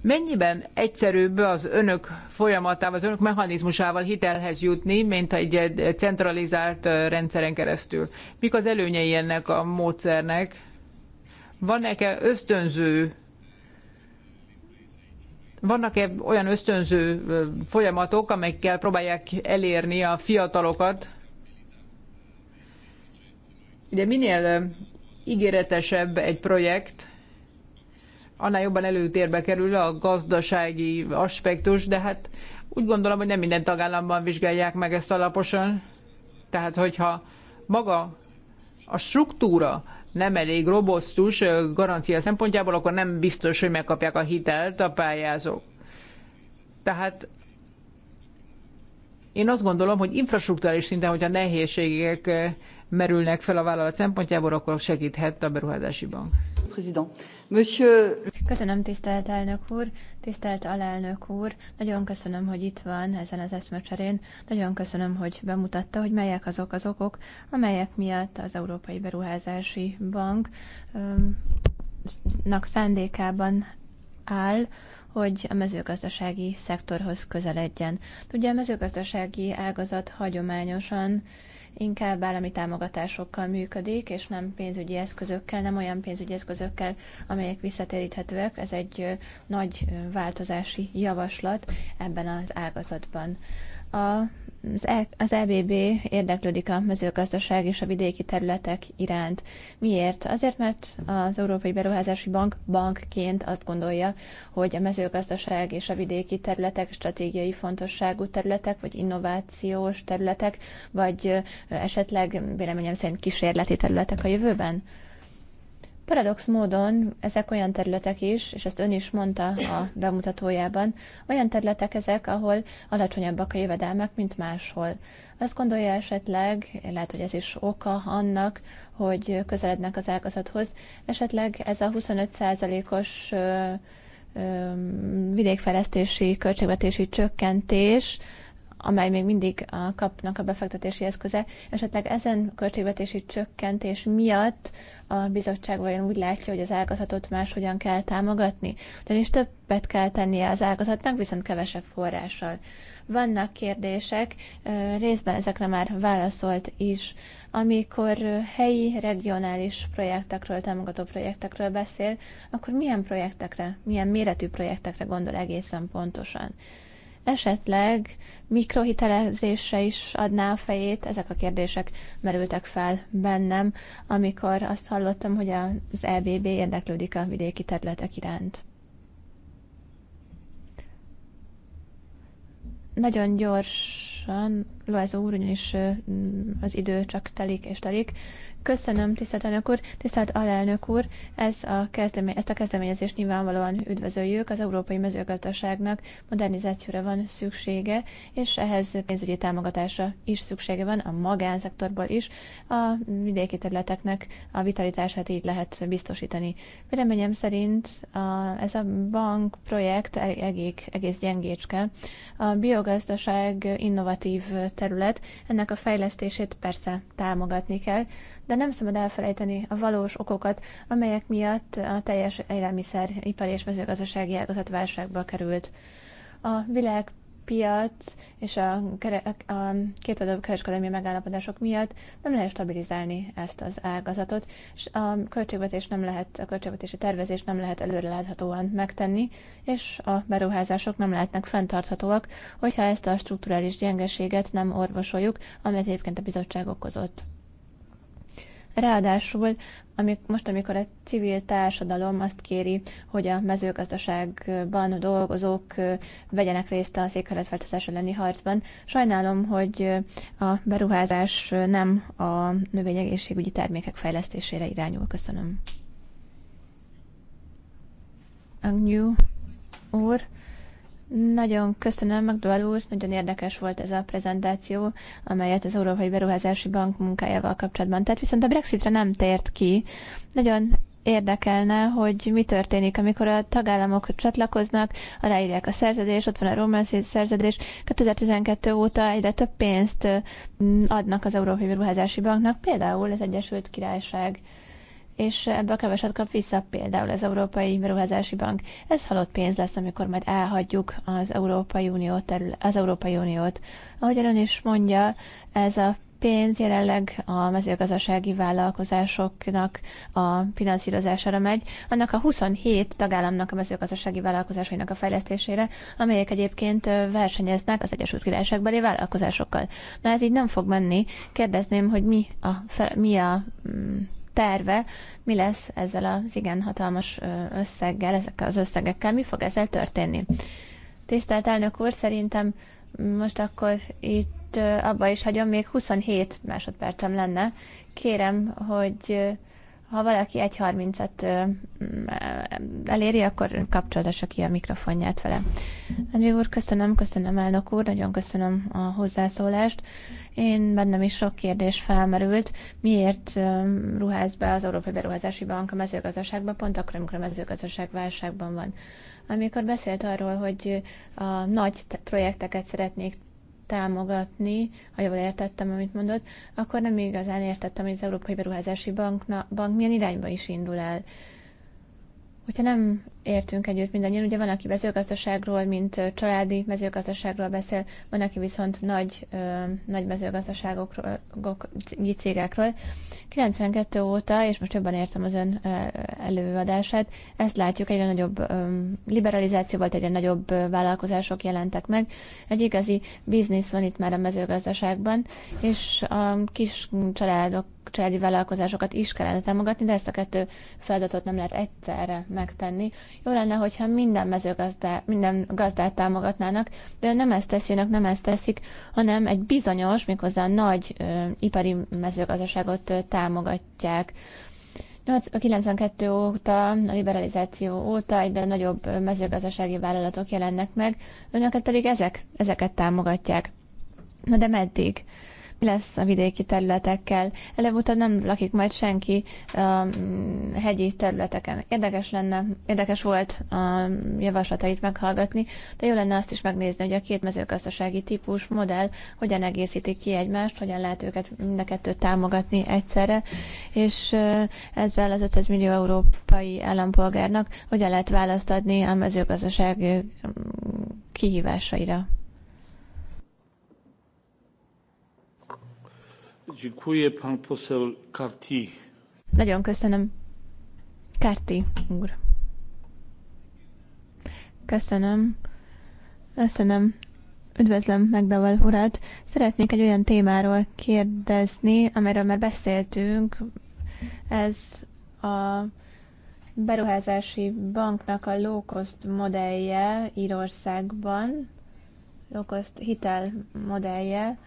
Mennyiben egyszerűbb az önök folyamatával, az önök mechanizmusával hitelhez jutni, mint egy centralizált rendszeren keresztül? Mik az előnyei ennek a módszernek? Van-e ösztönző vannak-e olyan ösztönző folyamatok, amelyekkel próbálják elérni a fiatalokat? Ugye minél ígéretesebb egy projekt, annál jobban előtérbe kerül a gazdasági aspektus, de hát úgy gondolom, hogy nem minden tagállamban vizsgálják meg ezt alaposan. Tehát, hogyha maga a struktúra nem elég robosztus garancia szempontjából, akkor nem biztos, hogy megkapják a hitelt a pályázók. Tehát én azt gondolom, hogy infrastruktúrális szinten, hogyha nehézségek merülnek fel a vállalat szempontjából, akkor segíthet a beruházási bank. President. Monsieur... Köszönöm, tisztelt elnök úr, tisztelt alelnök úr. Nagyon köszönöm, hogy itt van ezen az eszmecserén. Nagyon köszönöm, hogy bemutatta, hogy melyek azok az okok, amelyek miatt az Európai Beruházási Bank szándékában áll, hogy a mezőgazdasági szektorhoz közeledjen. Ugye a mezőgazdasági ágazat hagyományosan inkább állami támogatásokkal működik, és nem pénzügyi eszközökkel, nem olyan pénzügyi eszközökkel, amelyek visszatéríthetőek. Ez egy nagy változási javaslat ebben az ágazatban. A az EBB e érdeklődik a mezőgazdaság és a vidéki területek iránt. Miért? Azért, mert az Európai Beruházási Bank bankként azt gondolja, hogy a mezőgazdaság és a vidéki területek stratégiai fontosságú területek, vagy innovációs területek, vagy esetleg véleményem szerint kísérleti területek a jövőben? Paradox módon ezek olyan területek is, és ezt ön is mondta a bemutatójában, olyan területek ezek, ahol alacsonyabbak a jövedelmek, mint máshol. Azt gondolja esetleg, lehet, hogy ez is oka annak, hogy közelednek az ágazathoz, esetleg ez a 25%-os vidékfejlesztési költségvetési csökkentés, amely még mindig a kapnak a befektetési eszköze. Esetleg ezen költségvetési csökkentés miatt a bizottság vajon úgy látja, hogy az ágazatot máshogyan kell támogatni? Ugyanis többet kell tennie az ágazatnak, viszont kevesebb forrással. Vannak kérdések, részben ezekre már válaszolt is. Amikor helyi, regionális projektekről, támogató projektekről beszél, akkor milyen projektekre, milyen méretű projektekre gondol egészen pontosan? esetleg mikrohitelezésre is adná a fejét? Ezek a kérdések merültek fel bennem, amikor azt hallottam, hogy az EBB érdeklődik a vidéki területek iránt. Nagyon gyorsan Loázó úr, ugyanis mm, az idő csak telik és telik. Köszönöm, tisztelt elnök úr, tisztelt alelnök úr, ez a kezdemény, ezt a kezdeményezést nyilvánvalóan üdvözöljük, az európai mezőgazdaságnak modernizációra van szüksége, és ehhez pénzügyi támogatása is szüksége van, a magánszektorból is, a vidéki területeknek a vitalitását így lehet biztosítani. Véleményem szerint a, ez a bank projekt e-, egész, egész gyengécske. A biogazdaság innovatív terület, ennek a fejlesztését persze támogatni kell, de nem szabad elfelejteni a valós okokat, amelyek miatt a teljes élelmiszeripari és mezőgazdasági ágazat válságba került. A világ piac és a, a kétoldalú kereskedelmi megállapodások miatt nem lehet stabilizálni ezt az ágazatot, és a költségvetés nem lehet, a költségvetési tervezés nem lehet előreláthatóan megtenni, és a beruházások nem lehetnek fenntarthatóak, hogyha ezt a strukturális gyengeséget nem orvosoljuk, amit egyébként a bizottság okozott. Ráadásul amik, most, amikor a civil társadalom azt kéri, hogy a mezőgazdaságban a dolgozók vegyenek részt a székhelyetfeltözés elleni harcban, sajnálom, hogy a beruházás nem a növényegészségügyi termékek fejlesztésére irányul. Köszönöm. Agnyú úr. Nagyon köszönöm, Magdolad úr, nagyon érdekes volt ez a prezentáció, amelyet az Európai Beruházási Bank munkájával kapcsolatban tett, viszont a Brexitre nem tért ki. Nagyon érdekelne, hogy mi történik, amikor a tagállamok csatlakoznak, aláírják a szerződést, ott van a Romance szerződés. 2012 óta egyre több pénzt mm, adnak az Európai Beruházási Banknak, például az Egyesült Királyság és ebbe a keveset kap vissza például az Európai Beruházási Bank. Ez halott pénz lesz, amikor majd elhagyjuk az Európai, Uniót, az Európai Uniót. Ahogy ön is mondja, ez a pénz jelenleg a mezőgazdasági vállalkozásoknak a finanszírozására megy, annak a 27 tagállamnak a mezőgazdasági vállalkozásainak a fejlesztésére, amelyek egyébként versenyeznek az Egyesült Királyságbeli vállalkozásokkal. Na ez így nem fog menni. Kérdezném, hogy mi a, mi a mm, terve, mi lesz ezzel az igen hatalmas összeggel, ezekkel az összegekkel, mi fog ezzel történni. Tisztelt elnök úr, szerintem most akkor itt abba is hagyom, még 27 másodpercem lenne. Kérem, hogy ha valaki 1.30-at eléri, akkor kapcsolatosak ki a mikrofonját vele. André úr, köszönöm, köszönöm elnök úr, nagyon köszönöm a hozzászólást. Én bennem is sok kérdés felmerült, miért ruház be az Európai Beruházási Bank a mezőgazdaságban, pont akkor, amikor a mezőgazdaság válságban van. Amikor beszélt arról, hogy a nagy projekteket szeretnék támogatni, ha jól értettem, amit mondott, akkor nem igazán értettem, hogy az Európai Beruházási Bankna, Bank milyen irányba is indul el hogyha nem értünk együtt mindannyian, ugye van, aki mezőgazdaságról, mint családi mezőgazdaságról beszél, van, aki viszont nagy, ö, nagy mezőgazdaságokról, cégekről. 92 óta, és most jobban értem az ön előadását, ezt látjuk, egyre nagyobb ö, liberalizáció volt, egyre nagyobb vállalkozások jelentek meg. Egy igazi biznisz van itt már a mezőgazdaságban, és a kis családok családi vállalkozásokat is kellene támogatni, de ezt a kettő feladatot nem lehet egyszerre megtenni. Jó lenne, hogyha minden mezőgazdá, minden gazdát támogatnának, de nem ezt teszik, nem ezt teszik, hanem egy bizonyos, méghozzá nagy ö, ipari mezőgazdaságot ö, támogatják. 92 óta, a liberalizáció óta egyre nagyobb mezőgazdasági vállalatok jelennek meg, önöket pedig ezek, ezeket támogatják. Na de meddig? mi lesz a vidéki területekkel. Előbb-utóbb nem lakik majd senki a hegyi területeken. Érdekes lenne, érdekes volt a javaslatait meghallgatni, de jó lenne azt is megnézni, hogy a két mezőgazdasági típus, modell hogyan egészítik ki egymást, hogyan lehet őket mind a kettőt támogatni egyszerre, és ezzel az 500 millió európai állampolgárnak hogyan lehet választ adni a mezőgazdaság kihívásaira. Dziękuję, pan poseł Karti. Nagyon köszönöm. Kárti úr. Köszönöm. Köszönöm. Üdvözlöm Megdaval urat. Szeretnék egy olyan témáról kérdezni, amiről már beszéltünk. Ez a beruházási banknak a low-cost modellje Írországban, low-cost hitel modellje.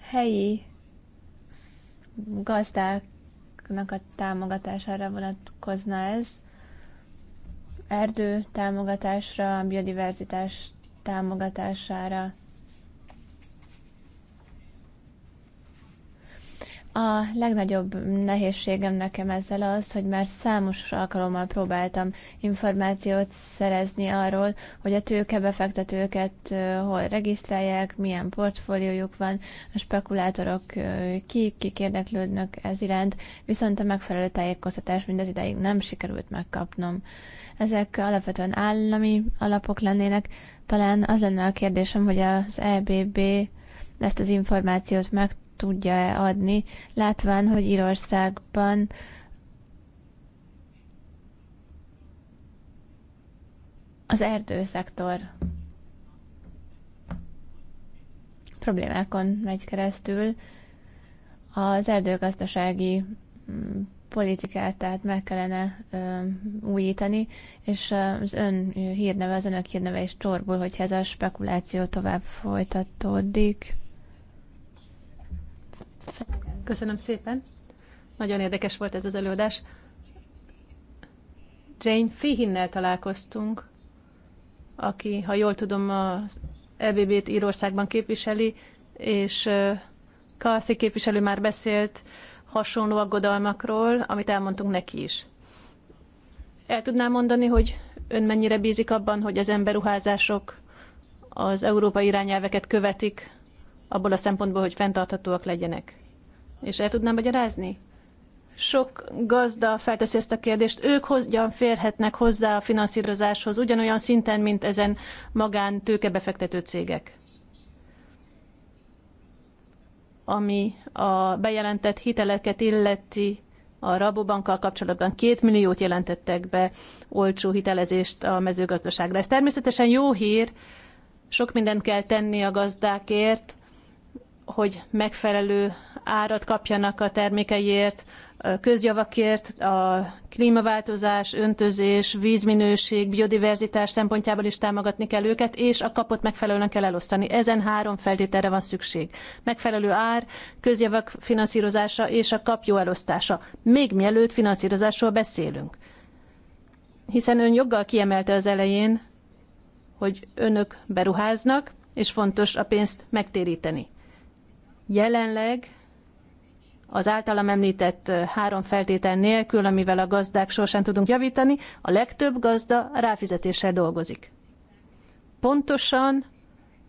Helyi gazdáknak a támogatására vonatkozna ez, erdő támogatásra, biodiverzitás támogatására. A legnagyobb nehézségem nekem ezzel az, hogy már számos alkalommal próbáltam információt szerezni arról, hogy a tőkebefektetőket hol regisztrálják, milyen portfóliójuk van, a spekulátorok kik, kik érdeklődnek ez iránt, viszont a megfelelő tájékoztatás mindez ideig nem sikerült megkapnom. Ezek alapvetően állami alapok lennének, talán az lenne a kérdésem, hogy az EBB ezt az információt meg tudja-e adni, látván, hogy Írországban az erdőszektor problémákon megy keresztül. Az erdőgazdasági mm, politikát, tehát meg kellene ö, újítani, és az ön hírneve, az önök hírneve is csorbul, hogyha ez a spekuláció tovább folytatódik. Köszönöm szépen. Nagyon érdekes volt ez az előadás. Jane Fihinnel találkoztunk, aki, ha jól tudom, az EBB-t Írországban képviseli, és Karthi képviselő már beszélt hasonló aggodalmakról, amit elmondtunk neki is. El tudná mondani, hogy ön mennyire bízik abban, hogy az emberuházások az európai irányelveket követik abból a szempontból, hogy fenntarthatóak legyenek. És el tudnám magyarázni? Sok gazda felteszi ezt a kérdést, ők hogyan férhetnek hozzá a finanszírozáshoz ugyanolyan szinten, mint ezen magán tőkebefektető cégek. Ami a bejelentett hiteleket illeti, a Rabobankkal kapcsolatban két milliót jelentettek be olcsó hitelezést a mezőgazdaságra. Ez természetesen jó hír, sok mindent kell tenni a gazdákért, hogy megfelelő árat kapjanak a termékeiért, közjavakért, a klímaváltozás, öntözés, vízminőség, biodiverzitás szempontjából is támogatni kell őket, és a kapot megfelelően kell elosztani. Ezen három feltételre van szükség. Megfelelő ár, közjavak finanszírozása és a kap jó elosztása. Még mielőtt finanszírozásról beszélünk. Hiszen ön joggal kiemelte az elején, hogy önök beruháznak, és fontos a pénzt megtéríteni. Jelenleg az általam említett három feltétel nélkül, amivel a gazdák sorsán tudunk javítani, a legtöbb gazda ráfizetéssel dolgozik. Pontosan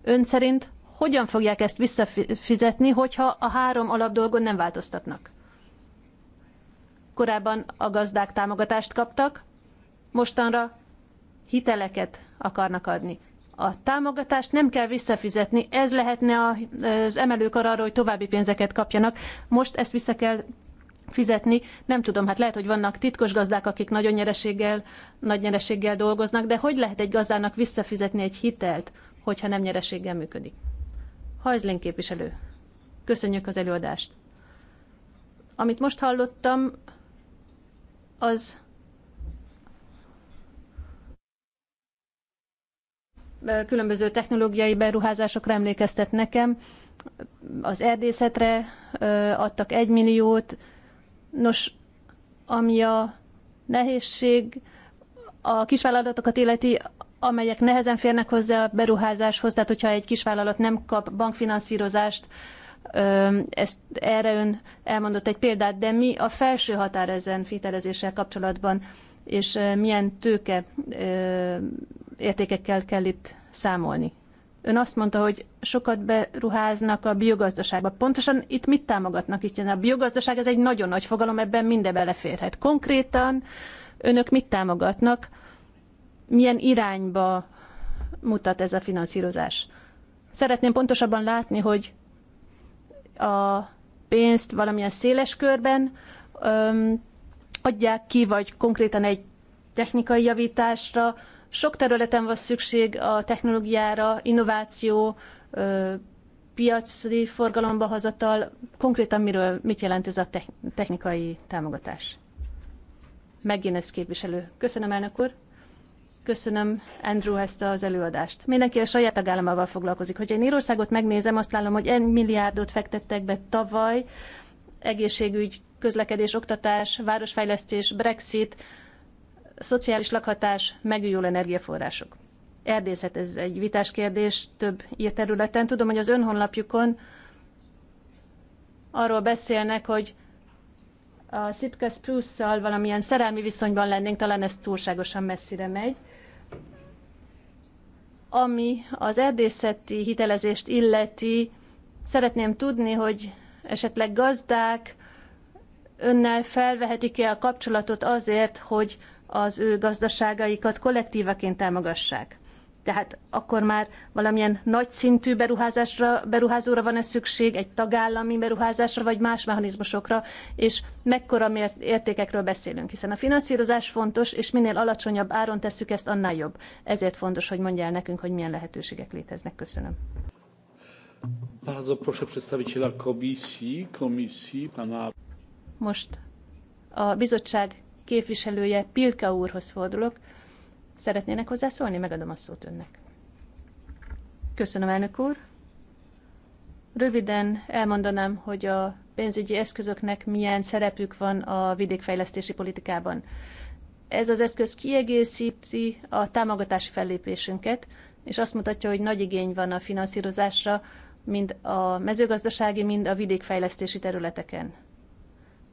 ön szerint hogyan fogják ezt visszafizetni, hogyha a három alapdolgon nem változtatnak? Korábban a gazdák támogatást kaptak, mostanra hiteleket akarnak adni. A támogatást nem kell visszafizetni, ez lehetne az emelőkar arra, hogy további pénzeket kapjanak. Most ezt vissza kell fizetni. Nem tudom, hát lehet, hogy vannak titkos gazdák, akik nagyon nyereséggel, nagy nyereséggel dolgoznak, de hogy lehet egy gazdának visszafizetni egy hitelt, hogyha nem nyereséggel működik? Hajzlén képviselő, köszönjük az előadást. Amit most hallottam, az különböző technológiai beruházásokra emlékeztet nekem. Az erdészetre adtak egy milliót. Nos, ami a nehézség a kisvállalatokat illeti, amelyek nehezen férnek hozzá a beruházáshoz, tehát hogyha egy kisvállalat nem kap bankfinanszírozást, ezt erre ön elmondott egy példát, de mi a felső határ ezen fitelezéssel kapcsolatban, és milyen tőke értékekkel kell itt számolni. Ön azt mondta, hogy sokat beruháznak a biogazdaságba. Pontosan itt mit támogatnak? Itt a biogazdaság ez egy nagyon nagy fogalom, ebben minden beleférhet. Konkrétan önök mit támogatnak? Milyen irányba mutat ez a finanszírozás? Szeretném pontosabban látni, hogy a pénzt valamilyen széles körben öm, adják ki, vagy konkrétan egy technikai javításra, sok területen van szükség a technológiára, innováció, piaci forgalomba hozatal. Konkrétan miről, mit jelent ez a technikai támogatás? Megint ez képviselő. Köszönöm, elnök úr. Köszönöm, Andrew, ezt az előadást. Mindenki a saját tagállamával foglalkozik. Hogyha én Írországot megnézem, azt látom, hogy 1 milliárdot fektettek be tavaly egészségügy, közlekedés, oktatás, városfejlesztés, Brexit, Szociális lakhatás, megújuló energiaforrások. Erdészet, ez egy vitás kérdés több ír területen. Tudom, hogy az önhonlapjukon arról beszélnek, hogy a Sitka Spruce-szal valamilyen szerelmi viszonyban lennénk, talán ez túlságosan messzire megy. Ami az erdészeti hitelezést illeti, szeretném tudni, hogy esetleg gazdák önnel felvehetik-e a kapcsolatot azért, hogy az ő gazdaságaikat kollektívaként támogassák. Tehát akkor már valamilyen nagy szintű beruházásra, beruházóra van e szükség, egy tagállami beruházásra, vagy más mechanizmusokra, és mekkora értékekről beszélünk, hiszen a finanszírozás fontos, és minél alacsonyabb áron tesszük ezt, annál jobb. Ezért fontos, hogy el nekünk, hogy milyen lehetőségek léteznek. Köszönöm. Most a bizottság képviselője Pilka úrhoz fordulok. Szeretnének hozzászólni? Megadom a szót önnek. Köszönöm, elnök úr. Röviden elmondanám, hogy a pénzügyi eszközöknek milyen szerepük van a vidékfejlesztési politikában. Ez az eszköz kiegészíti a támogatási fellépésünket, és azt mutatja, hogy nagy igény van a finanszírozásra, mind a mezőgazdasági, mind a vidékfejlesztési területeken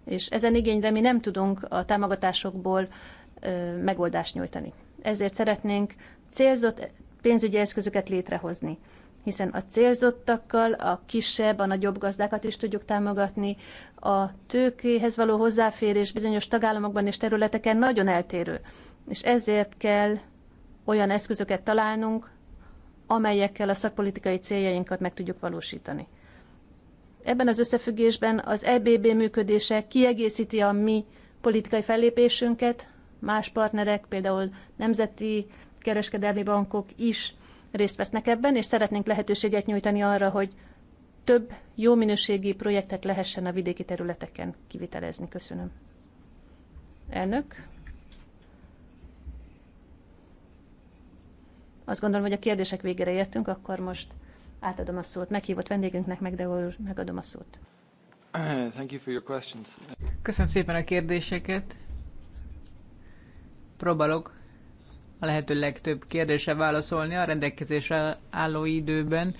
és ezen igényre mi nem tudunk a támogatásokból megoldást nyújtani. Ezért szeretnénk célzott pénzügyi eszközöket létrehozni, hiszen a célzottakkal a kisebb, a nagyobb gazdákat is tudjuk támogatni. A tőkéhez való hozzáférés bizonyos tagállamokban és területeken nagyon eltérő, és ezért kell olyan eszközöket találnunk, amelyekkel a szakpolitikai céljainkat meg tudjuk valósítani. Ebben az összefüggésben az EBB működése kiegészíti a mi politikai fellépésünket, más partnerek, például nemzeti kereskedelmi bankok is részt vesznek ebben, és szeretnénk lehetőséget nyújtani arra, hogy több jó minőségi projektet lehessen a vidéki területeken kivitelezni. Köszönöm. Elnök. Azt gondolom, hogy a kérdések végére értünk, akkor most Átadom a szót meghívott vendégünknek, meg de úr, megadom a szót. Thank you for your questions. Köszönöm szépen a kérdéseket. Próbálok a lehető legtöbb kérdésre válaszolni a rendelkezésre álló időben.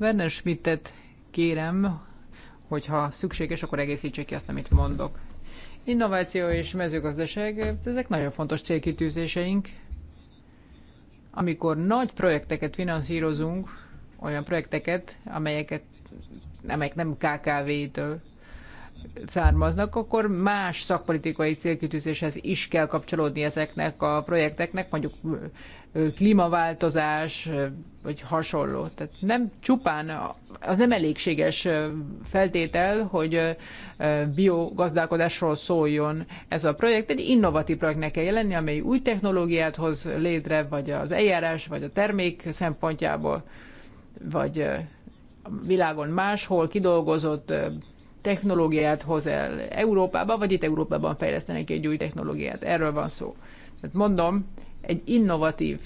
Werner Schmidtet kérem, hogyha szükséges, akkor egészítse ki azt, amit mondok. Innováció és mezőgazdaság, ezek nagyon fontos célkitűzéseink. Amikor nagy projekteket finanszírozunk, olyan projekteket, amelyeket, amelyek nem KKV-től származnak, akkor más szakpolitikai célkitűzéshez is kell kapcsolódni ezeknek a projekteknek, mondjuk klímaváltozás, vagy hasonló. Tehát nem csupán, az nem elégséges feltétel, hogy biogazdálkodásról szóljon ez a projekt. Egy innovatív projektnek kell jelenni, amely új technológiát hoz létre, vagy az eljárás, vagy a termék szempontjából vagy a világon máshol kidolgozott technológiát hoz el Európába, vagy itt Európában fejlesztenek egy új technológiát. Erről van szó. Tehát mondom, egy innovatív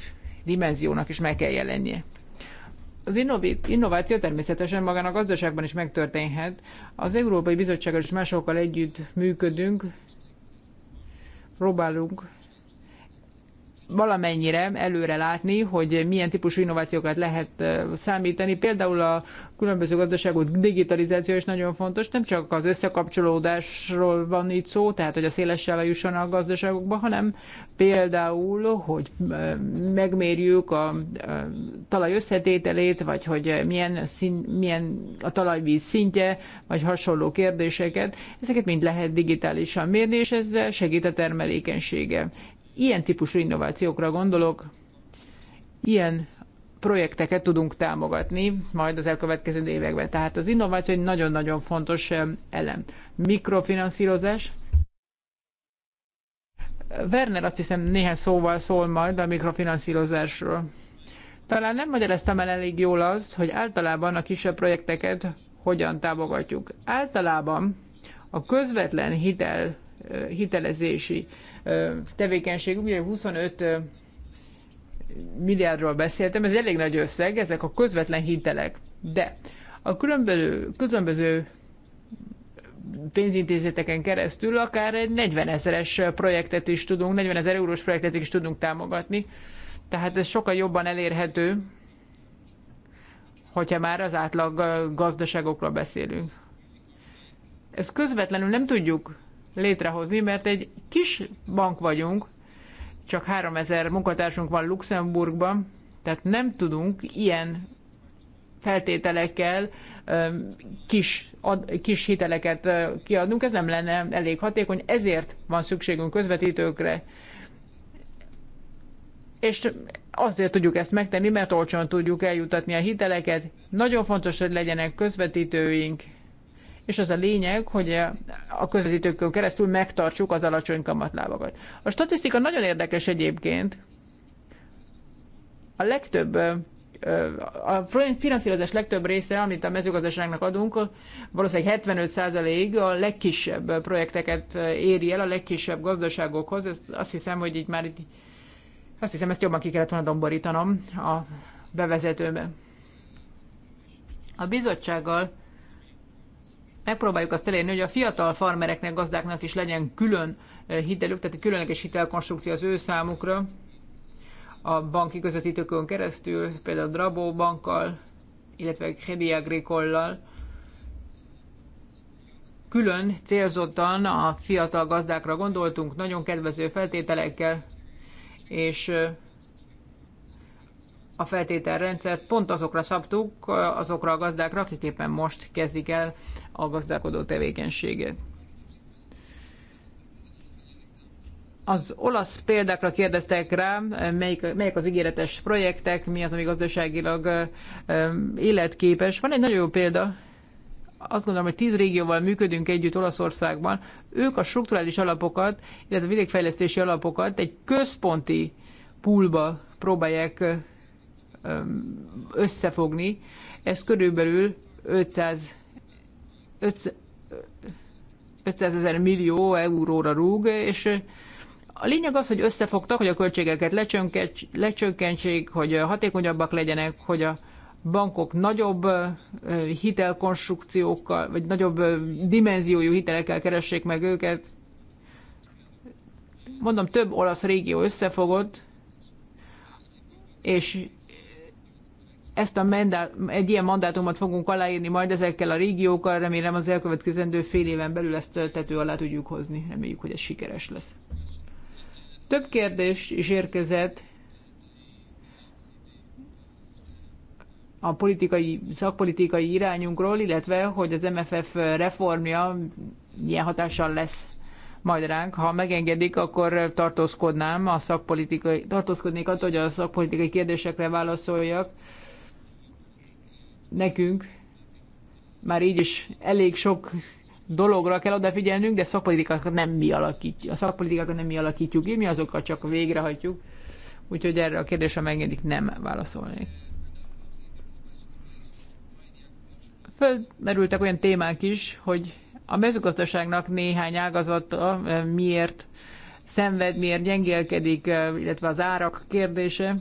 dimenziónak is meg kell jelennie. Az innováció természetesen magán a gazdaságban is megtörténhet. Az Európai Bizottsággal és másokkal együtt működünk, próbálunk valamennyire előre látni, hogy milyen típusú innovációkat lehet számítani. Például a különböző gazdaságok digitalizáció is nagyon fontos, nem csak az összekapcsolódásról van itt szó, tehát hogy a szélessel jusson a gazdaságokba, hanem például, hogy megmérjük a talaj összetételét, vagy hogy milyen, szín, milyen a talajvíz szintje, vagy hasonló kérdéseket. Ezeket mind lehet digitálisan mérni, és ez segít a termelékenysége. Ilyen típusú innovációkra gondolok, ilyen projekteket tudunk támogatni majd az elkövetkező években. Tehát az innováció egy nagyon-nagyon fontos elem. Mikrofinanszírozás. Werner azt hiszem néhány szóval szól majd a mikrofinanszírozásról. Talán nem magyaráztam el elég jól azt, hogy általában a kisebb projekteket hogyan támogatjuk. Általában a közvetlen hitel, hitelezési tevékenység, ugye 25 milliárdról beszéltem, ez elég nagy összeg, ezek a közvetlen hitelek. De a különböző, különböző pénzintézeteken keresztül akár egy 40 ezeres projektet is tudunk, 40 ezer eurós projektet is tudunk támogatni. Tehát ez sokkal jobban elérhető, hogyha már az átlag gazdaságokról beszélünk. ez közvetlenül nem tudjuk létrehozni, mert egy kis bank vagyunk, csak 3000 munkatársunk van Luxemburgban, tehát nem tudunk ilyen feltételekkel kis, ad, kis hiteleket kiadnunk, ez nem lenne elég hatékony, ezért van szükségünk közvetítőkre. És azért tudjuk ezt megtenni, mert olcsón tudjuk eljutatni a hiteleket. Nagyon fontos, hogy legyenek közvetítőink, és az a lényeg, hogy a közvetítőkön keresztül megtartsuk az alacsony kamatlábakat. A statisztika nagyon érdekes egyébként. A legtöbb a finanszírozás legtöbb része, amit a mezőgazdaságnak adunk, valószínűleg 75%-ig a legkisebb projekteket éri el, a legkisebb gazdaságokhoz. Ezt azt hiszem, hogy így már így, azt hiszem, ezt jobban ki kellett volna domborítanom a bevezetőbe. A bizottsággal megpróbáljuk azt elérni, hogy a fiatal farmereknek, gazdáknak is legyen külön eh, hitelük, tehát egy különleges hitelkonstrukció az ő számukra, a banki közvetítőkön keresztül, például Drabó bankkal, illetve Credit agricole külön célzottan a fiatal gazdákra gondoltunk, nagyon kedvező feltételekkel, és eh, a feltételrendszert pont azokra szabtuk, eh, azokra a gazdákra, akik éppen most kezdik el a gazdálkodó tevékenysége. Az olasz példákra kérdeztek rám, melyik, melyik az ígéretes projektek, mi az, ami gazdaságilag életképes. Van egy nagyon jó példa, azt gondolom, hogy tíz régióval működünk együtt Olaszországban, ők a strukturális alapokat, illetve a vidékfejlesztési alapokat egy központi poolba próbálják összefogni. Ez körülbelül 500 500 ezer millió euróra rúg, és a lényeg az, hogy összefogtak, hogy a költségeket lecsökkentsék, hogy hatékonyabbak legyenek, hogy a bankok nagyobb hitelkonstrukciókkal, vagy nagyobb dimenziójú hitelekkel keressék meg őket. Mondom, több olasz régió összefogott, és ezt a mandát, egy ilyen mandátumot fogunk aláírni majd ezekkel a régiókkal, remélem az elkövetkezendő fél éven belül ezt tető alá tudjuk hozni, reméljük, hogy ez sikeres lesz. Több kérdés is érkezett a politikai, szakpolitikai irányunkról, illetve hogy az MFF reformja milyen hatással lesz majd ránk. Ha megengedik, akkor tartózkodnám a szakpolitikai, tartózkodnék attól, hogy a szakpolitikai kérdésekre válaszoljak nekünk már így is elég sok dologra kell odafigyelnünk, de szakpolitikákat nem mi alakítjuk. A szakpolitikákat nem mi alakítjuk mi azokat csak végrehajtjuk. Úgyhogy erre a kérdésre megengedik nem válaszolni. Fölmerültek olyan témák is, hogy a mezőgazdaságnak néhány ágazata eh, miért szenved, miért gyengélkedik, eh, illetve az árak kérdése.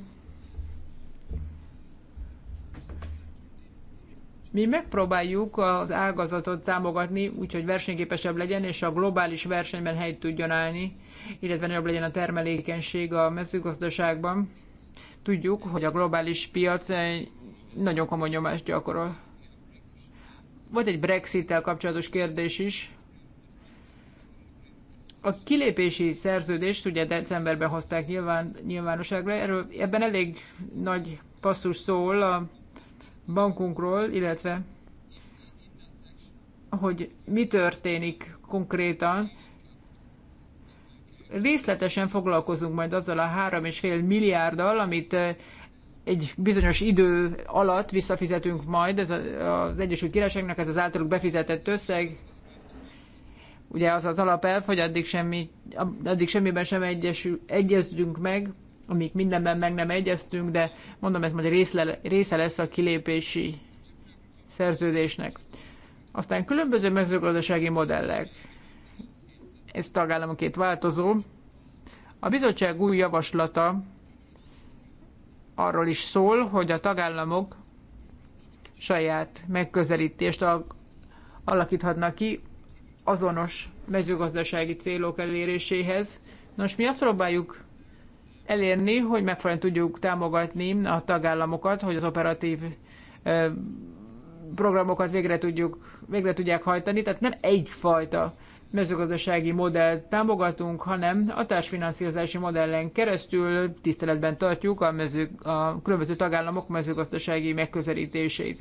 Mi megpróbáljuk az ágazatot támogatni, úgyhogy versenyképesebb legyen, és a globális versenyben helyt tudjon állni, illetve nagyobb legyen a termelékenység a mezőgazdaságban. Tudjuk, hogy a globális piac nagyon komoly nyomást gyakorol. Volt egy Brexit-tel kapcsolatos kérdés is. A kilépési szerződést ugye decemberben hozták nyilván, nyilvánosságra, erről, ebben elég nagy passzus szól a bankunkról, illetve hogy mi történik konkrétan. Részletesen foglalkozunk majd azzal a 3,5 milliárddal, amit eh, egy bizonyos idő alatt visszafizetünk majd, ez az Egyesült Királyságnak, ez az általuk befizetett összeg, ugye az az alapelv, hogy addig, semmi, addig semmiben sem egyesül, egyezünk meg, amik mindenben meg nem egyeztünk, de mondom, ez majd részle, része lesz a kilépési szerződésnek. Aztán különböző mezőgazdasági modellek. Ez tagállamoként változó. A bizottság új javaslata arról is szól, hogy a tagállamok saját megközelítést alakíthatnak ki azonos mezőgazdasági célok eléréséhez. Nos, mi azt próbáljuk elérni, hogy megfelelően tudjuk támogatni a tagállamokat, hogy az operatív programokat végre, tudjuk, végre tudják hajtani. Tehát nem egyfajta mezőgazdasági modellt támogatunk, hanem a társfinanszírozási modellen keresztül tiszteletben tartjuk a, mező, a különböző tagállamok mezőgazdasági megközelítését.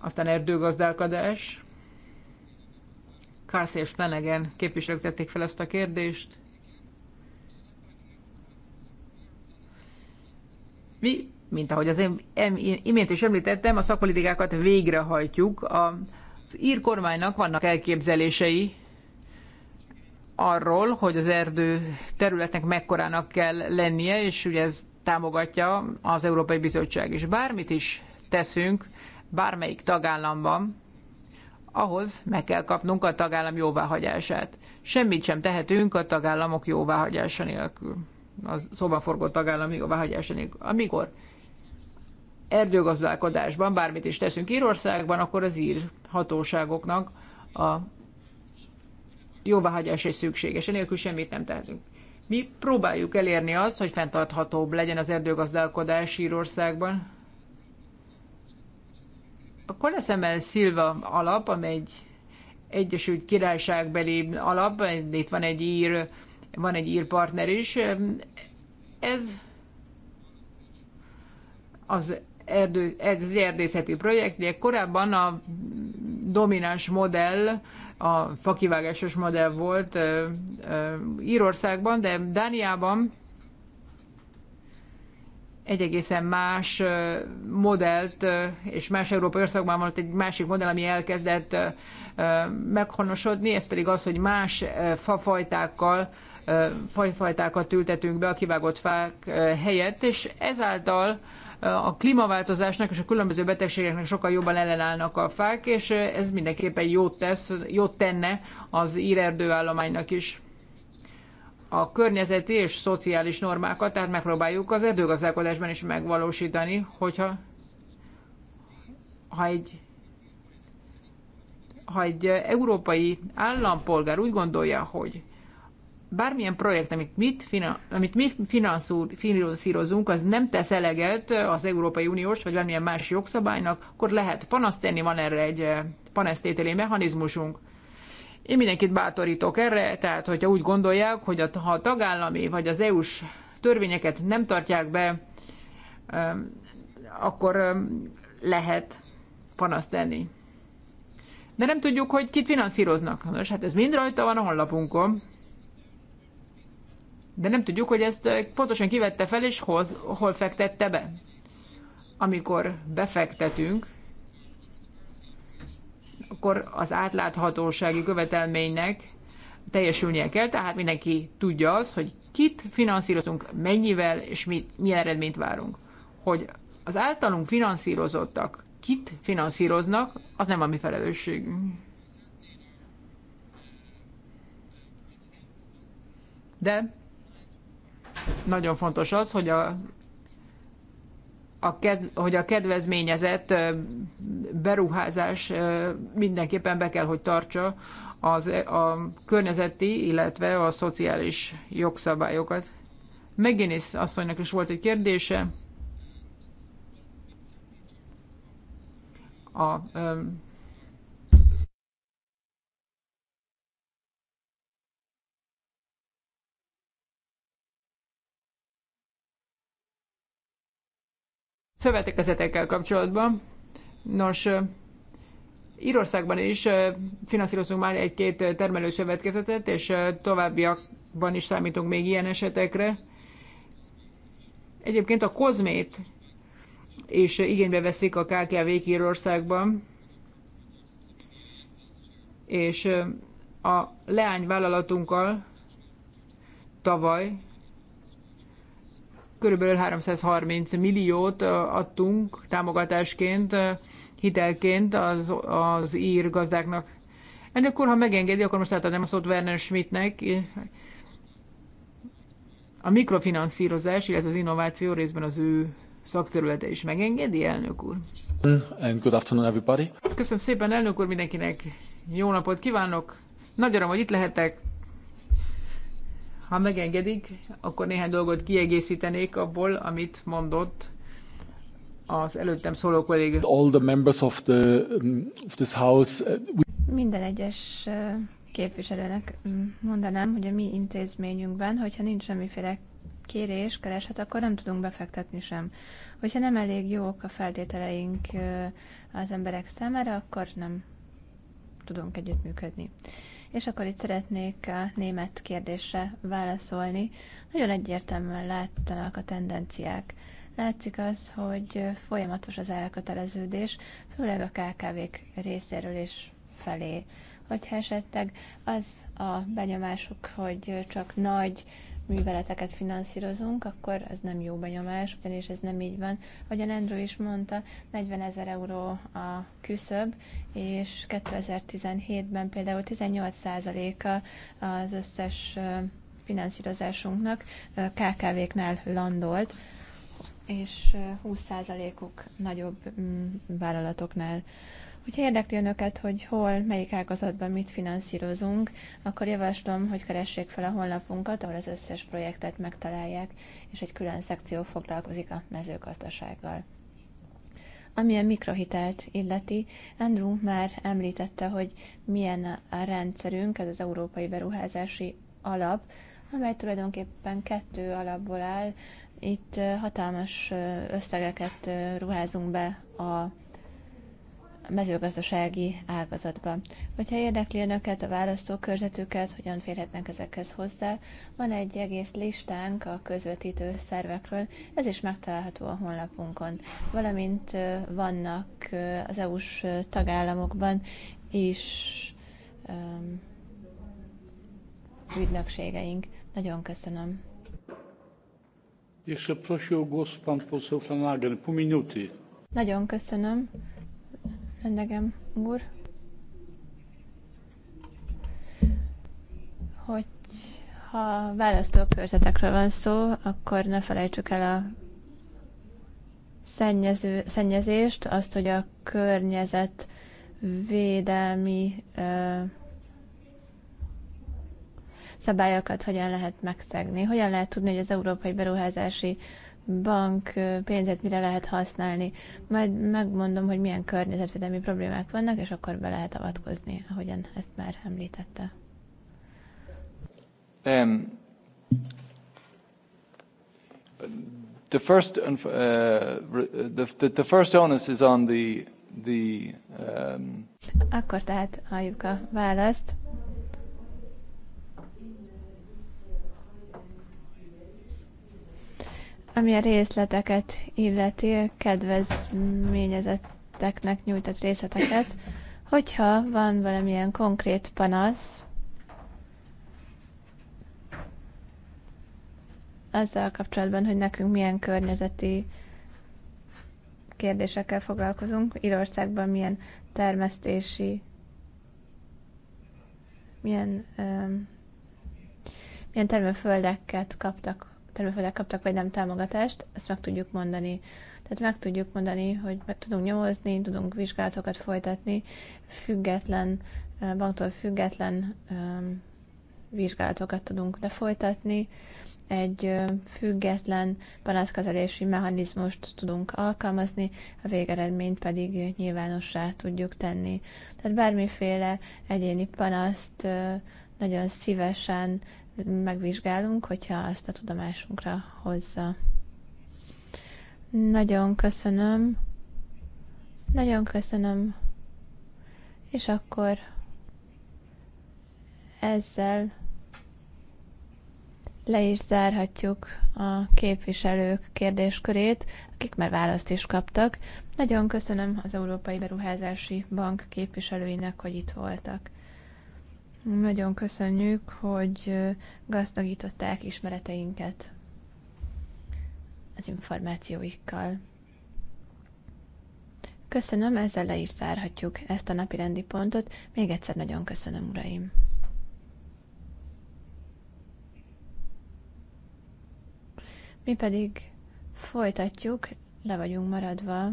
Aztán erdőgazdálkodás. Kárszél és képviselők tették fel ezt a kérdést. Mi, mint ahogy az én, em, imént is említettem, a szakpolitikákat végrehajtjuk. A, az ír kormánynak vannak elképzelései arról, hogy az erdő területnek mekkorának kell lennie, és ugye ez támogatja az Európai Bizottság is. Bármit is teszünk, bármelyik tagállamban, ahhoz meg kell kapnunk a tagállam jóváhagyását. Semmit sem tehetünk a tagállamok jóváhagyása nélkül az szóban forgó tagállam a hagyásáig. Amikor erdőgazdálkodásban bármit is teszünk Írországban, akkor az ír hatóságoknak a jóváhagyás is szükséges, enélkül semmit nem tehetünk. Mi próbáljuk elérni azt, hogy fenntarthatóbb legyen az erdőgazdálkodás Írországban. A Koleszemel Szilva alap, amely egy Egyesült Királyságbeli alap, itt van egy ír van egy írpartner partner is. Ez az erdő, ez egy erdészeti projekt, ugye korábban a domináns modell, a fakivágásos modell volt Írországban, de Dániában egy egészen más modellt, és más európai országban volt egy másik modell, ami elkezdett meghonosodni, ez pedig az, hogy más fafajtákkal fajfajtákat ültetünk be a kivágott fák helyett, és ezáltal a klímaváltozásnak és a különböző betegségeknek sokkal jobban ellenállnak a fák, és ez mindenképpen jót, tesz, jót tenne az írerdőállománynak is. A környezeti és szociális normákat, tehát megpróbáljuk az erdőgazdálkodásban is megvalósítani, hogyha ha egy ha egy európai állampolgár úgy gondolja, hogy bármilyen projekt, amit, mit, amit mi finanszírozunk, az nem tesz eleget az Európai Uniós vagy bármilyen más jogszabálynak, akkor lehet panaszt tenni, van erre egy eh, panasztételi mechanizmusunk. Én mindenkit bátorítok erre, tehát hogyha úgy gondolják, hogy a, ha a tagállami vagy az EU-s törvényeket nem tartják be, akkor lehet panaszt tenni. De nem tudjuk, hogy kit finanszíroznak. Nos, hát ez mind rajta van a honlapunkon de nem tudjuk, hogy ezt eh, pontosan kivette fel, és hoz, hol fektette be. Amikor befektetünk, akkor az átláthatósági követelménynek teljesülnie kell, tehát mindenki tudja az hogy kit finanszírozunk, mennyivel és mit, milyen eredményt várunk. Hogy az általunk finanszírozottak kit finanszíroznak, az nem a mi felelősségünk. De nagyon fontos az, hogy a a ked, hogy a kedvezményezett beruházás mindenképpen be kell, hogy tartsa az, a környezeti, illetve a szociális jogszabályokat. Meginis asszonynak is volt egy kérdése. A szövetkezetekkel kapcsolatban. Nos, Írországban is finanszírozunk már egy-két szövetkezetet, és továbbiakban is számítunk még ilyen esetekre. Egyébként a kozmét és igénybe veszik a KKV-k Írországban, és a leányvállalatunkkal tavaly körülbelül 330 milliót adtunk támogatásként, hitelként az, az ír gazdáknak. Ennek ha megengedi, akkor most átadnám a szót Werner Schmidtnek. A mikrofinanszírozás, illetve az innováció részben az ő szakterülete is megengedi, elnök úr? And good afternoon, everybody. Köszönöm szépen, elnök úr, mindenkinek jó napot kívánok. Nagy öröm, hogy itt lehetek. Ha megengedik, akkor néhány dolgot kiegészítenék abból, amit mondott az előttem szóló kolléga. All the members of, the, of this house. Uh, Minden egyes uh, képviselőnek mm, mondanám, hogy a mi intézményünkben, hogyha nincs semmiféle kérés, kereshet, akkor nem tudunk befektetni sem. Hogyha nem elég jók a feltételeink uh, az emberek számára, akkor nem tudunk együttműködni. És akkor itt szeretnék a német kérdésre válaszolni. Nagyon egyértelműen látszanak a tendenciák. Látszik az, hogy folyamatos az elköteleződés, főleg a KKV-k részéről is felé. Hogyha esetleg az a benyomásuk, hogy csak nagy műveleteket finanszírozunk, akkor ez nem jó benyomás, ugyanis ez nem így van. Ahogyan Andrew is mondta, 40 ezer euró a küszöb, és 2017-ben például 18%-a az összes finanszírozásunknak KKV-knál landolt, és 20%-uk nagyobb mm, vállalatoknál. Hogyha érdekli önöket, hogy hol, melyik ágazatban mit finanszírozunk, akkor javaslom, hogy keressék fel a honlapunkat, ahol az összes projektet megtalálják, és egy külön szekció foglalkozik a mezőgazdasággal. Ami a mikrohitelt illeti, Andrew már említette, hogy milyen a rendszerünk, ez az Európai Beruházási Alap, amely tulajdonképpen kettő alapból áll. Itt hatalmas összegeket ruházunk be a mezőgazdasági ágazatba. Hogyha érdekli önöket, a választókörzetüket, hogyan férhetnek ezekhez hozzá, van egy egész listánk a közvetítő szervekről, ez is megtalálható a honlapunkon. Valamint vannak az EU-s tagállamokban is um, ügynökségeink. Nagyon köszönöm. Jeszcze prosił o głos pan poseł Pół minuty. Nagyon köszönöm. Vendegem úr, hogy ha választókörzetekről van szó, akkor ne felejtsük el a szennyező, szennyezést, azt, hogy a környezet védelmi ö, szabályokat hogyan lehet megszegni, hogyan lehet tudni, hogy az Európai Beruházási bank pénzet mire lehet használni. Majd megmondom, hogy milyen környezetvédelmi problémák vannak, és akkor be lehet avatkozni, ahogyan ezt már említette. Um, the first uh, the, the, the first onus is on the the um... Akkor tehát halljuk a választ. Ami a részleteket illeti, kedvezményezetteknek nyújtott részleteket, hogyha van valamilyen konkrét panasz, azzal kapcsolatban, hogy nekünk milyen környezeti kérdésekkel foglalkozunk, Írországban milyen termesztési, milyen, um, milyen termőföldeket kaptak termőföldek kaptak vagy nem támogatást, ezt meg tudjuk mondani. Tehát meg tudjuk mondani, hogy meg tudunk nyomozni, tudunk vizsgálatokat folytatni, független, banktól független vizsgálatokat tudunk lefolytatni, egy független panaszkezelési mechanizmust tudunk alkalmazni, a végeredményt pedig nyilvánossá tudjuk tenni. Tehát bármiféle egyéni panaszt nagyon szívesen megvizsgálunk, hogyha ezt a tudomásunkra hozza. Nagyon köszönöm. Nagyon köszönöm. És akkor ezzel le is zárhatjuk a képviselők kérdéskörét, akik már választ is kaptak. Nagyon köszönöm az Európai Beruházási Bank képviselőinek, hogy itt voltak. Nagyon köszönjük, hogy gazdagították ismereteinket az információikkal. Köszönöm, ezzel le is zárhatjuk ezt a napi rendi pontot. Még egyszer nagyon köszönöm, uraim! Mi pedig folytatjuk, le vagyunk maradva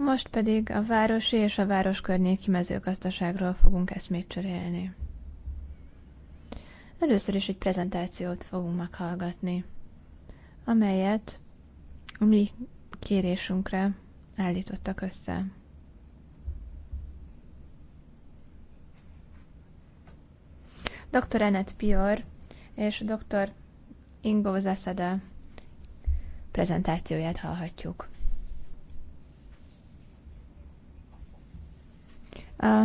Most pedig a városi és a város környéki mezőgazdaságról fogunk eszmét cserélni. Először is egy prezentációt fogunk meghallgatni, amelyet a mi kérésünkre állítottak össze. Dr. Enet Pior és dr. Ingo Zasada prezentációját hallhatjuk. A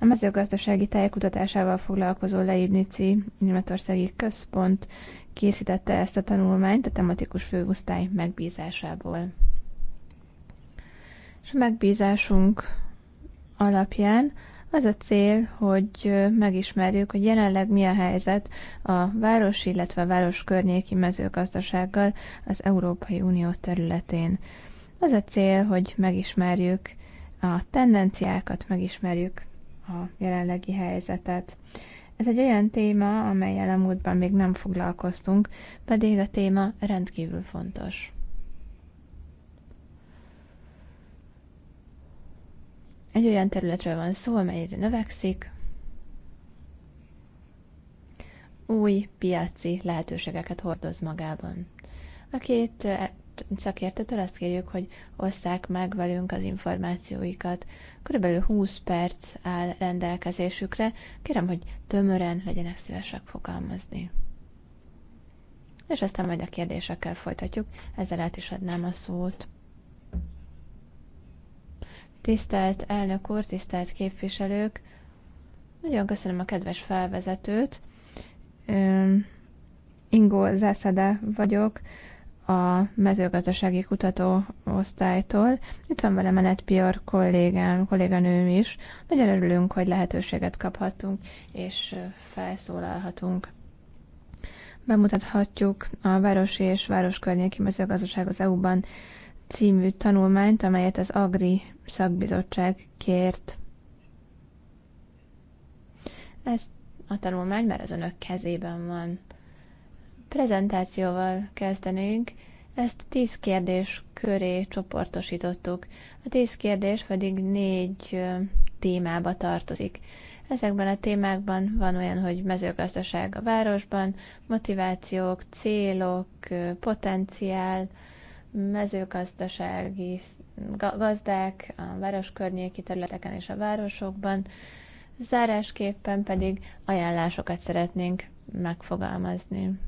a mezőgazdasági tájékutatásával foglalkozó Leibnici Németországi Központ készítette ezt a tanulmányt a tematikus főosztály megbízásából. És a megbízásunk alapján az a cél, hogy megismerjük, hogy jelenleg mi a helyzet a városi, illetve a város környéki mezőgazdasággal az Európai Unió területén. Az a cél, hogy megismerjük a tendenciákat, megismerjük a jelenlegi helyzetet. Ez egy olyan téma, amelyel a múltban még nem foglalkoztunk, pedig a téma rendkívül fontos. Egy olyan területről van szó, amelyre növekszik, új piaci lehetőségeket hordoz magában. A két szakértőtől azt kérjük, hogy osszák meg velünk az információikat. Körülbelül 20 perc áll rendelkezésükre. Kérem, hogy tömören legyenek szívesek fogalmazni. És aztán majd a kérdésekkel folytatjuk. Ezzel át is adnám a szót. Tisztelt elnök úr, tisztelt képviselők! Nagyon köszönöm a kedves felvezetőt. Ingo Zászada vagyok, a mezőgazdasági kutató osztálytól. Itt van velem Enet Pior kollégám, kolléganőm is. Nagyon örülünk, hogy lehetőséget kaphattunk, és felszólalhatunk. Bemutathatjuk a Városi és Városkörnyéki Mezőgazdaság az EU-ban című tanulmányt, amelyet az Agri Szakbizottság kért. Ez a tanulmány már az önök kezében van prezentációval kezdenénk, ezt tíz kérdés köré csoportosítottuk. A tíz kérdés pedig négy témába tartozik. Ezekben a témákban van olyan, hogy mezőgazdaság a városban, motivációk, célok, potenciál, mezőgazdasági gazdák a város környéki területeken és a városokban, zárásképpen pedig ajánlásokat szeretnénk megfogalmazni.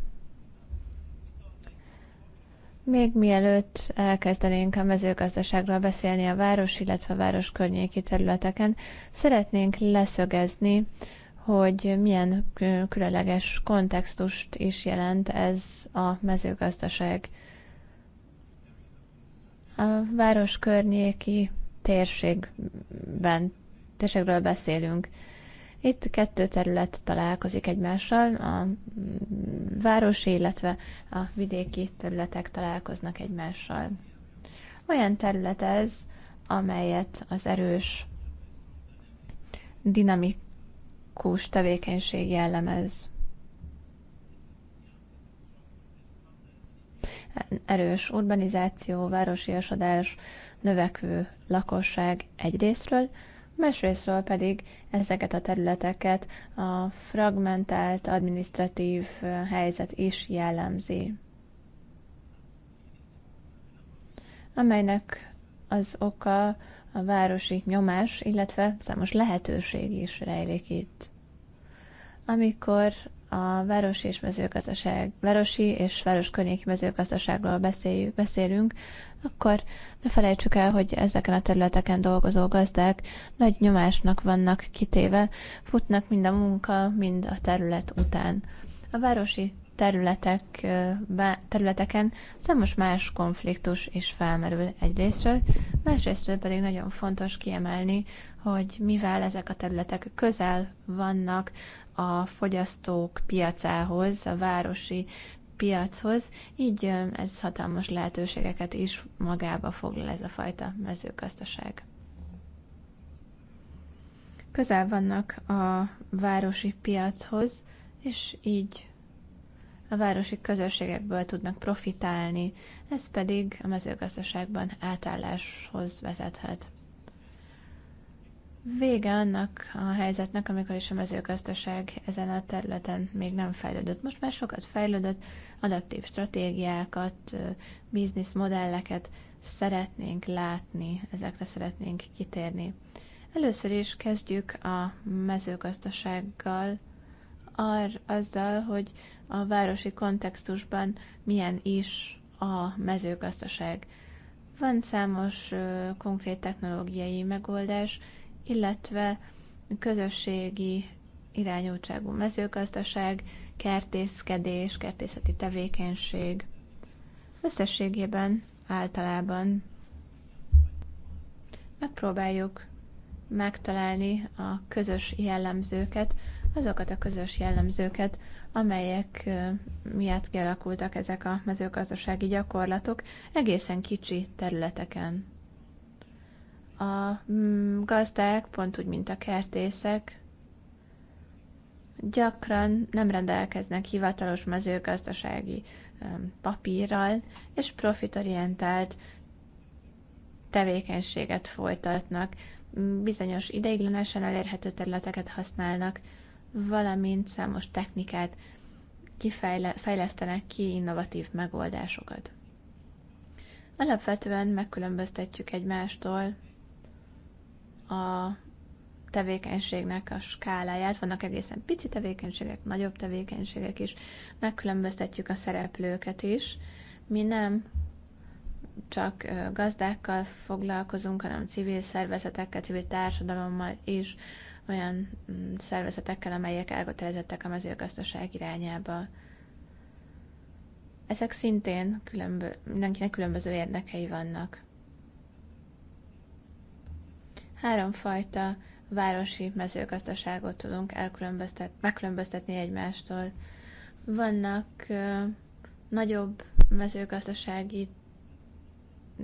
Még mielőtt elkezdenénk a mezőgazdaságról beszélni a város, illetve a város környéki területeken, szeretnénk leszögezni, hogy milyen különleges kontextust is jelent ez a mezőgazdaság. A város környéki térségben, térségről beszélünk. Itt kettő terület találkozik egymással, a városi, illetve a vidéki területek találkoznak egymással. Olyan terület ez, amelyet az erős, dinamikus tevékenység jellemez. erős urbanizáció, városiasodás, növekvő lakosság egyrésztről, másrésztről pedig ezeket a területeket a fragmentált administratív helyzet is jellemzi, amelynek az oka a városi nyomás, illetve számos lehetőség is rejlik itt. Amikor a városi és mezőgazdaság, városi és környéki mezőgazdaságról beszéljük, beszélünk, akkor ne felejtsük el, hogy ezeken a területeken dolgozó gazdák nagy nyomásnak vannak kitéve, futnak mind a munka, mind a terület után. A városi területek, területeken számos más konfliktus is felmerül egyrésztről, másrésztről pedig nagyon fontos kiemelni, hogy mivel ezek a területek közel vannak a fogyasztók piacához, a városi piachoz, így ez hatalmas lehetőségeket is magába foglal ez a fajta mezőgazdaság. Közel vannak a városi piachoz, és így a városi közösségekből tudnak profitálni, ez pedig a mezőgazdaságban átálláshoz vezethet vége annak a helyzetnek, amikor is a mezőgazdaság ezen a területen még nem fejlődött. Most már sokat fejlődött, adaptív stratégiákat, bizniszmodelleket szeretnénk látni, ezekre szeretnénk kitérni. Először is kezdjük a mezőgazdasággal, ar, azzal, hogy a városi kontextusban milyen is a mezőgazdaság. Van számos ö, konkrét technológiai megoldás, illetve közösségi irányultságú mezőgazdaság, kertészkedés, kertészeti tevékenység. Összességében általában megpróbáljuk megtalálni a közös jellemzőket, azokat a közös jellemzőket, amelyek miatt kialakultak ezek a mezőgazdasági gyakorlatok egészen kicsi területeken a mm, gazdák, pont úgy, mint a kertészek, gyakran nem rendelkeznek hivatalos mezőgazdasági papírral, és profitorientált tevékenységet folytatnak, bizonyos ideiglenesen elérhető területeket használnak, valamint számos technikát kifejlesztenek ki innovatív megoldásokat. Alapvetően megkülönböztetjük egymástól a tevékenységnek a skáláját, vannak egészen pici tevékenységek, nagyobb tevékenységek is, megkülönböztetjük a szereplőket is. Mi nem csak gazdákkal foglalkozunk, hanem civil szervezetekkel, civil társadalommal is, olyan mm, szervezetekkel, amelyek elkötelezettek a mezőgazdaság irányába. Ezek szintén különbö- mindenkinek különböző érdekei vannak háromfajta városi mezőgazdaságot tudunk elkülönböztet, megkülönböztetni egymástól. Vannak ö, nagyobb mezőgazdasági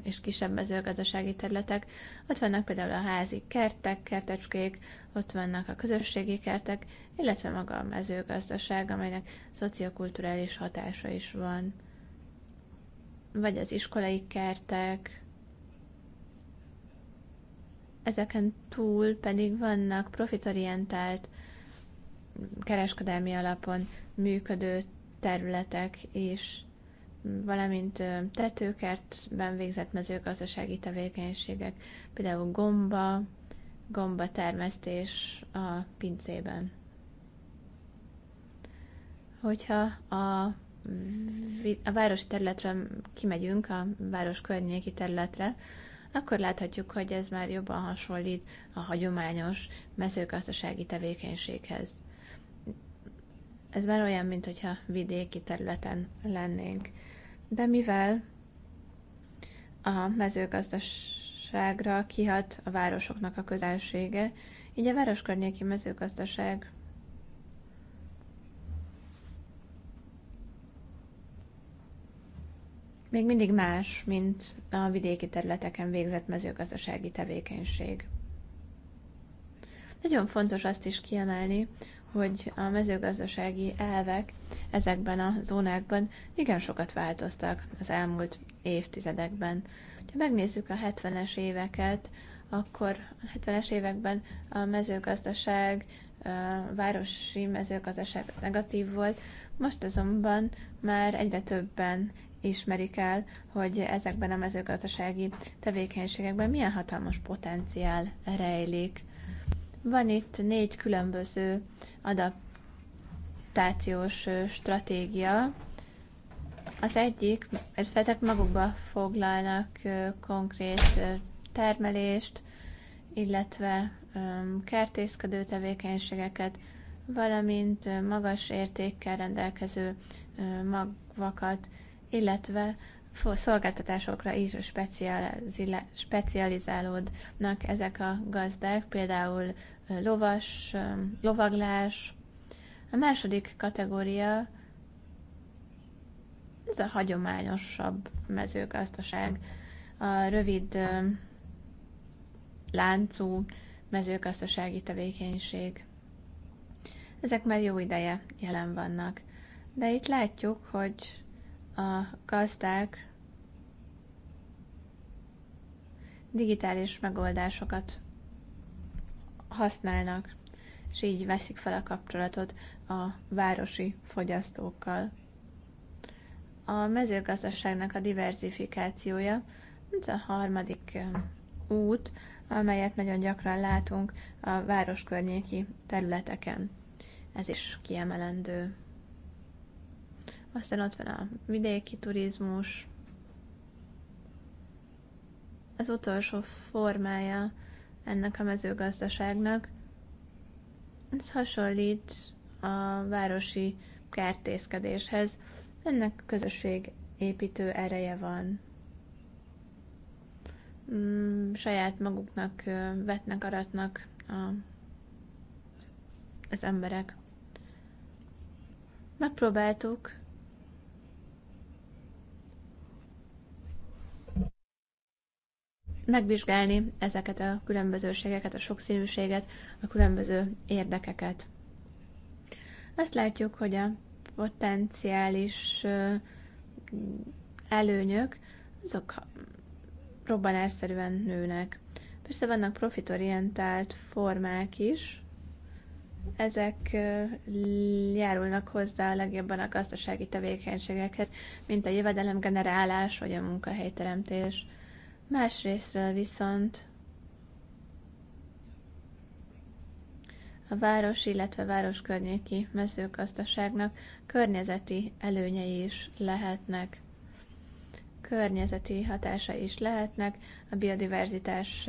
és kisebb mezőgazdasági területek. Ott vannak például a házi kertek, kertecskék, ott vannak a közösségi kertek, illetve maga a mezőgazdaság, amelynek szociokulturális hatása is van. Vagy az iskolai kertek, ezeken túl pedig vannak profitorientált, kereskedelmi alapon működő területek és valamint tetőkertben végzett mezőgazdasági tevékenységek, például gomba, gomba termesztés a pincében. Hogyha a, a városi területről kimegyünk, a város környéki területre, akkor láthatjuk, hogy ez már jobban hasonlít a hagyományos mezőgazdasági tevékenységhez. Ez már olyan, mint hogyha vidéki területen lennénk. De mivel a mezőgazdaságra kihat a városoknak a közelsége, így a városkörnyéki mezőgazdaság még mindig más, mint a vidéki területeken végzett mezőgazdasági tevékenység. Nagyon fontos azt is kiemelni, hogy a mezőgazdasági elvek ezekben a zónákban igen sokat változtak az elmúlt évtizedekben. Ha megnézzük a 70-es éveket, akkor a 70-es években a mezőgazdaság, a városi mezőgazdaság negatív volt, most azonban már egyre többen ismerik el, hogy ezekben a mezőgazdasági tevékenységekben milyen hatalmas potenciál rejlik. Van itt négy különböző adaptációs stratégia. Az egyik, ezek magukba foglalnak konkrét termelést, illetve kertészkedő tevékenységeket, valamint magas értékkel rendelkező magvakat illetve szolgáltatásokra is specializálódnak ezek a gazdák, például lovas, lovaglás. A második kategória ez a hagyományosabb mezőgazdaság, a rövid láncú mezőgazdasági tevékenység. Ezek már jó ideje jelen vannak. De itt látjuk, hogy a gazdák digitális megoldásokat használnak, és így veszik fel a kapcsolatot a városi fogyasztókkal. A mezőgazdaságnak a diversifikációja ez a harmadik um, út, amelyet nagyon gyakran látunk a városkörnyéki területeken. Ez is kiemelendő. Aztán ott van a vidéki turizmus. Az utolsó formája ennek a mezőgazdaságnak, ez hasonlít a városi kertészkedéshez. Ennek közösségépítő ereje van. Mm, saját maguknak vetnek, aratnak a, az emberek. Megpróbáltuk megvizsgálni ezeket a különbözőségeket, a sokszínűséget, a különböző érdekeket. Azt látjuk, hogy a potenciális előnyök, azok robbanásszerűen nőnek. Persze vannak profitorientált formák is, ezek járulnak hozzá legjobban a gazdasági tevékenységekhez, mint a jövedelemgenerálás vagy a munkahelyteremtés. Másrésztről viszont a város, illetve városkörnyéki mezőgazdaságnak környezeti előnyei is lehetnek. Környezeti hatásai is lehetnek, a biodiverzitás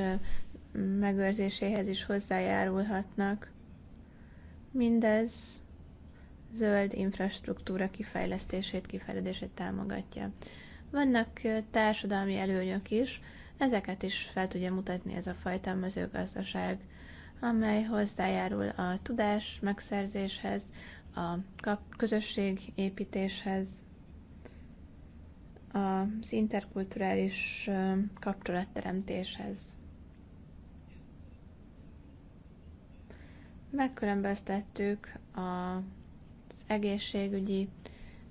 megőrzéséhez is hozzájárulhatnak. Mindez zöld infrastruktúra kifejlesztését, kifejlődését támogatja. Vannak társadalmi előnyök is, ezeket is fel tudja mutatni ez a fajta mezőgazdaság, amely hozzájárul a tudás megszerzéshez, a közösség építéshez, az interkulturális kapcsolatteremtéshez. Megkülönböztettük az egészségügyi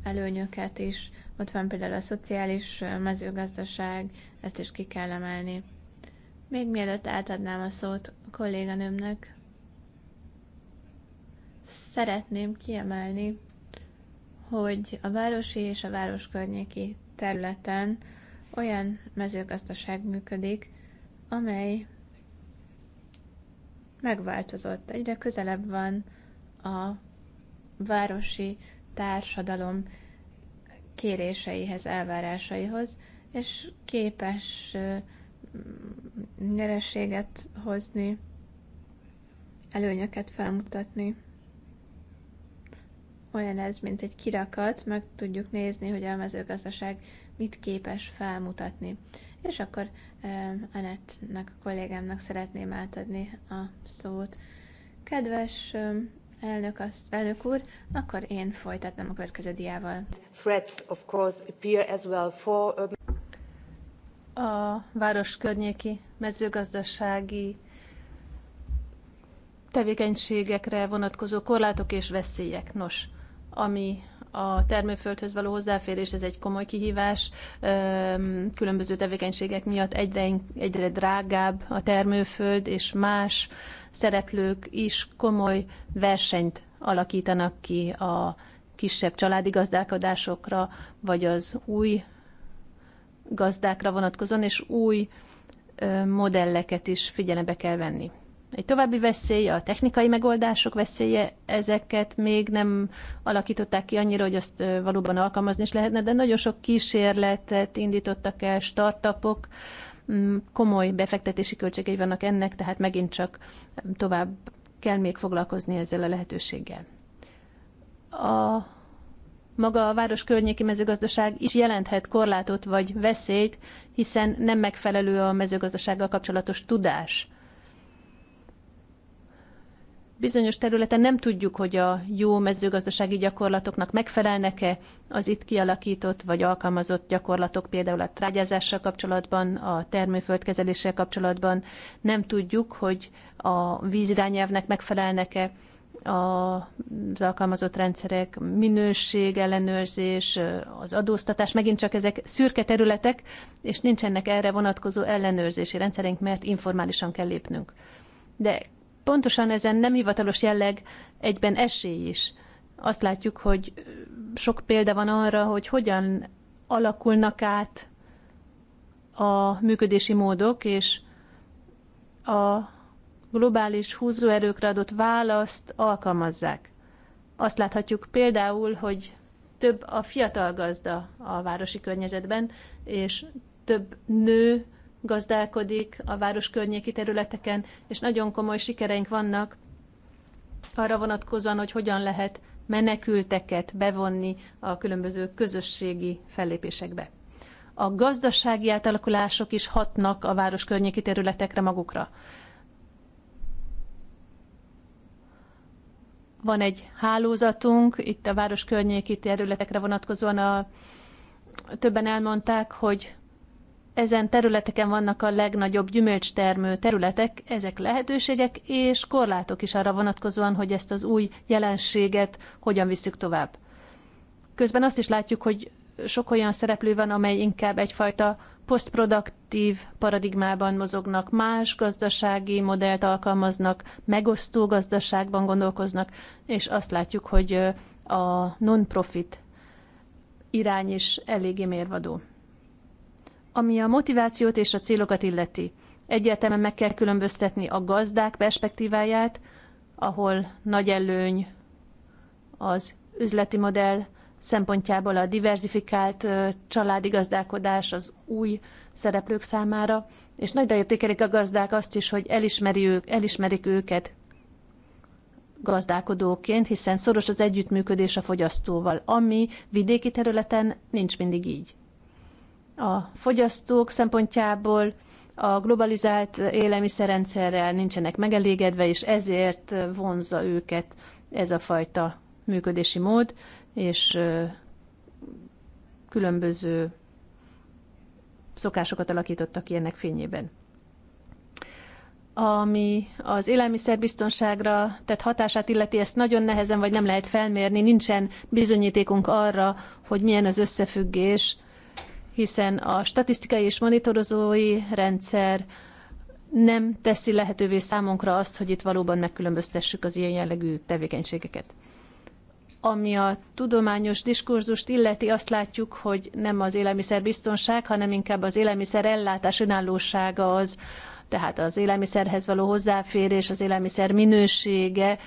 előnyöket is, ott van például a szociális mezőgazdaság, ezt is ki kell emelni. Még mielőtt átadnám a szót a kolléganőmnek, szeretném kiemelni, hogy a városi és a városkörnyéki területen olyan mezőgazdaság működik, amely megváltozott, egyre közelebb van a városi társadalom kéréseihez, elvárásaihoz, és képes mm, nyerességet hozni, előnyöket felmutatni. Olyan ez, mint egy kirakat, meg tudjuk nézni, hogy a mezőgazdaság mit képes felmutatni. És akkor Anettnek, a kollégámnak szeretném átadni a szót. Kedves Elnök, azt, elnök úr, akkor én folytatnám a következő diával. Um, a város környéki mezőgazdasági tevékenységekre vonatkozó korlátok és veszélyek. Nos, ami a termőföldhöz való hozzáférés, ez egy komoly kihívás. Különböző tevékenységek miatt egyre, egyre drágább a termőföld, és más szereplők is komoly versenyt alakítanak ki a kisebb családi gazdálkodásokra, vagy az új gazdákra vonatkozóan, és új modelleket is figyelembe kell venni. Egy további veszély, a technikai megoldások veszélye, ezeket még nem alakították ki annyira, hogy azt valóban alkalmazni is lehetne, de nagyon sok kísérletet indítottak el startupok, mm, komoly befektetési költségei vannak ennek, tehát megint csak tovább kell még foglalkozni ezzel a lehetőséggel. A maga a város környéki mezőgazdaság is jelenthet korlátot vagy veszélyt, hiszen nem megfelelő a mezőgazdasággal kapcsolatos tudás bizonyos területen nem tudjuk, hogy a jó mezőgazdasági gyakorlatoknak megfelelnek-e az itt kialakított vagy alkalmazott gyakorlatok, például a trágyázással kapcsolatban, a termőföldkezeléssel kapcsolatban. Nem tudjuk, hogy a vízirányelvnek megfelelnek-e az alkalmazott rendszerek, minőség, ellenőrzés, az adóztatás, megint csak ezek szürke területek, és nincsenek erre vonatkozó ellenőrzési rendszerünk, mert informálisan kell lépnünk. De pontosan ezen nem hivatalos jelleg egyben esély is. Azt látjuk, hogy sok példa van arra, hogy hogyan alakulnak át a működési módok, és a globális húzóerőkre adott választ alkalmazzák. Azt láthatjuk például, hogy több a fiatal gazda a városi környezetben, és több nő gazdálkodik a város környéki területeken, és nagyon komoly sikereink vannak arra vonatkozóan, hogy hogyan lehet menekülteket bevonni a különböző közösségi fellépésekbe. A gazdasági átalakulások is hatnak a város környéki területekre magukra. Van egy hálózatunk, itt a város környéki területekre vonatkozóan a, többen elmondták, hogy ezen területeken vannak a legnagyobb gyümölcstermő területek, ezek lehetőségek és korlátok is arra vonatkozóan, hogy ezt az új jelenséget hogyan visszük tovább. Közben azt is látjuk, hogy sok olyan szereplő van, amely inkább egyfajta posztproduktív paradigmában mozognak, más gazdasági modellt alkalmaznak, megosztó gazdaságban gondolkoznak, és azt látjuk, hogy a non-profit irány is eléggé mérvadó ami a motivációt és a célokat illeti. Egyértelműen meg kell különböztetni a gazdák perspektíváját, ahol nagy előny az üzleti modell szempontjából a diversifikált családi gazdálkodás az új szereplők számára, és nagyra értékelik a gazdák azt is, hogy elismeri ők, elismerik őket gazdálkodóként, hiszen szoros az együttműködés a fogyasztóval, ami vidéki területen nincs mindig így a fogyasztók szempontjából a globalizált élelmiszerrendszerrel nincsenek megelégedve, és ezért vonzza őket ez a fajta működési mód, és különböző szokásokat alakítottak ki ennek fényében. Ami az élelmiszerbiztonságra tett hatását illeti, ezt nagyon nehezen vagy nem lehet felmérni, nincsen bizonyítékunk arra, hogy milyen az összefüggés hiszen a statisztikai és monitorozói rendszer nem teszi lehetővé számunkra azt, hogy itt valóban megkülönböztessük az ilyen jellegű tevékenységeket. Ami a tudományos diskurzust illeti, azt látjuk, hogy nem az élelmiszerbiztonság, hanem inkább az élelmiszer ellátás önállósága az, tehát az élelmiszerhez való hozzáférés, az élelmiszer minősége,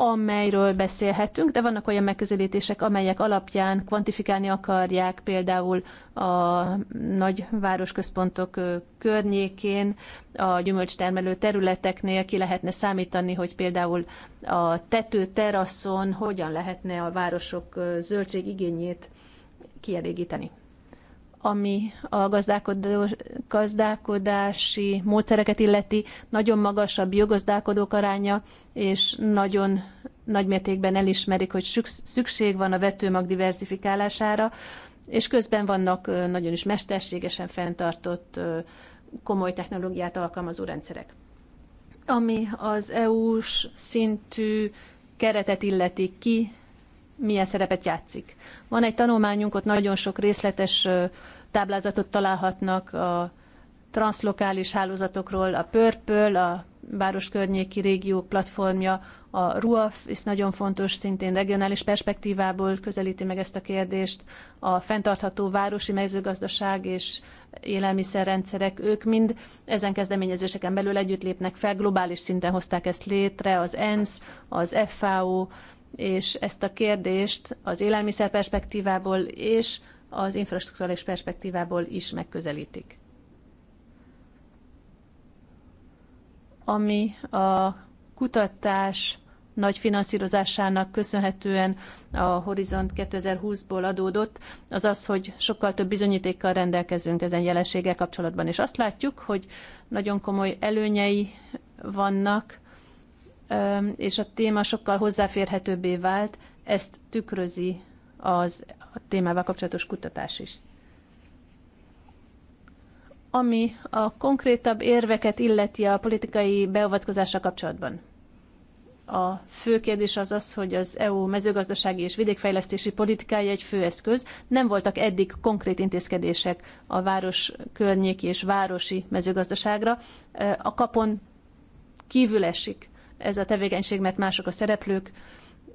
amelyről beszélhetünk, de vannak olyan megközelítések, amelyek alapján kvantifikálni akarják például a nagy városközpontok környékén, a gyümölcstermelő területeknél ki lehetne számítani, hogy például a tető teraszon hogyan lehetne a városok zöldségigényét kielégíteni ami a gazdálkodási módszereket illeti, nagyon magas a biogazdálkodók aránya, és nagyon nagymértékben elismerik, hogy szükség van a vetőmag diversifikálására, és közben vannak nagyon is mesterségesen fenntartott komoly technológiát alkalmazó rendszerek. Ami az EU-s szintű keretet illeti ki, milyen szerepet játszik. Van egy tanulmányunk, ott nagyon sok részletes táblázatot találhatnak a translokális hálózatokról, a Pörpöl, a környéki régiók platformja, a RUAF is nagyon fontos, szintén regionális perspektívából közelíti meg ezt a kérdést, a fenntartható városi mezőgazdaság és élelmiszerrendszerek, ők mind ezen kezdeményezéseken belül együtt lépnek fel, globális szinten hozták ezt létre, az ENSZ, az FAO, és ezt a kérdést az élelmiszer perspektívából és az infrastruktúrális perspektívából is megközelítik. Ami a kutatás nagy finanszírozásának köszönhetően a Horizont 2020-ból adódott, az az, hogy sokkal több bizonyítékkal rendelkezünk ezen jelenséggel kapcsolatban. És azt látjuk, hogy nagyon komoly előnyei vannak és a téma sokkal hozzáférhetőbbé vált, ezt tükrözi az a témával kapcsolatos kutatás is. Ami a konkrétabb érveket illeti a politikai beavatkozása kapcsolatban. A fő kérdés az az, hogy az EU mezőgazdasági és vidékfejlesztési politikája egy fő eszköz Nem voltak eddig konkrét intézkedések a város környéki és városi mezőgazdaságra. A kapon kívül esik ez a tevékenység, mert mások a szereplők,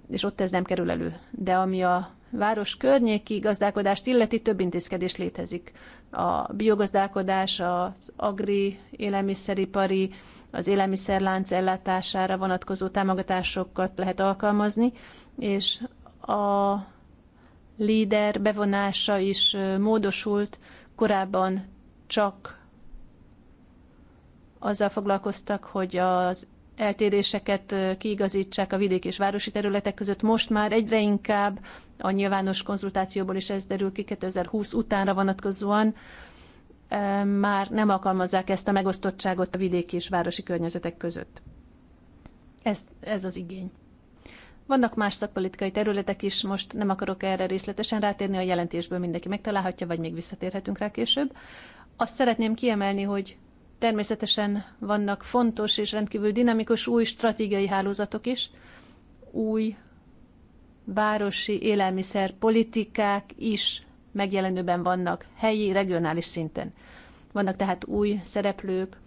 és ott ez nem kerül elő. De ami a város környéki gazdálkodást illeti, több intézkedés létezik. A biogazdálkodás, az agri, élelmiszeripari, az élelmiszerlánc ellátására vonatkozó támogatásokat lehet alkalmazni, és a líder bevonása is módosult, korábban csak azzal foglalkoztak, hogy az eltéréseket kiigazítsák a vidék és városi területek között. Most már egyre inkább a nyilvános konzultációból is ez derül ki 2020 utánra vonatkozóan, már nem alkalmazzák ezt a megosztottságot a vidéki és városi környezetek között. Ez, ez az igény. Vannak más szakpolitikai területek is, most nem akarok erre részletesen rátérni, a jelentésből mindenki megtalálhatja, vagy még visszatérhetünk rá később. Azt szeretném kiemelni, hogy Természetesen vannak fontos és rendkívül dinamikus új stratégiai hálózatok is, új városi politikák is megjelenőben vannak helyi, regionális szinten. Vannak tehát új szereplők,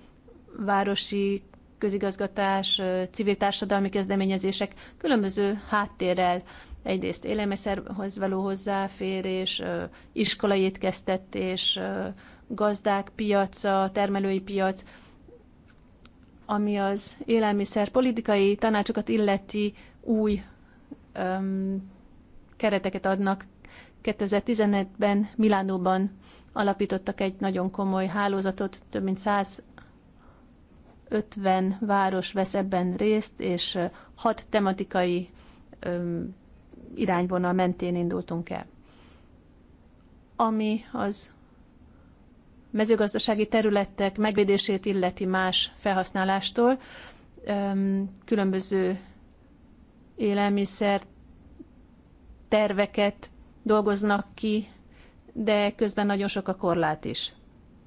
városi közigazgatás, civil társadalmi kezdeményezések különböző háttérrel, egyrészt élelmiszerhoz való hozzáférés, iskolai étkeztetés, gazdák piaca, termelői piac, ami az élelmiszer politikai tanácsokat illeti új öm, kereteket adnak. 2017-ben Milánóban alapítottak egy nagyon komoly hálózatot, több mint 150 város vesz ebben részt, és hat tematikai öm, irányvonal mentén indultunk el. Ami az mezőgazdasági területek megvédését illeti más felhasználástól, különböző élelmiszer terveket dolgoznak ki, de közben nagyon sok a korlát is.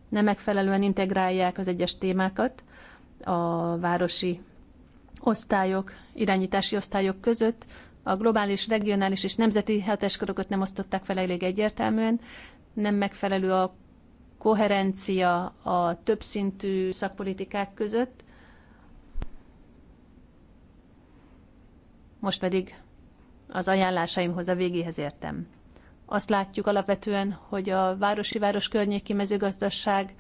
Nem megfelelően integrálják az egyes témákat a városi osztályok, irányítási osztályok között, a globális, regionális és nemzeti hatáskörököt nem osztották fel elég egyértelműen, nem megfelelő a koherencia a többszintű szakpolitikák között. Most pedig az ajánlásaimhoz a végéhez értem. Azt látjuk alapvetően, hogy a városi-város környéki mezőgazdaság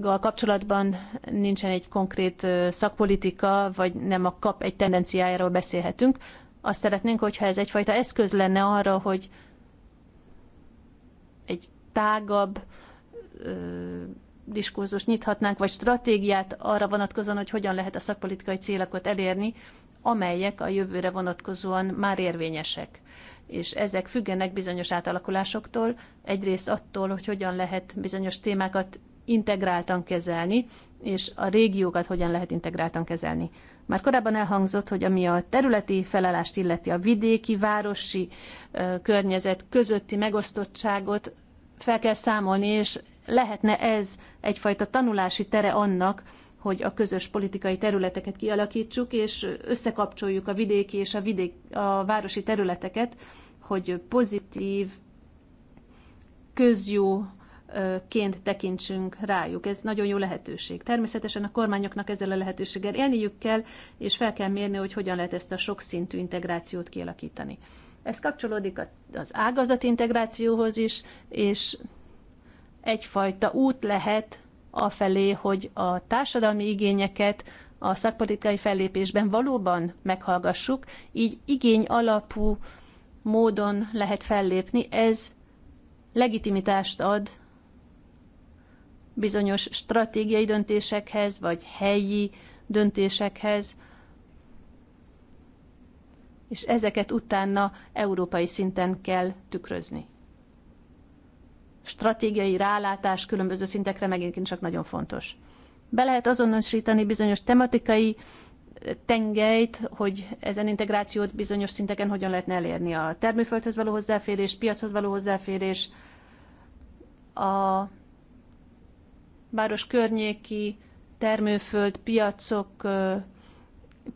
kapcsolatban nincsen egy konkrét szakpolitika, vagy nem a kap egy tendenciájáról beszélhetünk. Azt szeretnénk, hogyha ez egyfajta eszköz lenne arra, hogy egy tágabb ö, diskurzus nyithatnánk, vagy stratégiát arra vonatkozóan, hogy hogyan lehet a szakpolitikai célokat elérni, amelyek a jövőre vonatkozóan már érvényesek. És ezek függenek bizonyos átalakulásoktól, egyrészt attól, hogy hogyan lehet bizonyos témákat integráltan kezelni, és a régiókat hogyan lehet integráltan kezelni. Már korábban elhangzott, hogy ami a területi felelást illeti, a vidéki, városi ö, környezet közötti megosztottságot fel kell számolni, és lehetne ez egyfajta tanulási tere annak, hogy a közös politikai területeket kialakítsuk, és összekapcsoljuk a vidéki és a, vidék, a városi területeket, hogy pozitív, közjó ként tekintsünk rájuk. Ez nagyon jó lehetőség. Természetesen a kormányoknak ezzel a lehetőséggel élniük kell, és fel kell mérni, hogy hogyan lehet ezt a sokszintű integrációt kialakítani. Ez kapcsolódik az ágazati integrációhoz is, és egyfajta út lehet afelé, hogy a társadalmi igényeket a szakpolitikai fellépésben valóban meghallgassuk, így igény alapú módon lehet fellépni. Ez legitimitást ad bizonyos stratégiai döntésekhez, vagy helyi döntésekhez, és ezeket utána európai szinten kell tükrözni. Stratégiai rálátás különböző szintekre megint csak nagyon fontos. Be lehet azonosítani bizonyos tematikai tengelyt, hogy ezen integrációt bizonyos szinteken hogyan lehetne elérni. A termőföldhöz való hozzáférés, piachoz való hozzáférés, a város környéki termőföld, piacok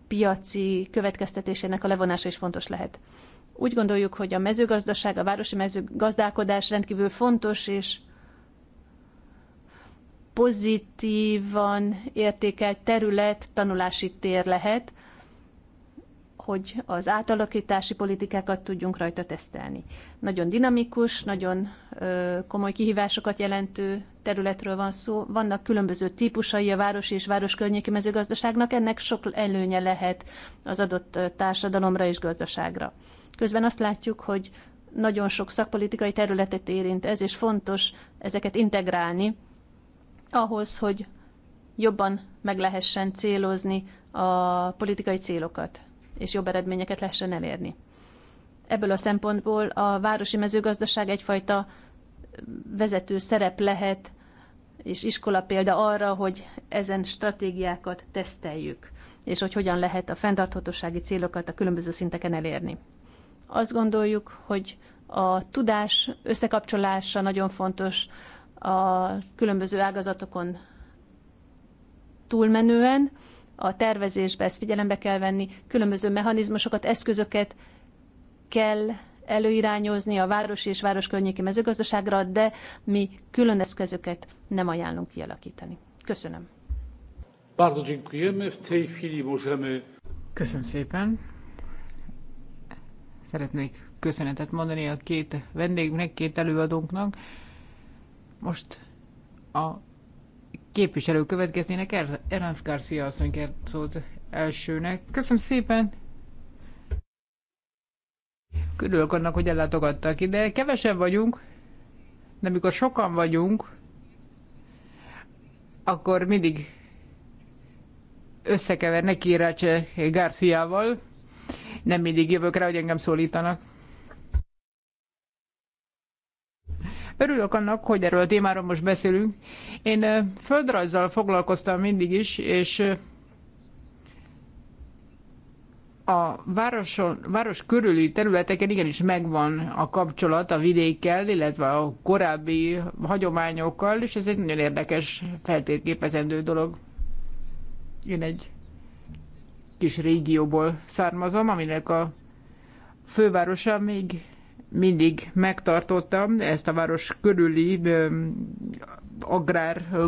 piaci következtetésének a levonása is fontos lehet. Úgy gondoljuk, hogy a mezőgazdaság, a városi mezőgazdálkodás rendkívül fontos és pozitívan értékelt terület, tanulási tér lehet, hogy az átalakítási politikákat tudjunk rajta tesztelni. Nagyon dinamikus, nagyon komoly kihívásokat jelentő területről van szó. Vannak különböző típusai a városi és városkörnyéki mezőgazdaságnak, ennek sok előnye lehet az adott társadalomra és gazdaságra. Közben azt látjuk, hogy nagyon sok szakpolitikai területet érint ez, és fontos ezeket integrálni ahhoz, hogy jobban meg lehessen célozni a politikai célokat és jobb eredményeket lehessen elérni. Ebből a szempontból a városi mezőgazdaság egyfajta vezető szerep lehet, és iskola példa arra, hogy ezen stratégiákat teszteljük, és hogy hogyan lehet a fenntarthatósági célokat a különböző szinteken elérni. Azt gondoljuk, hogy a tudás összekapcsolása nagyon fontos a különböző ágazatokon túlmenően, a tervezésbe ezt figyelembe kell venni, különböző mechanizmusokat, eszközöket kell előirányozni a városi és városkörnyéki mezőgazdaságra, de mi külön eszközöket nem ajánlunk kialakítani. Köszönöm. Köszönöm szépen. Szeretnék köszönetet mondani a két vendégnek, két előadónknak. Most a képviselő következnének. Er Ernst Garcia asszony szólt elsőnek. Köszönöm szépen! Körülök annak, hogy ellátogattak ide. Kevesen vagyunk, de mikor sokan vagyunk, akkor mindig összekevernek Irácse Garciával. Nem mindig jövök rá, hogy engem szólítanak. Örülök annak, hogy erről a témáról most beszélünk. Én földrajzzal foglalkoztam mindig is, és a városon, város körüli területeken igenis megvan a kapcsolat a vidékkel, illetve a korábbi hagyományokkal, és ez egy nagyon érdekes, feltérképezendő dolog. Én egy kis régióból származom, aminek a fővárosa még mindig megtartottam ezt a város körüli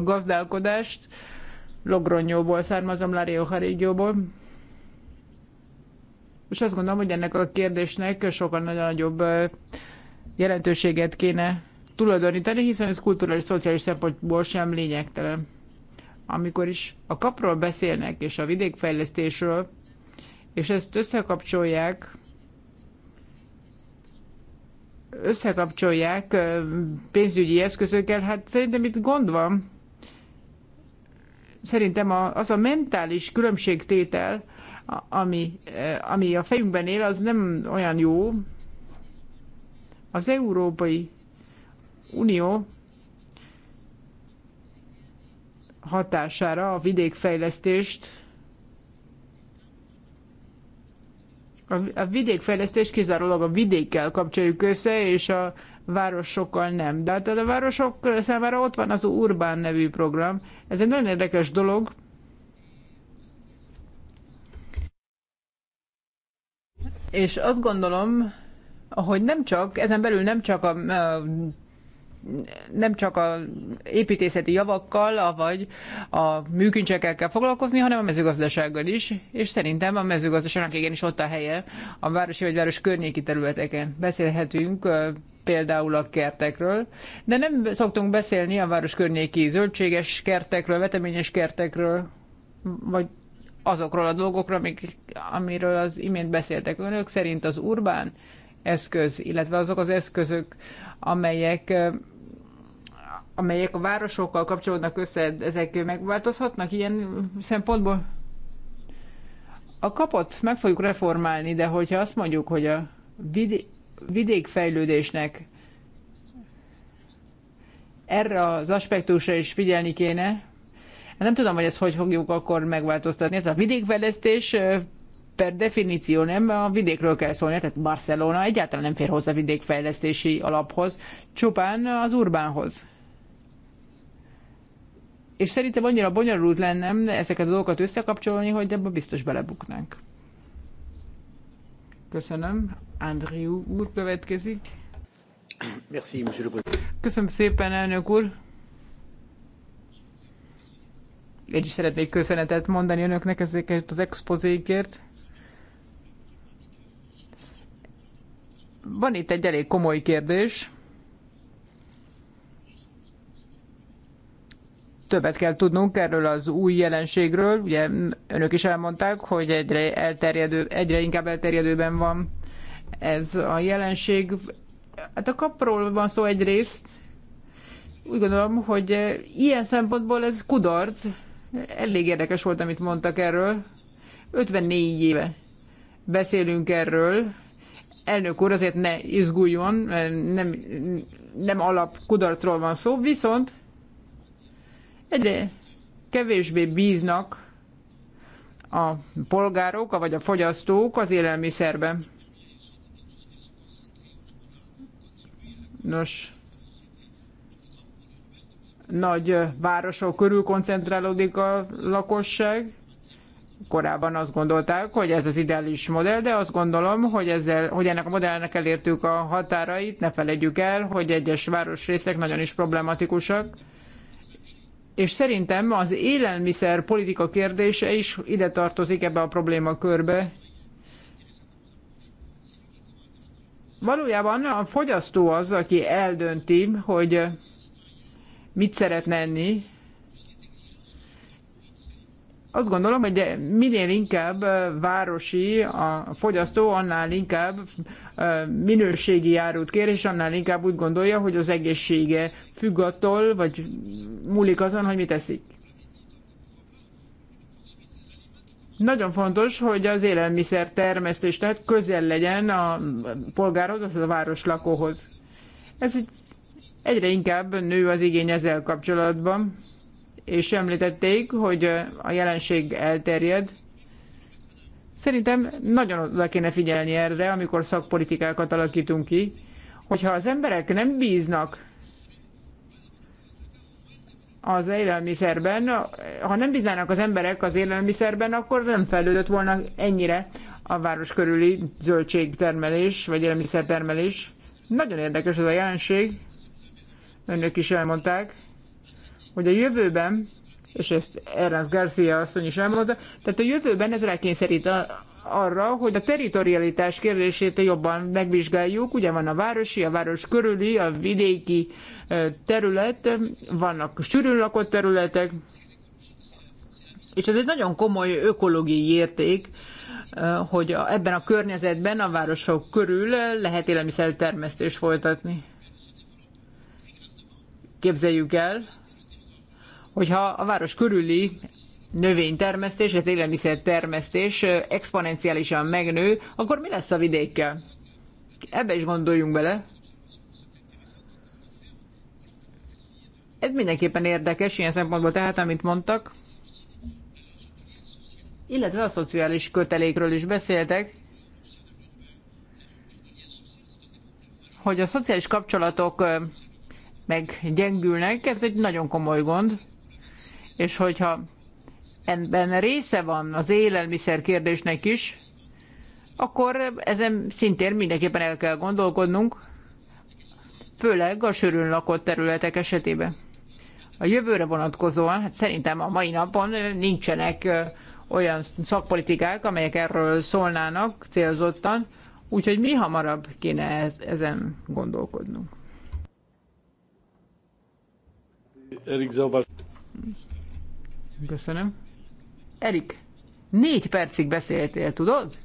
gazdálkodást. Logronyóból származom, La Rioja És azt gondolom, hogy ennek a kérdésnek sokkal nagyon nagyobb jelentőséget kéne tulajdonítani, hiszen ez kulturális, szociális szempontból sem lényegtelen. Amikor is a kapról beszélnek, és a vidékfejlesztésről, és ezt összekapcsolják összekapcsolják pénzügyi eszközökkel, hát szerintem itt gond van. Szerintem az a mentális különbségtétel, ami, ami a fejünkben él, az nem olyan jó. Az Európai Unió hatására a vidékfejlesztést A vidékfejlesztés kizárólag a vidékkel kapcsoljuk össze, és a városokkal nem. De hát a városok számára ott van az Urbán nevű program. Ez egy nagyon érdekes dolog. És azt gondolom, hogy nem csak, ezen belül nem csak a, a nem csak a építészeti javakkal, vagy a műkincsekkel kell foglalkozni, hanem a mezőgazdasággal is, és szerintem a mezőgazdaságnak igenis ott a helye a városi vagy város környéki területeken. Beszélhetünk például a kertekről, de nem szoktunk beszélni a város környéki zöldséges kertekről, veteményes kertekről, vagy azokról a dolgokról, amik, amiről az imént beszéltek önök, szerint az urbán eszköz, illetve azok az eszközök, amelyek amelyek a városokkal kapcsolódnak össze, ezek megváltozhatnak ilyen szempontból? A kapot meg fogjuk reformálni, de hogyha azt mondjuk, hogy a vid- vidékfejlődésnek erre az aspektusra is figyelni kéne, nem tudom, hogy ezt hogy fogjuk akkor megváltoztatni. Tehát a vidékfejlesztés per definíció nem a vidékről kell szólni, tehát Barcelona egyáltalán nem fér hozzá vidékfejlesztési alaphoz, csupán az urbánhoz és szerintem annyira bonyolult lenne ezeket a dolgokat összekapcsolni, hogy ebbe biztos belebuknánk. Köszönöm. Andriu úr következik. Merci, monsieur le Köszönöm szépen, elnök úr. Én is szeretnék köszönetet mondani önöknek ezeket az expozékért. Van itt egy elég komoly kérdés. többet kell tudnunk erről az új jelenségről. Ugye önök is elmondták, hogy egyre, elterjedő, egyre inkább elterjedőben van ez a jelenség. Hát a kapról van szó egyrészt. Úgy gondolom, hogy ilyen szempontból ez kudarc. Elég érdekes volt, amit mondtak erről. 54 éve beszélünk erről. Elnök úr, azért ne izguljon, nem, nem alap kudarcról van szó, viszont egyre kevésbé bíznak a polgárok, vagy a fogyasztók az élelmiszerben. Nos, nagy városok körül koncentrálódik a lakosság. Korábban azt gondolták, hogy ez az ideális modell, de azt gondolom, hogy, ezzel, hogy ennek a modellnek elértük a határait. Ne felejtjük el, hogy egyes városrészek nagyon is problematikusak és szerintem az élelmiszer politika kérdése is ide tartozik ebbe a problémakörbe. Valójában a fogyasztó az, aki eldönti, hogy mit szeretne enni, azt gondolom, hogy minél inkább városi a fogyasztó, annál inkább minőségi járót kér, és annál inkább úgy gondolja, hogy az egészsége függ attól, vagy múlik azon, hogy mit eszik. Nagyon fontos, hogy az élelmiszer termesztés, tehát közel legyen a polgárhoz, az a város lakóhoz. Ez egyre inkább nő az igény ezzel kapcsolatban és említették, hogy a jelenség elterjed. Szerintem nagyon oda kéne figyelni erre, amikor szakpolitikákat alakítunk ki, hogyha az emberek nem bíznak az élelmiszerben, ha nem bíznának az emberek az élelmiszerben, akkor nem fejlődött volna ennyire a város körüli zöldségtermelés, vagy élelmiszertermelés. Nagyon érdekes ez a jelenség, önök is elmondták hogy a jövőben, és ezt Ernest Garcia asszony is elmondta, tehát a jövőben ez rákényszerít a, arra, hogy a teritorialitás kérdését jobban megvizsgáljuk. Ugye van a városi, a város körüli, a vidéki terület, vannak sűrűn lakott területek, és ez egy nagyon komoly ökológiai érték, hogy ebben a környezetben, a városok körül lehet élelmiszertermesztést folytatni. Képzeljük el, hogyha a város körüli növénytermesztés, az élelmiszertermesztés exponenciálisan megnő, akkor mi lesz a vidékkel? Ebbe is gondoljunk bele. Ez mindenképpen érdekes ilyen szempontból tehát, amit mondtak. Illetve a szociális kötelékről is beszéltek, hogy a szociális kapcsolatok meggyengülnek, ez egy nagyon komoly gond és hogyha ebben része van az élelmiszer kérdésnek is, akkor ezen szintén mindenképpen el kell gondolkodnunk, főleg a sűrűn lakott területek esetében. A jövőre vonatkozóan, hát szerintem a mai napon nincsenek olyan szakpolitikák, amelyek erről szólnának célzottan, úgyhogy mi hamarabb kéne ezen gondolkodnunk. Erik, zauważ. Köszönöm. Erik, négy percig beszéltél, tudod?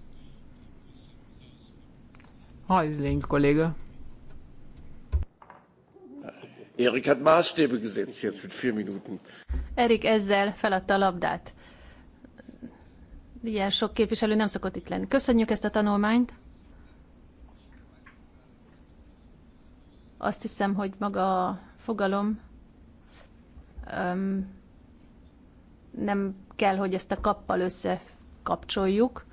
Hajzlénk, kolléga. Erik hat Maßstäbe gesetzt jetzt mit vier Minuten. Erik ezzel feladta a labdát. Ilyen sok képviselő nem szokott itt lenni. Köszönjük ezt a tanulmányt. Azt hiszem, hogy maga a fogalom um, nem kell, hogy ezt a kappal összekapcsoljuk.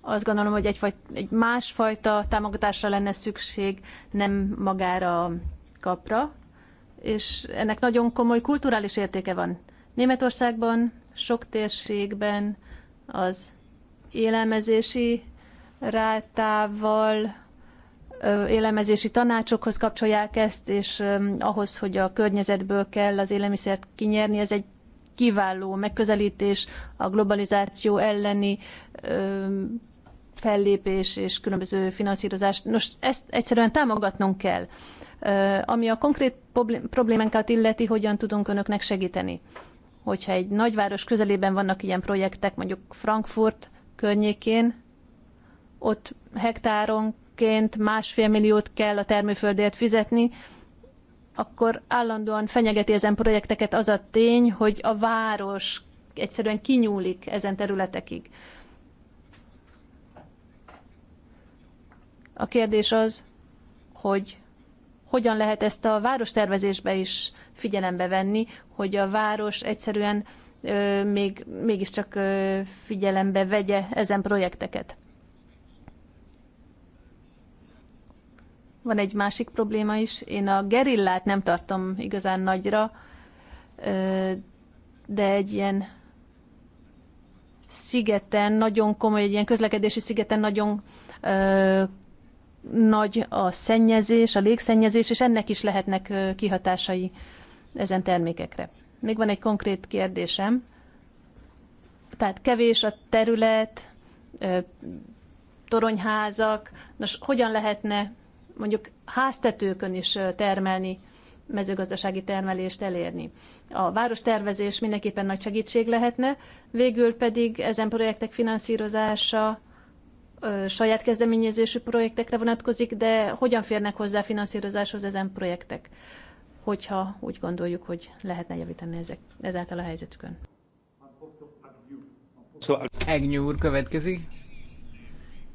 Azt gondolom, hogy egyfaj, egy másfajta támogatásra lenne szükség, nem magára a kapra, és ennek nagyon komoly kulturális értéke van. Németországban, sok térségben az élelmezési rátával, élelmezési tanácsokhoz kapcsolják ezt, és ahhoz, hogy a környezetből kell az élelmiszert kinyerni, ez egy kiváló megközelítés a globalizáció elleni fellépés és különböző finanszírozás. Nos, ezt egyszerűen támogatnunk kell. ami a konkrét problémánkat illeti, hogyan tudunk önöknek segíteni? Hogyha egy nagyváros közelében vannak ilyen projektek, mondjuk Frankfurt környékén, ott hektáronként másfél milliót kell a termőföldért fizetni, akkor állandóan fenyegeti ezen projekteket az a tény, hogy a város egyszerűen kinyúlik ezen területekig. A kérdés az, hogy hogyan lehet ezt a várostervezésbe is figyelembe venni, hogy a város egyszerűen ö, még, mégiscsak ö, figyelembe vegye ezen projekteket. Van egy másik probléma is. Én a gerillát nem tartom igazán nagyra, de egy ilyen szigeten, nagyon komoly, egy ilyen közlekedési szigeten nagyon nagy a szennyezés, a légszennyezés, és ennek is lehetnek kihatásai ezen termékekre. Még van egy konkrét kérdésem. Tehát kevés a terület, toronyházak, nos, hogyan lehetne mondjuk háztetőkön is termelni, mezőgazdasági termelést elérni. A várostervezés mindenképpen nagy segítség lehetne, végül pedig ezen projektek finanszírozása saját kezdeményezésű projektekre vonatkozik, de hogyan férnek hozzá finanszírozáshoz ezen projektek, hogyha úgy gondoljuk, hogy lehetne javítani ezek, ezáltal a helyzetükön. Egnyúr következik.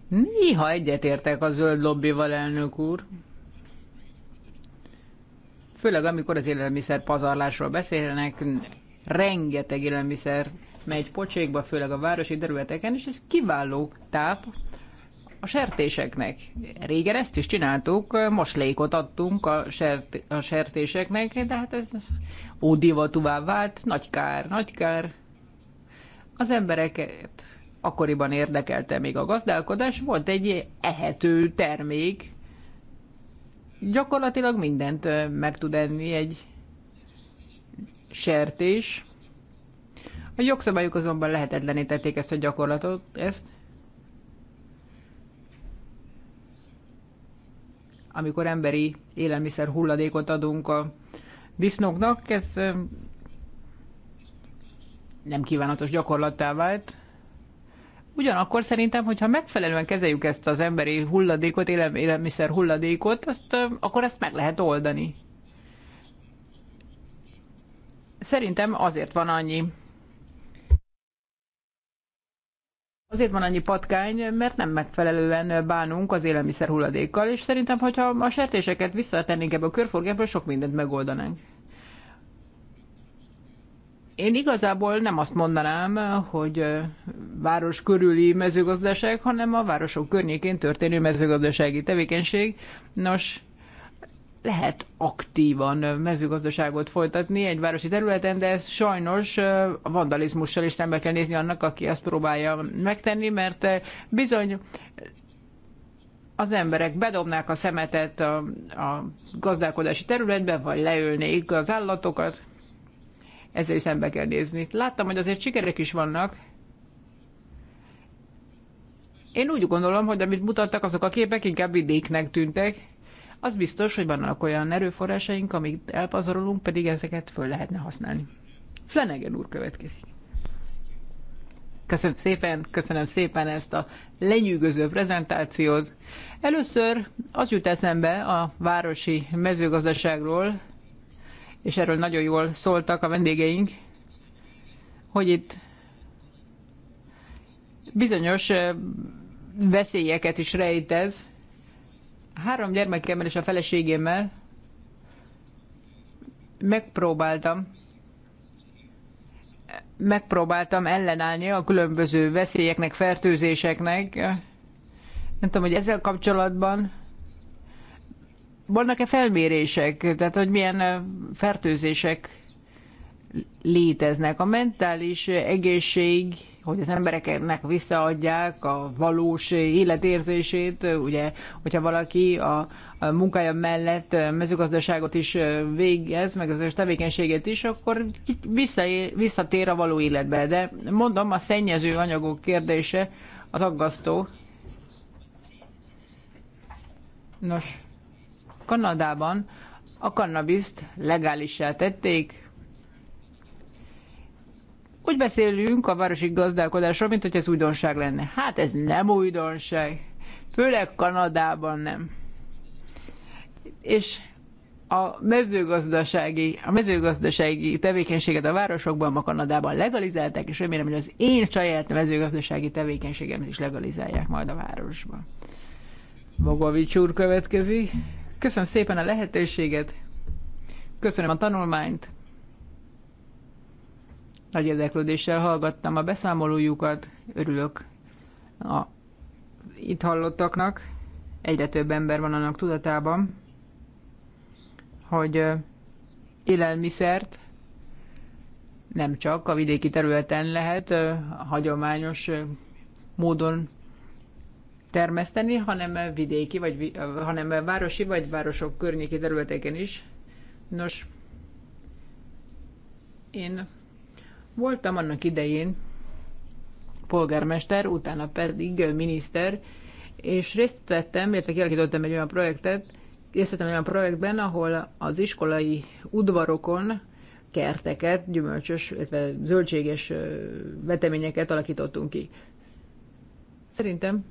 Néha egyetértek a zöld lobbival, elnök úr. Főleg amikor az élelmiszer pazarlásról beszélnek, rengeteg élelmiszer megy pocsékba, főleg a városi területeken, és ez kiváló táp a sertéseknek. Régen ezt is csináltuk, moslékot adtunk a, sert, a sertéseknek, de hát ez tovább vált, nagy kár, nagy kár. Az embereket akkoriban érdekelte még a gazdálkodás, volt egy ehető termék, gyakorlatilag mindent meg tud enni egy sertés. A jogszabályok azonban lehetetlenítették ezt a gyakorlatot, ezt. Amikor emberi élelmiszer hulladékot adunk a disznóknak, ez nem kívánatos gyakorlattá vált. Ugyanakkor szerintem, hogyha megfelelően kezeljük ezt az emberi hulladékot, élelmiszer hulladékot, azt, akkor ezt meg lehet oldani. Szerintem azért van annyi Azért van annyi patkány, mert nem megfelelően bánunk az élelmiszer hulladékkal, és szerintem, hogyha a sertéseket visszatennénk ebbe a körforgásba, sok mindent megoldanánk. Én igazából nem azt mondanám, hogy város körüli mezőgazdaság, hanem a városok környékén történő mezőgazdasági tevékenység. Nos, lehet aktívan mezőgazdaságot folytatni egy városi területen, de ez sajnos a vandalizmussal is nem kell nézni annak, aki ezt próbálja megtenni, mert bizony az emberek bedobnák a szemetet a, a gazdálkodási területbe, vagy leülnék az állatokat, ezzel is szembe kell nézni. Láttam, hogy azért sikerek is vannak. Én úgy gondolom, hogy amit mutattak azok a képek, inkább vidéknek tűntek. Az biztos, hogy vannak olyan erőforrásaink, amit elpazarolunk, pedig ezeket föl lehetne használni. Flanagan úr következik. Köszönöm szépen, köszönöm szépen ezt a lenyűgöző prezentációt. Először az jut eszembe a városi mezőgazdaságról, és erről nagyon jól szóltak a vendégeink, hogy itt bizonyos veszélyeket is rejtez. Három gyermekemmel és a feleségémmel megpróbáltam megpróbáltam ellenállni a különböző veszélyeknek, fertőzéseknek. Nem tudom, hogy ezzel kapcsolatban vannak-e felmérések, tehát hogy milyen fertőzések léteznek. A mentális egészség, hogy az embereknek visszaadják a valós életérzését, ugye, hogyha valaki a, a munkája mellett mezőgazdaságot is végez, meg az tevékenységet is, akkor visszatér a való életbe. De mondom, a szennyező anyagok kérdése az aggasztó. Nos, Kanadában a kannabiszt legálissá tették. Úgy beszélünk a városi gazdálkodásról, mint hogy ez újdonság lenne. Hát ez nem újdonság. Főleg Kanadában nem. És a mezőgazdasági, a mezőgazdasági tevékenységet a városokban, ma Kanadában legalizálták, és remélem, hogy az én saját mezőgazdasági tevékenységemet is legalizálják majd a városban. Bogovics úr következik. Köszönöm szépen a lehetőséget, köszönöm a tanulmányt, nagy érdeklődéssel hallgattam a beszámolójukat, örülök a itt hallottaknak. Egyre több ember van annak tudatában, hogy élelmiszert nem csak a vidéki területen lehet hagyományos módon termeszteni, hanem vidéki, vagy, hanem városi, vagy városok környéki területeken is. Nos, én voltam annak idején polgármester, utána pedig miniszter, és részt vettem, illetve kialakítottam egy olyan projektet, részt vettem egy olyan projektben, ahol az iskolai udvarokon kerteket, gyümölcsös, illetve zöldséges veteményeket alakítottunk ki. Szerintem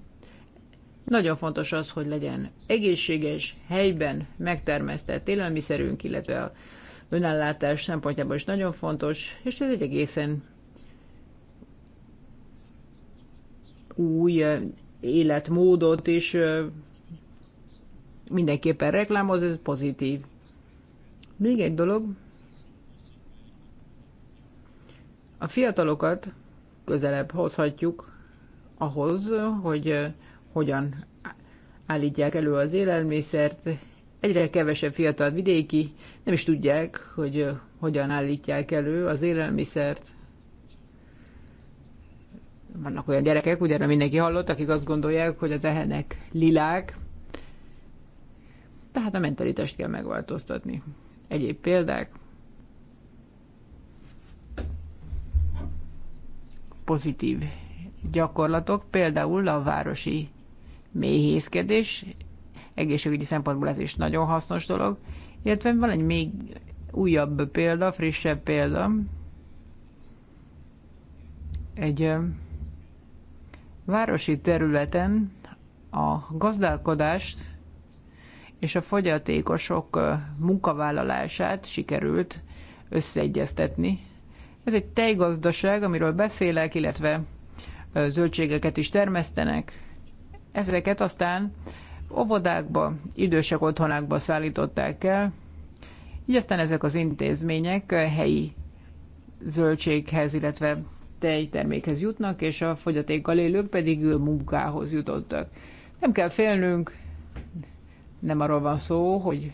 nagyon fontos az, hogy legyen egészséges, helyben megtermesztett élelmiszerünk, illetve a önellátás szempontjából is nagyon fontos, és ez egy egészen új eh, életmódot is eh, mindenképpen reklámoz, ez pozitív. Még egy dolog, a fiatalokat közelebb hozhatjuk ahhoz, hogy eh, hogyan állítják elő az élelmiszert. Egyre kevesebb fiatal vidéki nem is tudják, hogy hogyan állítják elő az élelmiszert. Vannak olyan gyerekek, ugye erre mindenki hallott, akik azt gondolják, hogy a tehenek lilák. Tehát a mentalitást kell megváltoztatni. Egyéb példák. Pozitív gyakorlatok, például a városi méhészkedés, egészségügyi szempontból ez is nagyon hasznos dolog, illetve van egy még újabb példa, frissebb példa, egy városi területen a gazdálkodást és a fogyatékosok munkavállalását sikerült összeegyeztetni. Ez egy tejgazdaság, amiről beszélek, illetve zöldségeket is termesztenek, Ezeket aztán óvodákba, idősek otthonákba szállították el, így aztán ezek az intézmények helyi zöldséghez, illetve tejtermékhez jutnak, és a fogyatékkal élők pedig munkához jutottak. Nem kell félnünk, nem arról van szó, hogy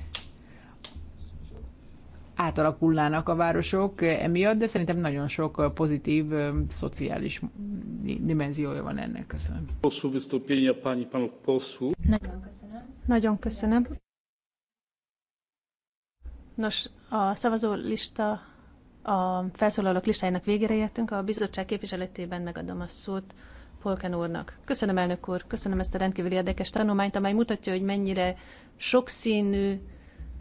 átalakulnának a városok emiatt, de szerintem nagyon sok pozitív szociális dimenziója van ennek. Köszönöm. Nagyon köszönöm. Nagyon köszönöm. Nos, a szavazólista, a felszólalók listájának végére értünk. A bizottság képviseletében megadom a szót Polken úrnak. Köszönöm, elnök úr, köszönöm ezt a rendkívül érdekes tanulmányt, amely mutatja, hogy mennyire sokszínű,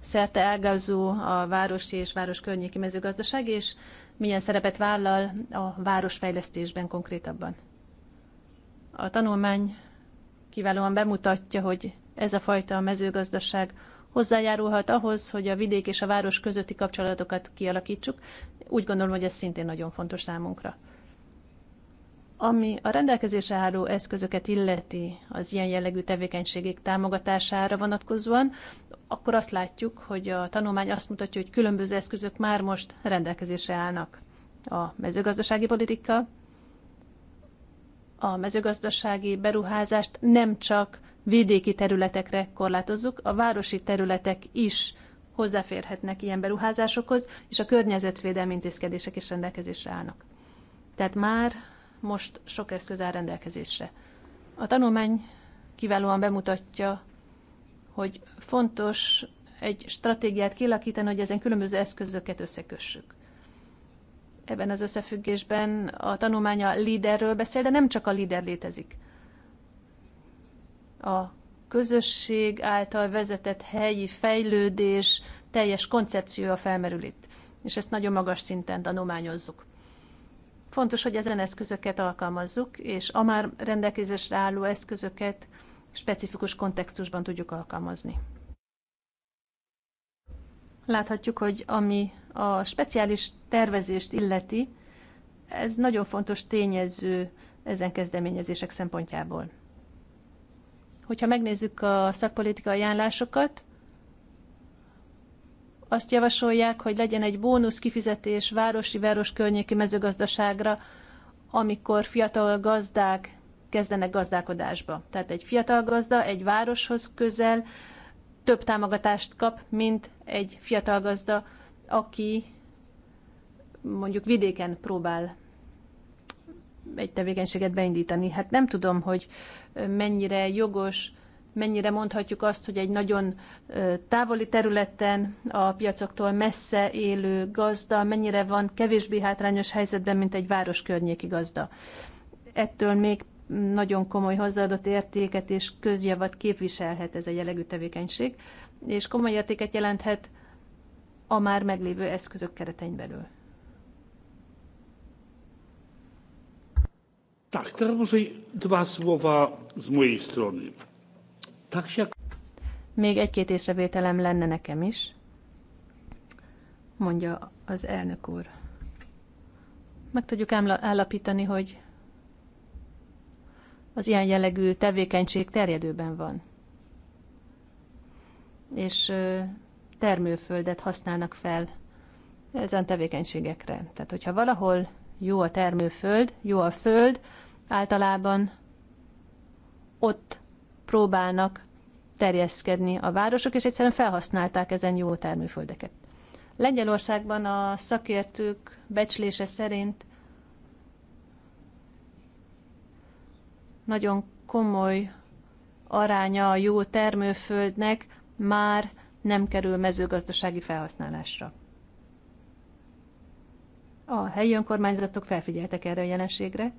szerte ágazó a városi és város környéki mezőgazdaság, és milyen szerepet vállal a városfejlesztésben konkrétabban. A tanulmány kiválóan bemutatja, hogy ez a fajta mezőgazdaság hozzájárulhat ahhoz, hogy a vidék és a város közötti kapcsolatokat kialakítsuk. Úgy gondolom, hogy ez szintén nagyon fontos számunkra. Ami a rendelkezésre álló eszközöket illeti az ilyen jellegű tevékenységek támogatására vonatkozóan, akkor azt látjuk, hogy a tanulmány azt mutatja, hogy különböző eszközök már most rendelkezésre állnak. A mezőgazdasági politika, a mezőgazdasági beruházást nem csak vidéki területekre korlátozzuk, a városi területek is hozzáférhetnek ilyen beruházásokhoz, és a környezetvédelmi intézkedések is rendelkezésre állnak. Tehát már most sok eszköz áll rendelkezésre. A tanulmány kiválóan bemutatja, hogy fontos egy stratégiát kialakítani, hogy ezen különböző eszközöket összekössük. Ebben az összefüggésben a tanulmánya líderről beszél, de nem csak a líder létezik. A közösség által vezetett helyi fejlődés teljes koncepciója felmerül itt, és ezt nagyon magas szinten tanulmányozzuk. Fontos, hogy ezen eszközöket alkalmazzuk, és a már rendelkezésre álló eszközöket specifikus kontextusban tudjuk alkalmazni. Láthatjuk, hogy ami a speciális tervezést illeti, ez nagyon fontos tényező ezen kezdeményezések szempontjából. Hogyha megnézzük a szakpolitikai ajánlásokat, azt javasolják, hogy legyen egy bónusz kifizetés városi város környéki mezőgazdaságra, amikor fiatal gazdák kezdenek gazdálkodásba. Tehát egy fiatal gazda egy városhoz közel több támogatást kap, mint egy fiatal gazda, aki mondjuk vidéken próbál egy tevékenységet beindítani. Hát nem tudom, hogy mennyire jogos mennyire mondhatjuk azt, hogy egy nagyon távoli területen, a piacoktól messze élő gazda mennyire van kevésbé hátrányos helyzetben, mint egy város környéki gazda. Ettől még nagyon komoly hozzáadott értéket és közjavat képviselhet ez a jellegű tevékenység, és komoly értéket jelenthet a már meglévő eszközök keretein belül. Tak, teraz może dwa słowa z mojej strony. Még egy-két észrevételem lenne nekem is, mondja az elnök úr. Meg tudjuk állapítani, hogy az ilyen jellegű tevékenység terjedőben van. És termőföldet használnak fel ezen tevékenységekre. Tehát, hogyha valahol jó a termőföld, jó a föld, általában ott próbálnak terjeszkedni a városok, és egyszerűen felhasználták ezen jó termőföldeket. Lengyelországban a szakértők becslése szerint nagyon komoly aránya a jó termőföldnek már nem kerül mezőgazdasági felhasználásra. A helyi önkormányzatok felfigyeltek erre a jelenségre,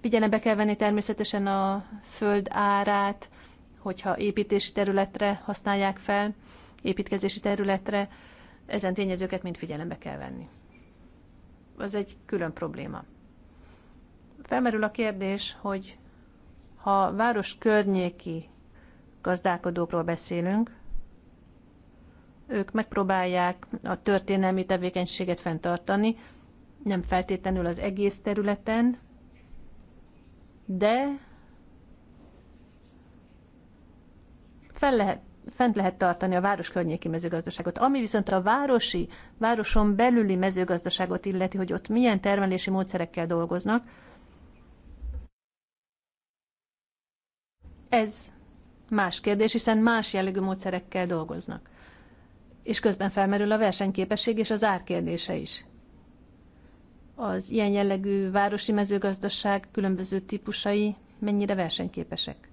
Figyelembe kell venni természetesen a föld árát, hogyha építési területre használják fel, építkezési területre, ezen tényezőket mind figyelembe kell venni. Az egy külön probléma. Felmerül a kérdés, hogy ha város környéki gazdálkodókról beszélünk, ők megpróbálják a történelmi tevékenységet fenntartani, nem feltétlenül az egész területen, de fel lehet, fent lehet tartani a város környéki mezőgazdaságot. Ami viszont a városi, városon belüli mezőgazdaságot illeti, hogy ott milyen termelési módszerekkel dolgoznak, ez más kérdés, hiszen más jellegű módszerekkel dolgoznak. És közben felmerül a versenyképesség és az árkérdése is az ilyen jellegű városi mezőgazdaság különböző típusai mennyire versenyképesek?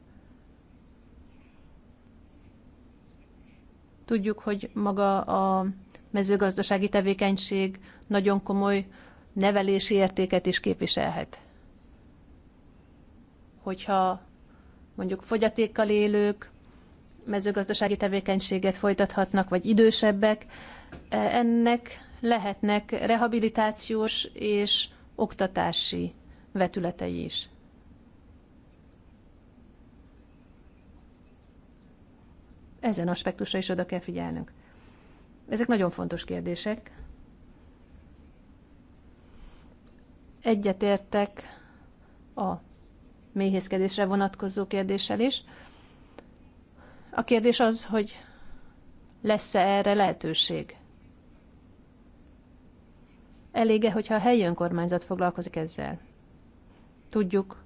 Tudjuk, hogy maga a mezőgazdasági tevékenység nagyon komoly nevelési értéket is képviselhet. Hogyha mondjuk fogyatékkal élők mezőgazdasági tevékenységet folytathatnak, vagy idősebbek, e, ennek lehetnek rehabilitációs és oktatási vetületei is. Ezen aspektusra is oda kell figyelnünk. Ezek nagyon fontos kérdések. Egyetértek a méhészkedésre vonatkozó kérdéssel is. A kérdés az, hogy lesz-e erre lehetőség? elége, hogyha a helyi önkormányzat foglalkozik ezzel? Tudjuk,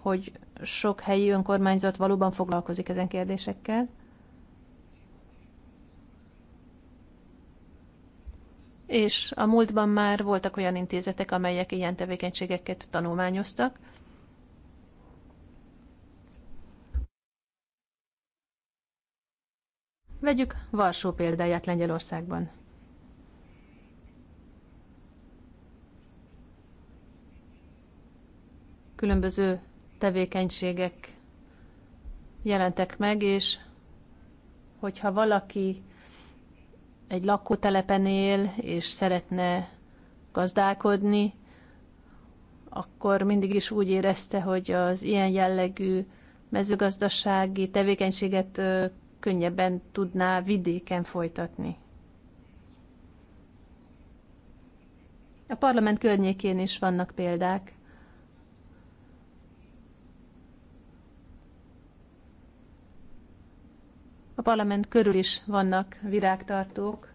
hogy sok helyi önkormányzat valóban foglalkozik ezen kérdésekkel. És a múltban már voltak olyan intézetek, amelyek ilyen tevékenységeket tanulmányoztak. Vegyük Varsó példáját Lengyelországban. különböző tevékenységek jelentek meg, és hogyha valaki egy lakótelepen él, és szeretne gazdálkodni, akkor mindig is úgy érezte, hogy az ilyen jellegű mezőgazdasági tevékenységet könnyebben tudná vidéken folytatni. A parlament környékén is vannak példák A parlament körül is vannak virágtartók.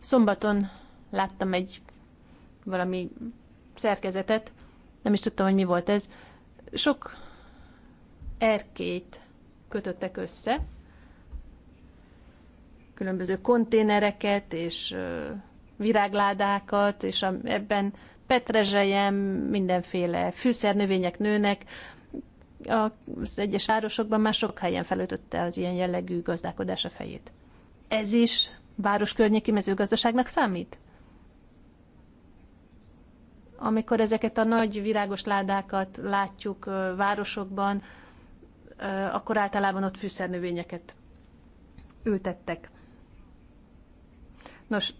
Szombaton láttam egy valami szerkezetet, nem is tudtam, hogy mi volt ez. Sok erkét kötöttek össze, különböző konténereket és virágládákat, és ebben petrezselyem, mindenféle fűszernövények nőnek, az egyes városokban már sok helyen felütötte az ilyen jellegű gazdálkodás a fejét. Ez is város környéki mezőgazdaságnak számít? Amikor ezeket a nagy virágos ládákat látjuk városokban, akkor általában ott fűszernövényeket ültettek. Nos,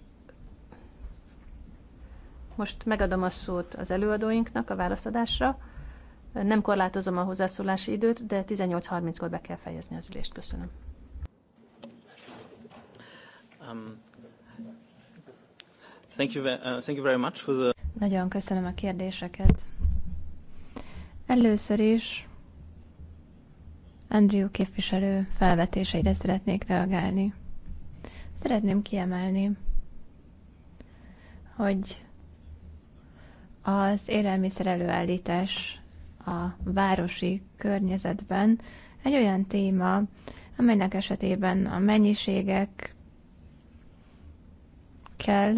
most megadom a szót az előadóinknak a válaszadásra. Nem korlátozom a hozzászólási időt, de 18.30-kor be kell fejezni az ülést. Köszönöm. Um, thank you, uh, thank you very much for the... Nagyon köszönöm a kérdéseket. Először is Andrew képviselő felvetéseire szeretnék reagálni. Szeretném kiemelni, hogy az élelmiszer előállítás a városi környezetben egy olyan téma, amelynek esetében a mennyiségek kell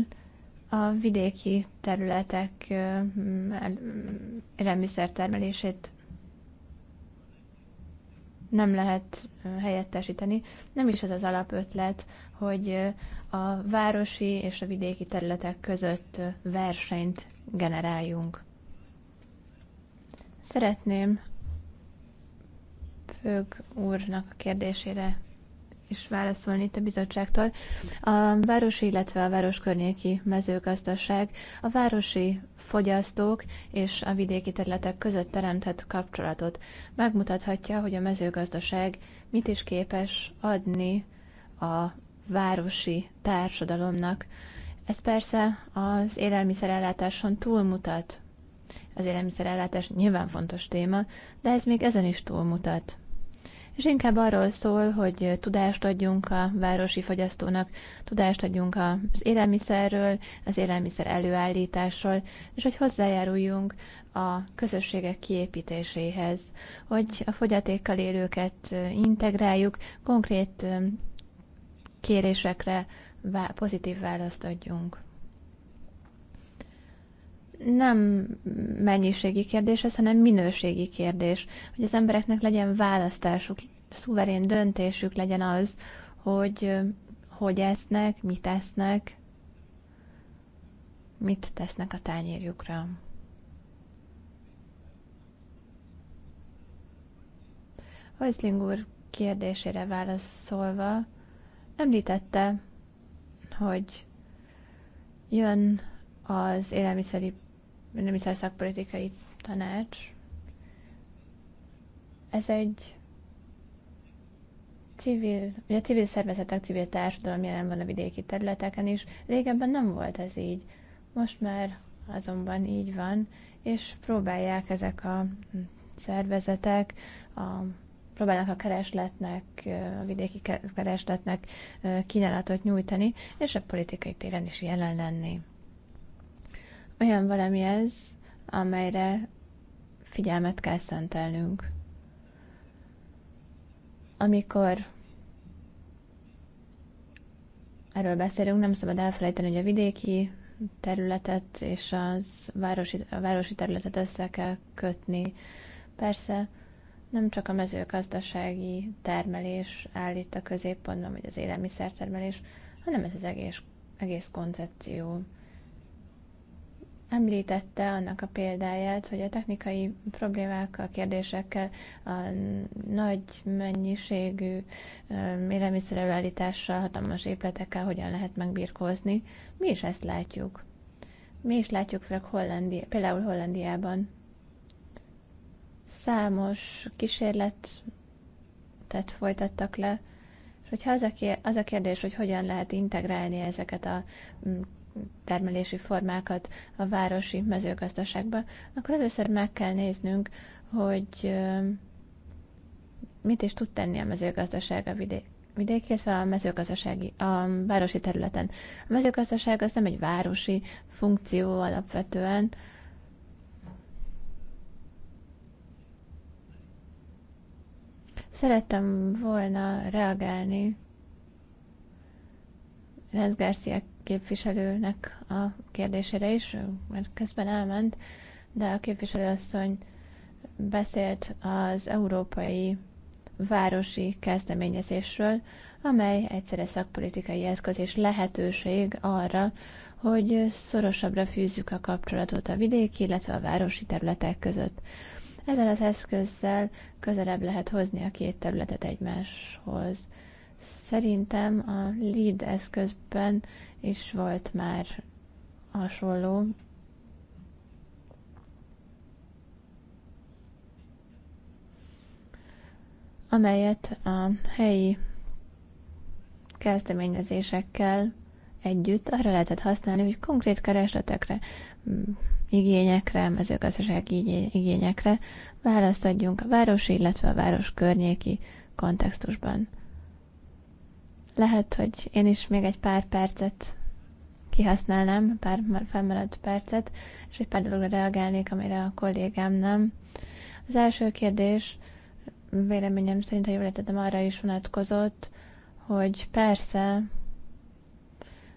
a vidéki területek élelmiszertermelését nem lehet helyettesíteni. Nem is ez az alapötlet, hogy a városi és a vidéki területek között versenyt generáljunk. Szeretném Fők úrnak a kérdésére is válaszolni itt a bizottságtól. A városi, illetve a város környéki mezőgazdaság a városi fogyasztók és a vidéki területek között teremthet kapcsolatot. Megmutathatja, hogy a mezőgazdaság mit is képes adni a városi társadalomnak ez persze az élelmiszerellátáson túlmutat. Az élelmiszerellátás nyilván fontos téma, de ez még ezen is túlmutat. És inkább arról szól, hogy tudást adjunk a városi fogyasztónak, tudást adjunk az élelmiszerről, az élelmiszer előállításról, és hogy hozzájáruljunk a közösségek kiépítéséhez, hogy a fogyatékkal élőket integráljuk, konkrét kérésekre pozitív választ adjunk. Nem mennyiségi kérdés ez, hanem minőségi kérdés, hogy az embereknek legyen választásuk, szuverén döntésük legyen az, hogy hogy esznek, mit esznek, mit tesznek a tányérjukra. Hajszling úr kérdésére válaszolva, Említette, hogy jön az élelmiszeri, élelmiszer szakpolitikai tanács. Ez egy civil, ugye civil szervezetek, civil társadalom jelen van a vidéki területeken is. Régebben nem volt ez így. Most már azonban így van, és próbálják ezek a szervezetek, a próbálnak a keresletnek, a vidéki keresletnek kínálatot nyújtani, és a politikai téren is jelen lenni. Olyan valami ez, amelyre figyelmet kell szentelnünk. Amikor erről beszélünk, nem szabad elfelejteni, hogy a vidéki területet és az városi, a városi területet össze kell kötni. Persze nem csak a mezőgazdasági termelés állít a középpontban, vagy az élelmiszertermelés, hanem ez az egész, egész koncepció. Említette annak a példáját, hogy a technikai problémákkal, kérdésekkel, a nagy mennyiségű um, élelmiszer előállítással, hatalmas épületekkel hogyan lehet megbirkózni. Mi is ezt látjuk. Mi is látjuk főleg Hollandi- például Hollandiában, Számos kísérletet folytattak le, és hogyha az a kérdés, hogy hogyan lehet integrálni ezeket a mm, termelési formákat a városi mezőgazdaságba, akkor először meg kell néznünk, hogy mit is tud tenni a mezőgazdaság a vidék vidék, illetve a mezőgazdasági, a városi területen. A mezőgazdaság az nem egy városi funkció alapvetően, Szerettem volna reagálni Lenz Garcia képviselőnek a kérdésére is, mert közben elment, de a képviselőasszony beszélt az európai városi kezdeményezésről, amely egyszerre szakpolitikai eszköz és lehetőség arra, hogy szorosabbra fűzzük a kapcsolatot a vidéki, illetve a városi területek között. Ezzel az eszközzel közelebb lehet hozni a két területet egymáshoz. Szerintem a lead eszközben is volt már hasonló. amelyet a helyi kezdeményezésekkel együtt arra lehetett használni, hogy konkrét keresletekre igényekre, mezőgazdasági igényekre választ adjunk a városi, illetve a város környéki kontextusban. Lehet, hogy én is még egy pár percet kihasználnám, pár felmaradt percet, és egy pár dologra reagálnék, amire a kollégám nem. Az első kérdés véleményem szerint, ha jól értettem, arra is vonatkozott, hogy persze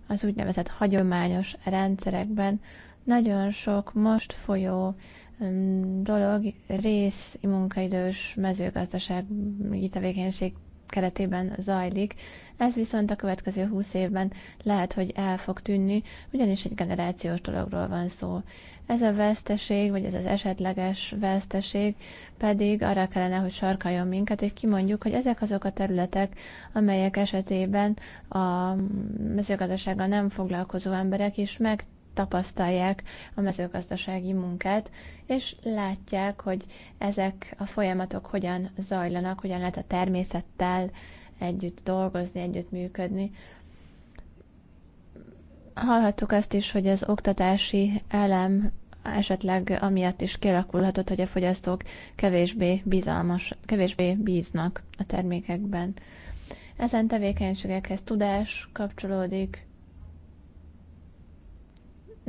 az úgynevezett hagyományos rendszerekben nagyon sok most folyó mm, dolog rész munkaidős mezőgazdasági tevékenység keretében zajlik. Ez viszont a következő húsz évben lehet, hogy el fog tűnni, ugyanis egy generációs dologról van szó. Ez a veszteség, vagy ez az esetleges veszteség pedig arra kellene, hogy sarkaljon minket, hogy kimondjuk, hogy ezek azok a területek, amelyek esetében a mezőgazdasággal nem foglalkozó emberek is meg tapasztalják a mezőgazdasági munkát, és látják, hogy ezek a folyamatok hogyan zajlanak, hogyan lehet a természettel együtt dolgozni, együtt működni. Hallhattuk azt is, hogy az oktatási elem esetleg amiatt is kialakulhatott, hogy a fogyasztók kevésbé bizalmas, kevésbé bíznak a termékekben. Ezen tevékenységekhez tudás kapcsolódik,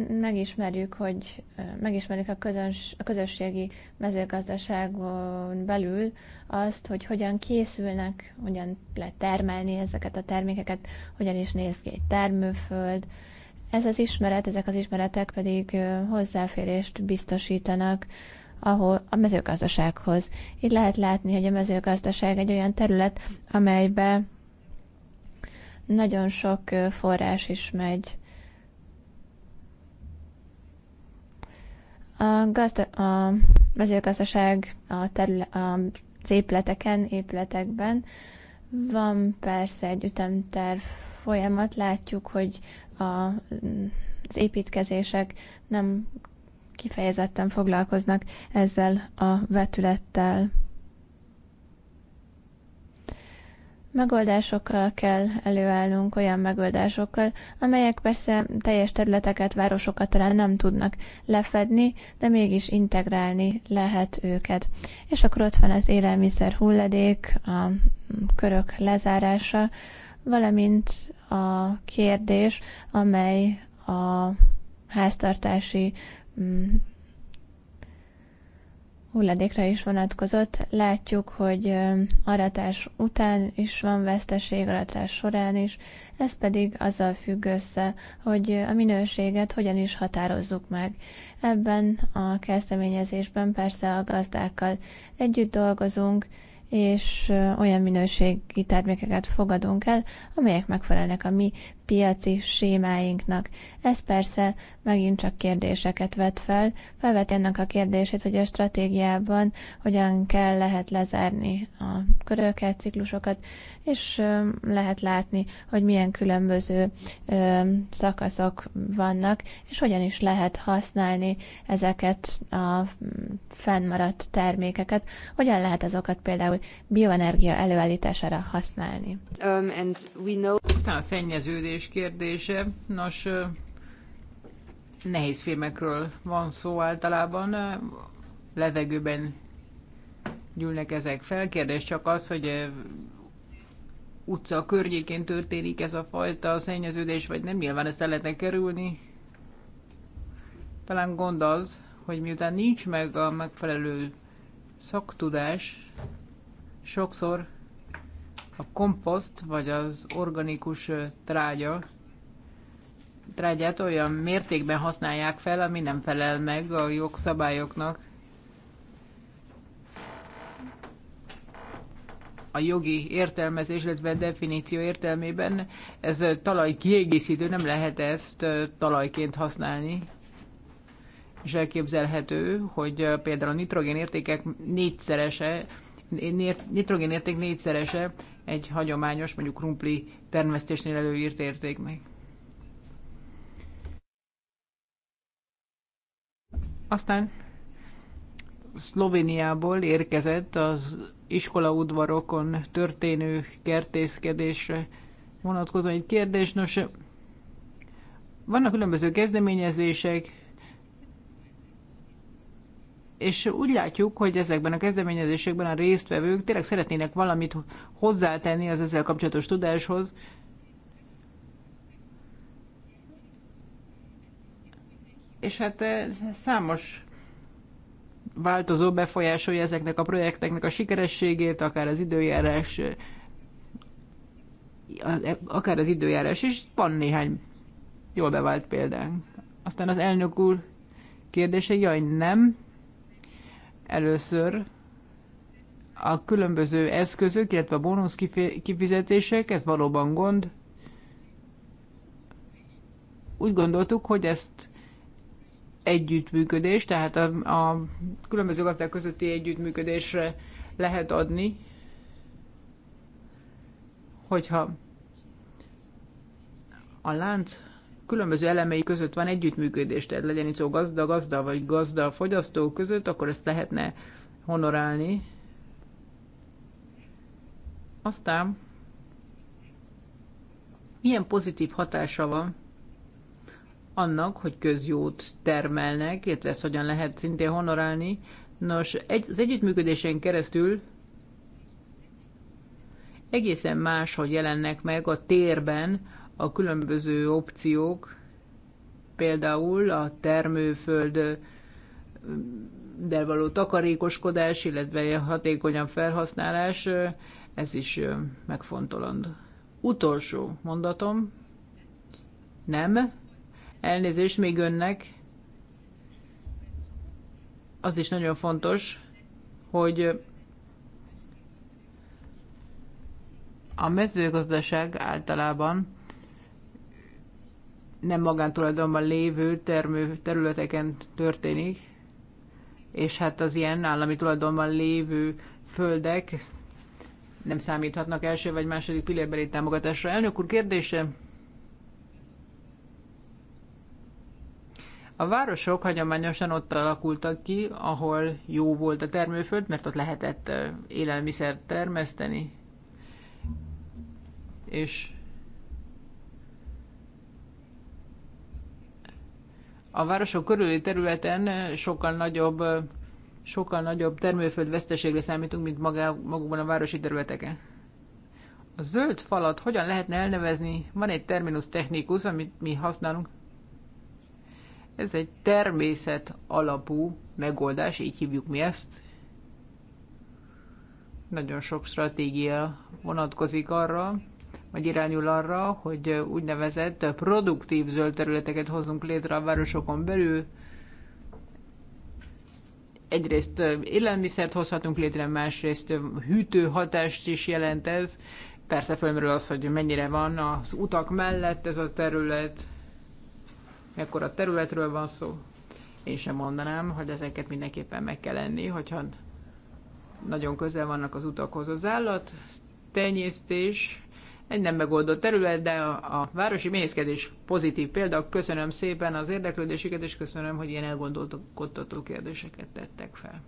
megismerjük, hogy megismerjük a, közöns, a közösségi mezőgazdaságon belül azt, hogy hogyan készülnek, hogyan lehet termelni ezeket a termékeket, hogyan is néz ki egy termőföld. Ez az ismeret, ezek az ismeretek pedig hozzáférést biztosítanak ahol a mezőgazdasághoz. Így lehet látni, hogy a mezőgazdaság egy olyan terület, amelybe nagyon sok forrás is megy A, gazda, a mezőgazdaság a a, az épületeken, épületekben van persze egy ütemterv folyamat, látjuk, hogy a, az építkezések nem kifejezetten foglalkoznak ezzel a vetülettel. megoldásokkal kell előállnunk, olyan megoldásokkal, amelyek persze teljes területeket, városokat talán nem tudnak lefedni, de mégis integrálni lehet őket. És akkor ott van az élelmiszer hulladék, a körök lezárása, valamint a kérdés, amely a háztartási mm, hulladékra is vonatkozott. Látjuk, hogy aratás után is van veszteség, aratás során is, ez pedig azzal függ össze, hogy a minőséget hogyan is határozzuk meg. Ebben a kezdeményezésben persze a gazdákkal együtt dolgozunk, és olyan minőségi termékeket fogadunk el, amelyek megfelelnek a mi piaci sémáinknak. Ez persze megint csak kérdéseket vet fel, felveti ennek a kérdését, hogy a stratégiában hogyan kell, lehet lezárni a köröket, ciklusokat, és lehet látni, hogy milyen különböző szakaszok vannak, és hogyan is lehet használni ezeket a fennmaradt termékeket, hogyan lehet azokat például bioenergia előállítására használni. Um, and we know... Aztán a szennyeződés kezelés kérdése. Nos, nehéz filmekről van szó általában, levegőben gyűlnek ezek fel. Kérdés csak az, hogy utca környékén történik ez a fajta szennyeződés, vagy nem nyilván ezt el lehetne kerülni. Talán gond az, hogy miután nincs meg a megfelelő szaktudás, sokszor a komposzt, vagy az organikus trágya, trágyát olyan mértékben használják fel, ami nem felel meg a jogszabályoknak. A jogi értelmezés, illetve a definíció értelmében ez talaj kiegészítő, nem lehet ezt talajként használni és elképzelhető, hogy például a nitrogén értékek négyszerese, nitrogén érték négyszerese egy hagyományos, mondjuk krumpli termesztésnél előírt értéknek. Aztán Szlovéniából érkezett az iskola udvarokon történő kertészkedésre vonatkozó egy kérdés. Nos, vannak különböző kezdeményezések, és úgy látjuk, hogy ezekben a kezdeményezésekben a résztvevők tényleg szeretnének valamit hozzátenni az ezzel kapcsolatos tudáshoz. És hát eh, számos változó befolyásolja ezeknek a projekteknek a sikerességét, akár az időjárás, eh, akár az időjárás is. Van néhány jól bevált példánk. Aztán az elnök úr kérdése, jaj nem, Először a különböző eszközök, illetve a bónusz kifizetések, ez valóban gond. Úgy gondoltuk, hogy ezt együttműködés, tehát a, a különböző gazdák közötti együttműködésre lehet adni, hogyha a lánc különböző elemei között van együttműködés, tehát legyen itt szó gazda-gazda, vagy gazda-fogyasztó között, akkor ezt lehetne honorálni. Aztán milyen pozitív hatása van annak, hogy közjót termelnek, illetve ezt hogyan lehet szintén honorálni. Nos, egy, az együttműködésen keresztül egészen más, hogy jelennek meg a térben a különböző opciók, például a termőföld del való takarékoskodás, illetve hatékonyabb felhasználás, ez is megfontolandó. Utolsó mondatom, nem, elnézést még önnek, az is nagyon fontos, hogy a mezőgazdaság általában nem magántulajdonban lévő termő területeken történik, és hát az ilyen állami tulajdonban lévő földek nem számíthatnak első vagy második pillérbeli támogatásra. Elnök úr kérdése, A városok hagyományosan ott alakultak ki, ahol jó volt a termőföld, mert ott lehetett élelmiszert termeszteni, és a városok körüli területen sokkal nagyobb, sokkal nagyobb termőföld veszteségre számítunk, mint magá, magukban a városi területeken. A zöld falat hogyan lehetne elnevezni? Van egy terminus technikus, amit mi használunk. Ez egy természet alapú megoldás, így hívjuk mi ezt. Nagyon sok stratégia vonatkozik arra, vagy irányul arra, hogy úgynevezett produktív zöld területeket hozunk létre a városokon belül. Egyrészt élelmiszert hozhatunk létre, másrészt hűtő hatást is jelent ez. Persze fölmerül az, hogy mennyire van az utak mellett ez a terület, mekkora területről van szó. Én sem mondanám, hogy ezeket mindenképpen meg kell enni, hogyha nagyon közel vannak az utakhoz az állat. Tenyésztés, egy nem megoldott terület, de a, a városi méhészkedés pozitív példa. Köszönöm szépen az érdeklődésüket, és köszönöm, hogy ilyen elgondolkodtató kérdéseket tettek fel.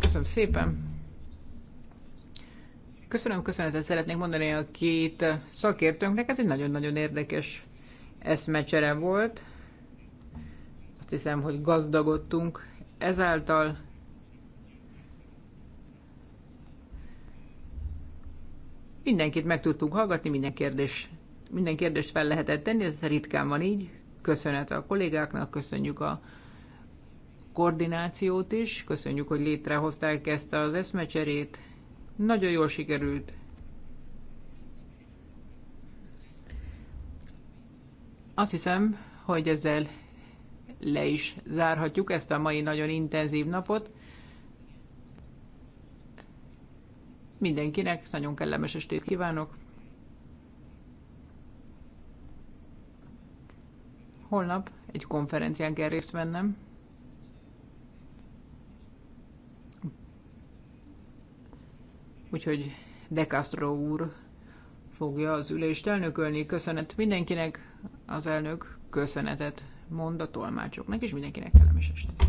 Köszönöm szépen. Köszönöm, köszönetet szeretnék mondani a két szakértőnknek. Ez egy nagyon-nagyon érdekes eszmecsere volt. Azt hiszem, hogy gazdagodtunk ezáltal Mindenkit meg tudtunk hallgatni, minden, kérdés, minden kérdést fel lehetett tenni, ez ritkán van így. Köszönet a kollégáknak, köszönjük a koordinációt is, köszönjük, hogy létrehozták ezt az eszmecserét. Nagyon jól sikerült. Azt hiszem, hogy ezzel le is zárhatjuk ezt a mai nagyon intenzív napot. Mindenkinek nagyon kellemes estét kívánok. Holnap egy konferencián kell részt vennem. Úgyhogy De Castro úr fogja az ülést elnökölni. Köszönet mindenkinek, az elnök köszönetet mond a tolmácsoknak, és mindenkinek kellemes estét.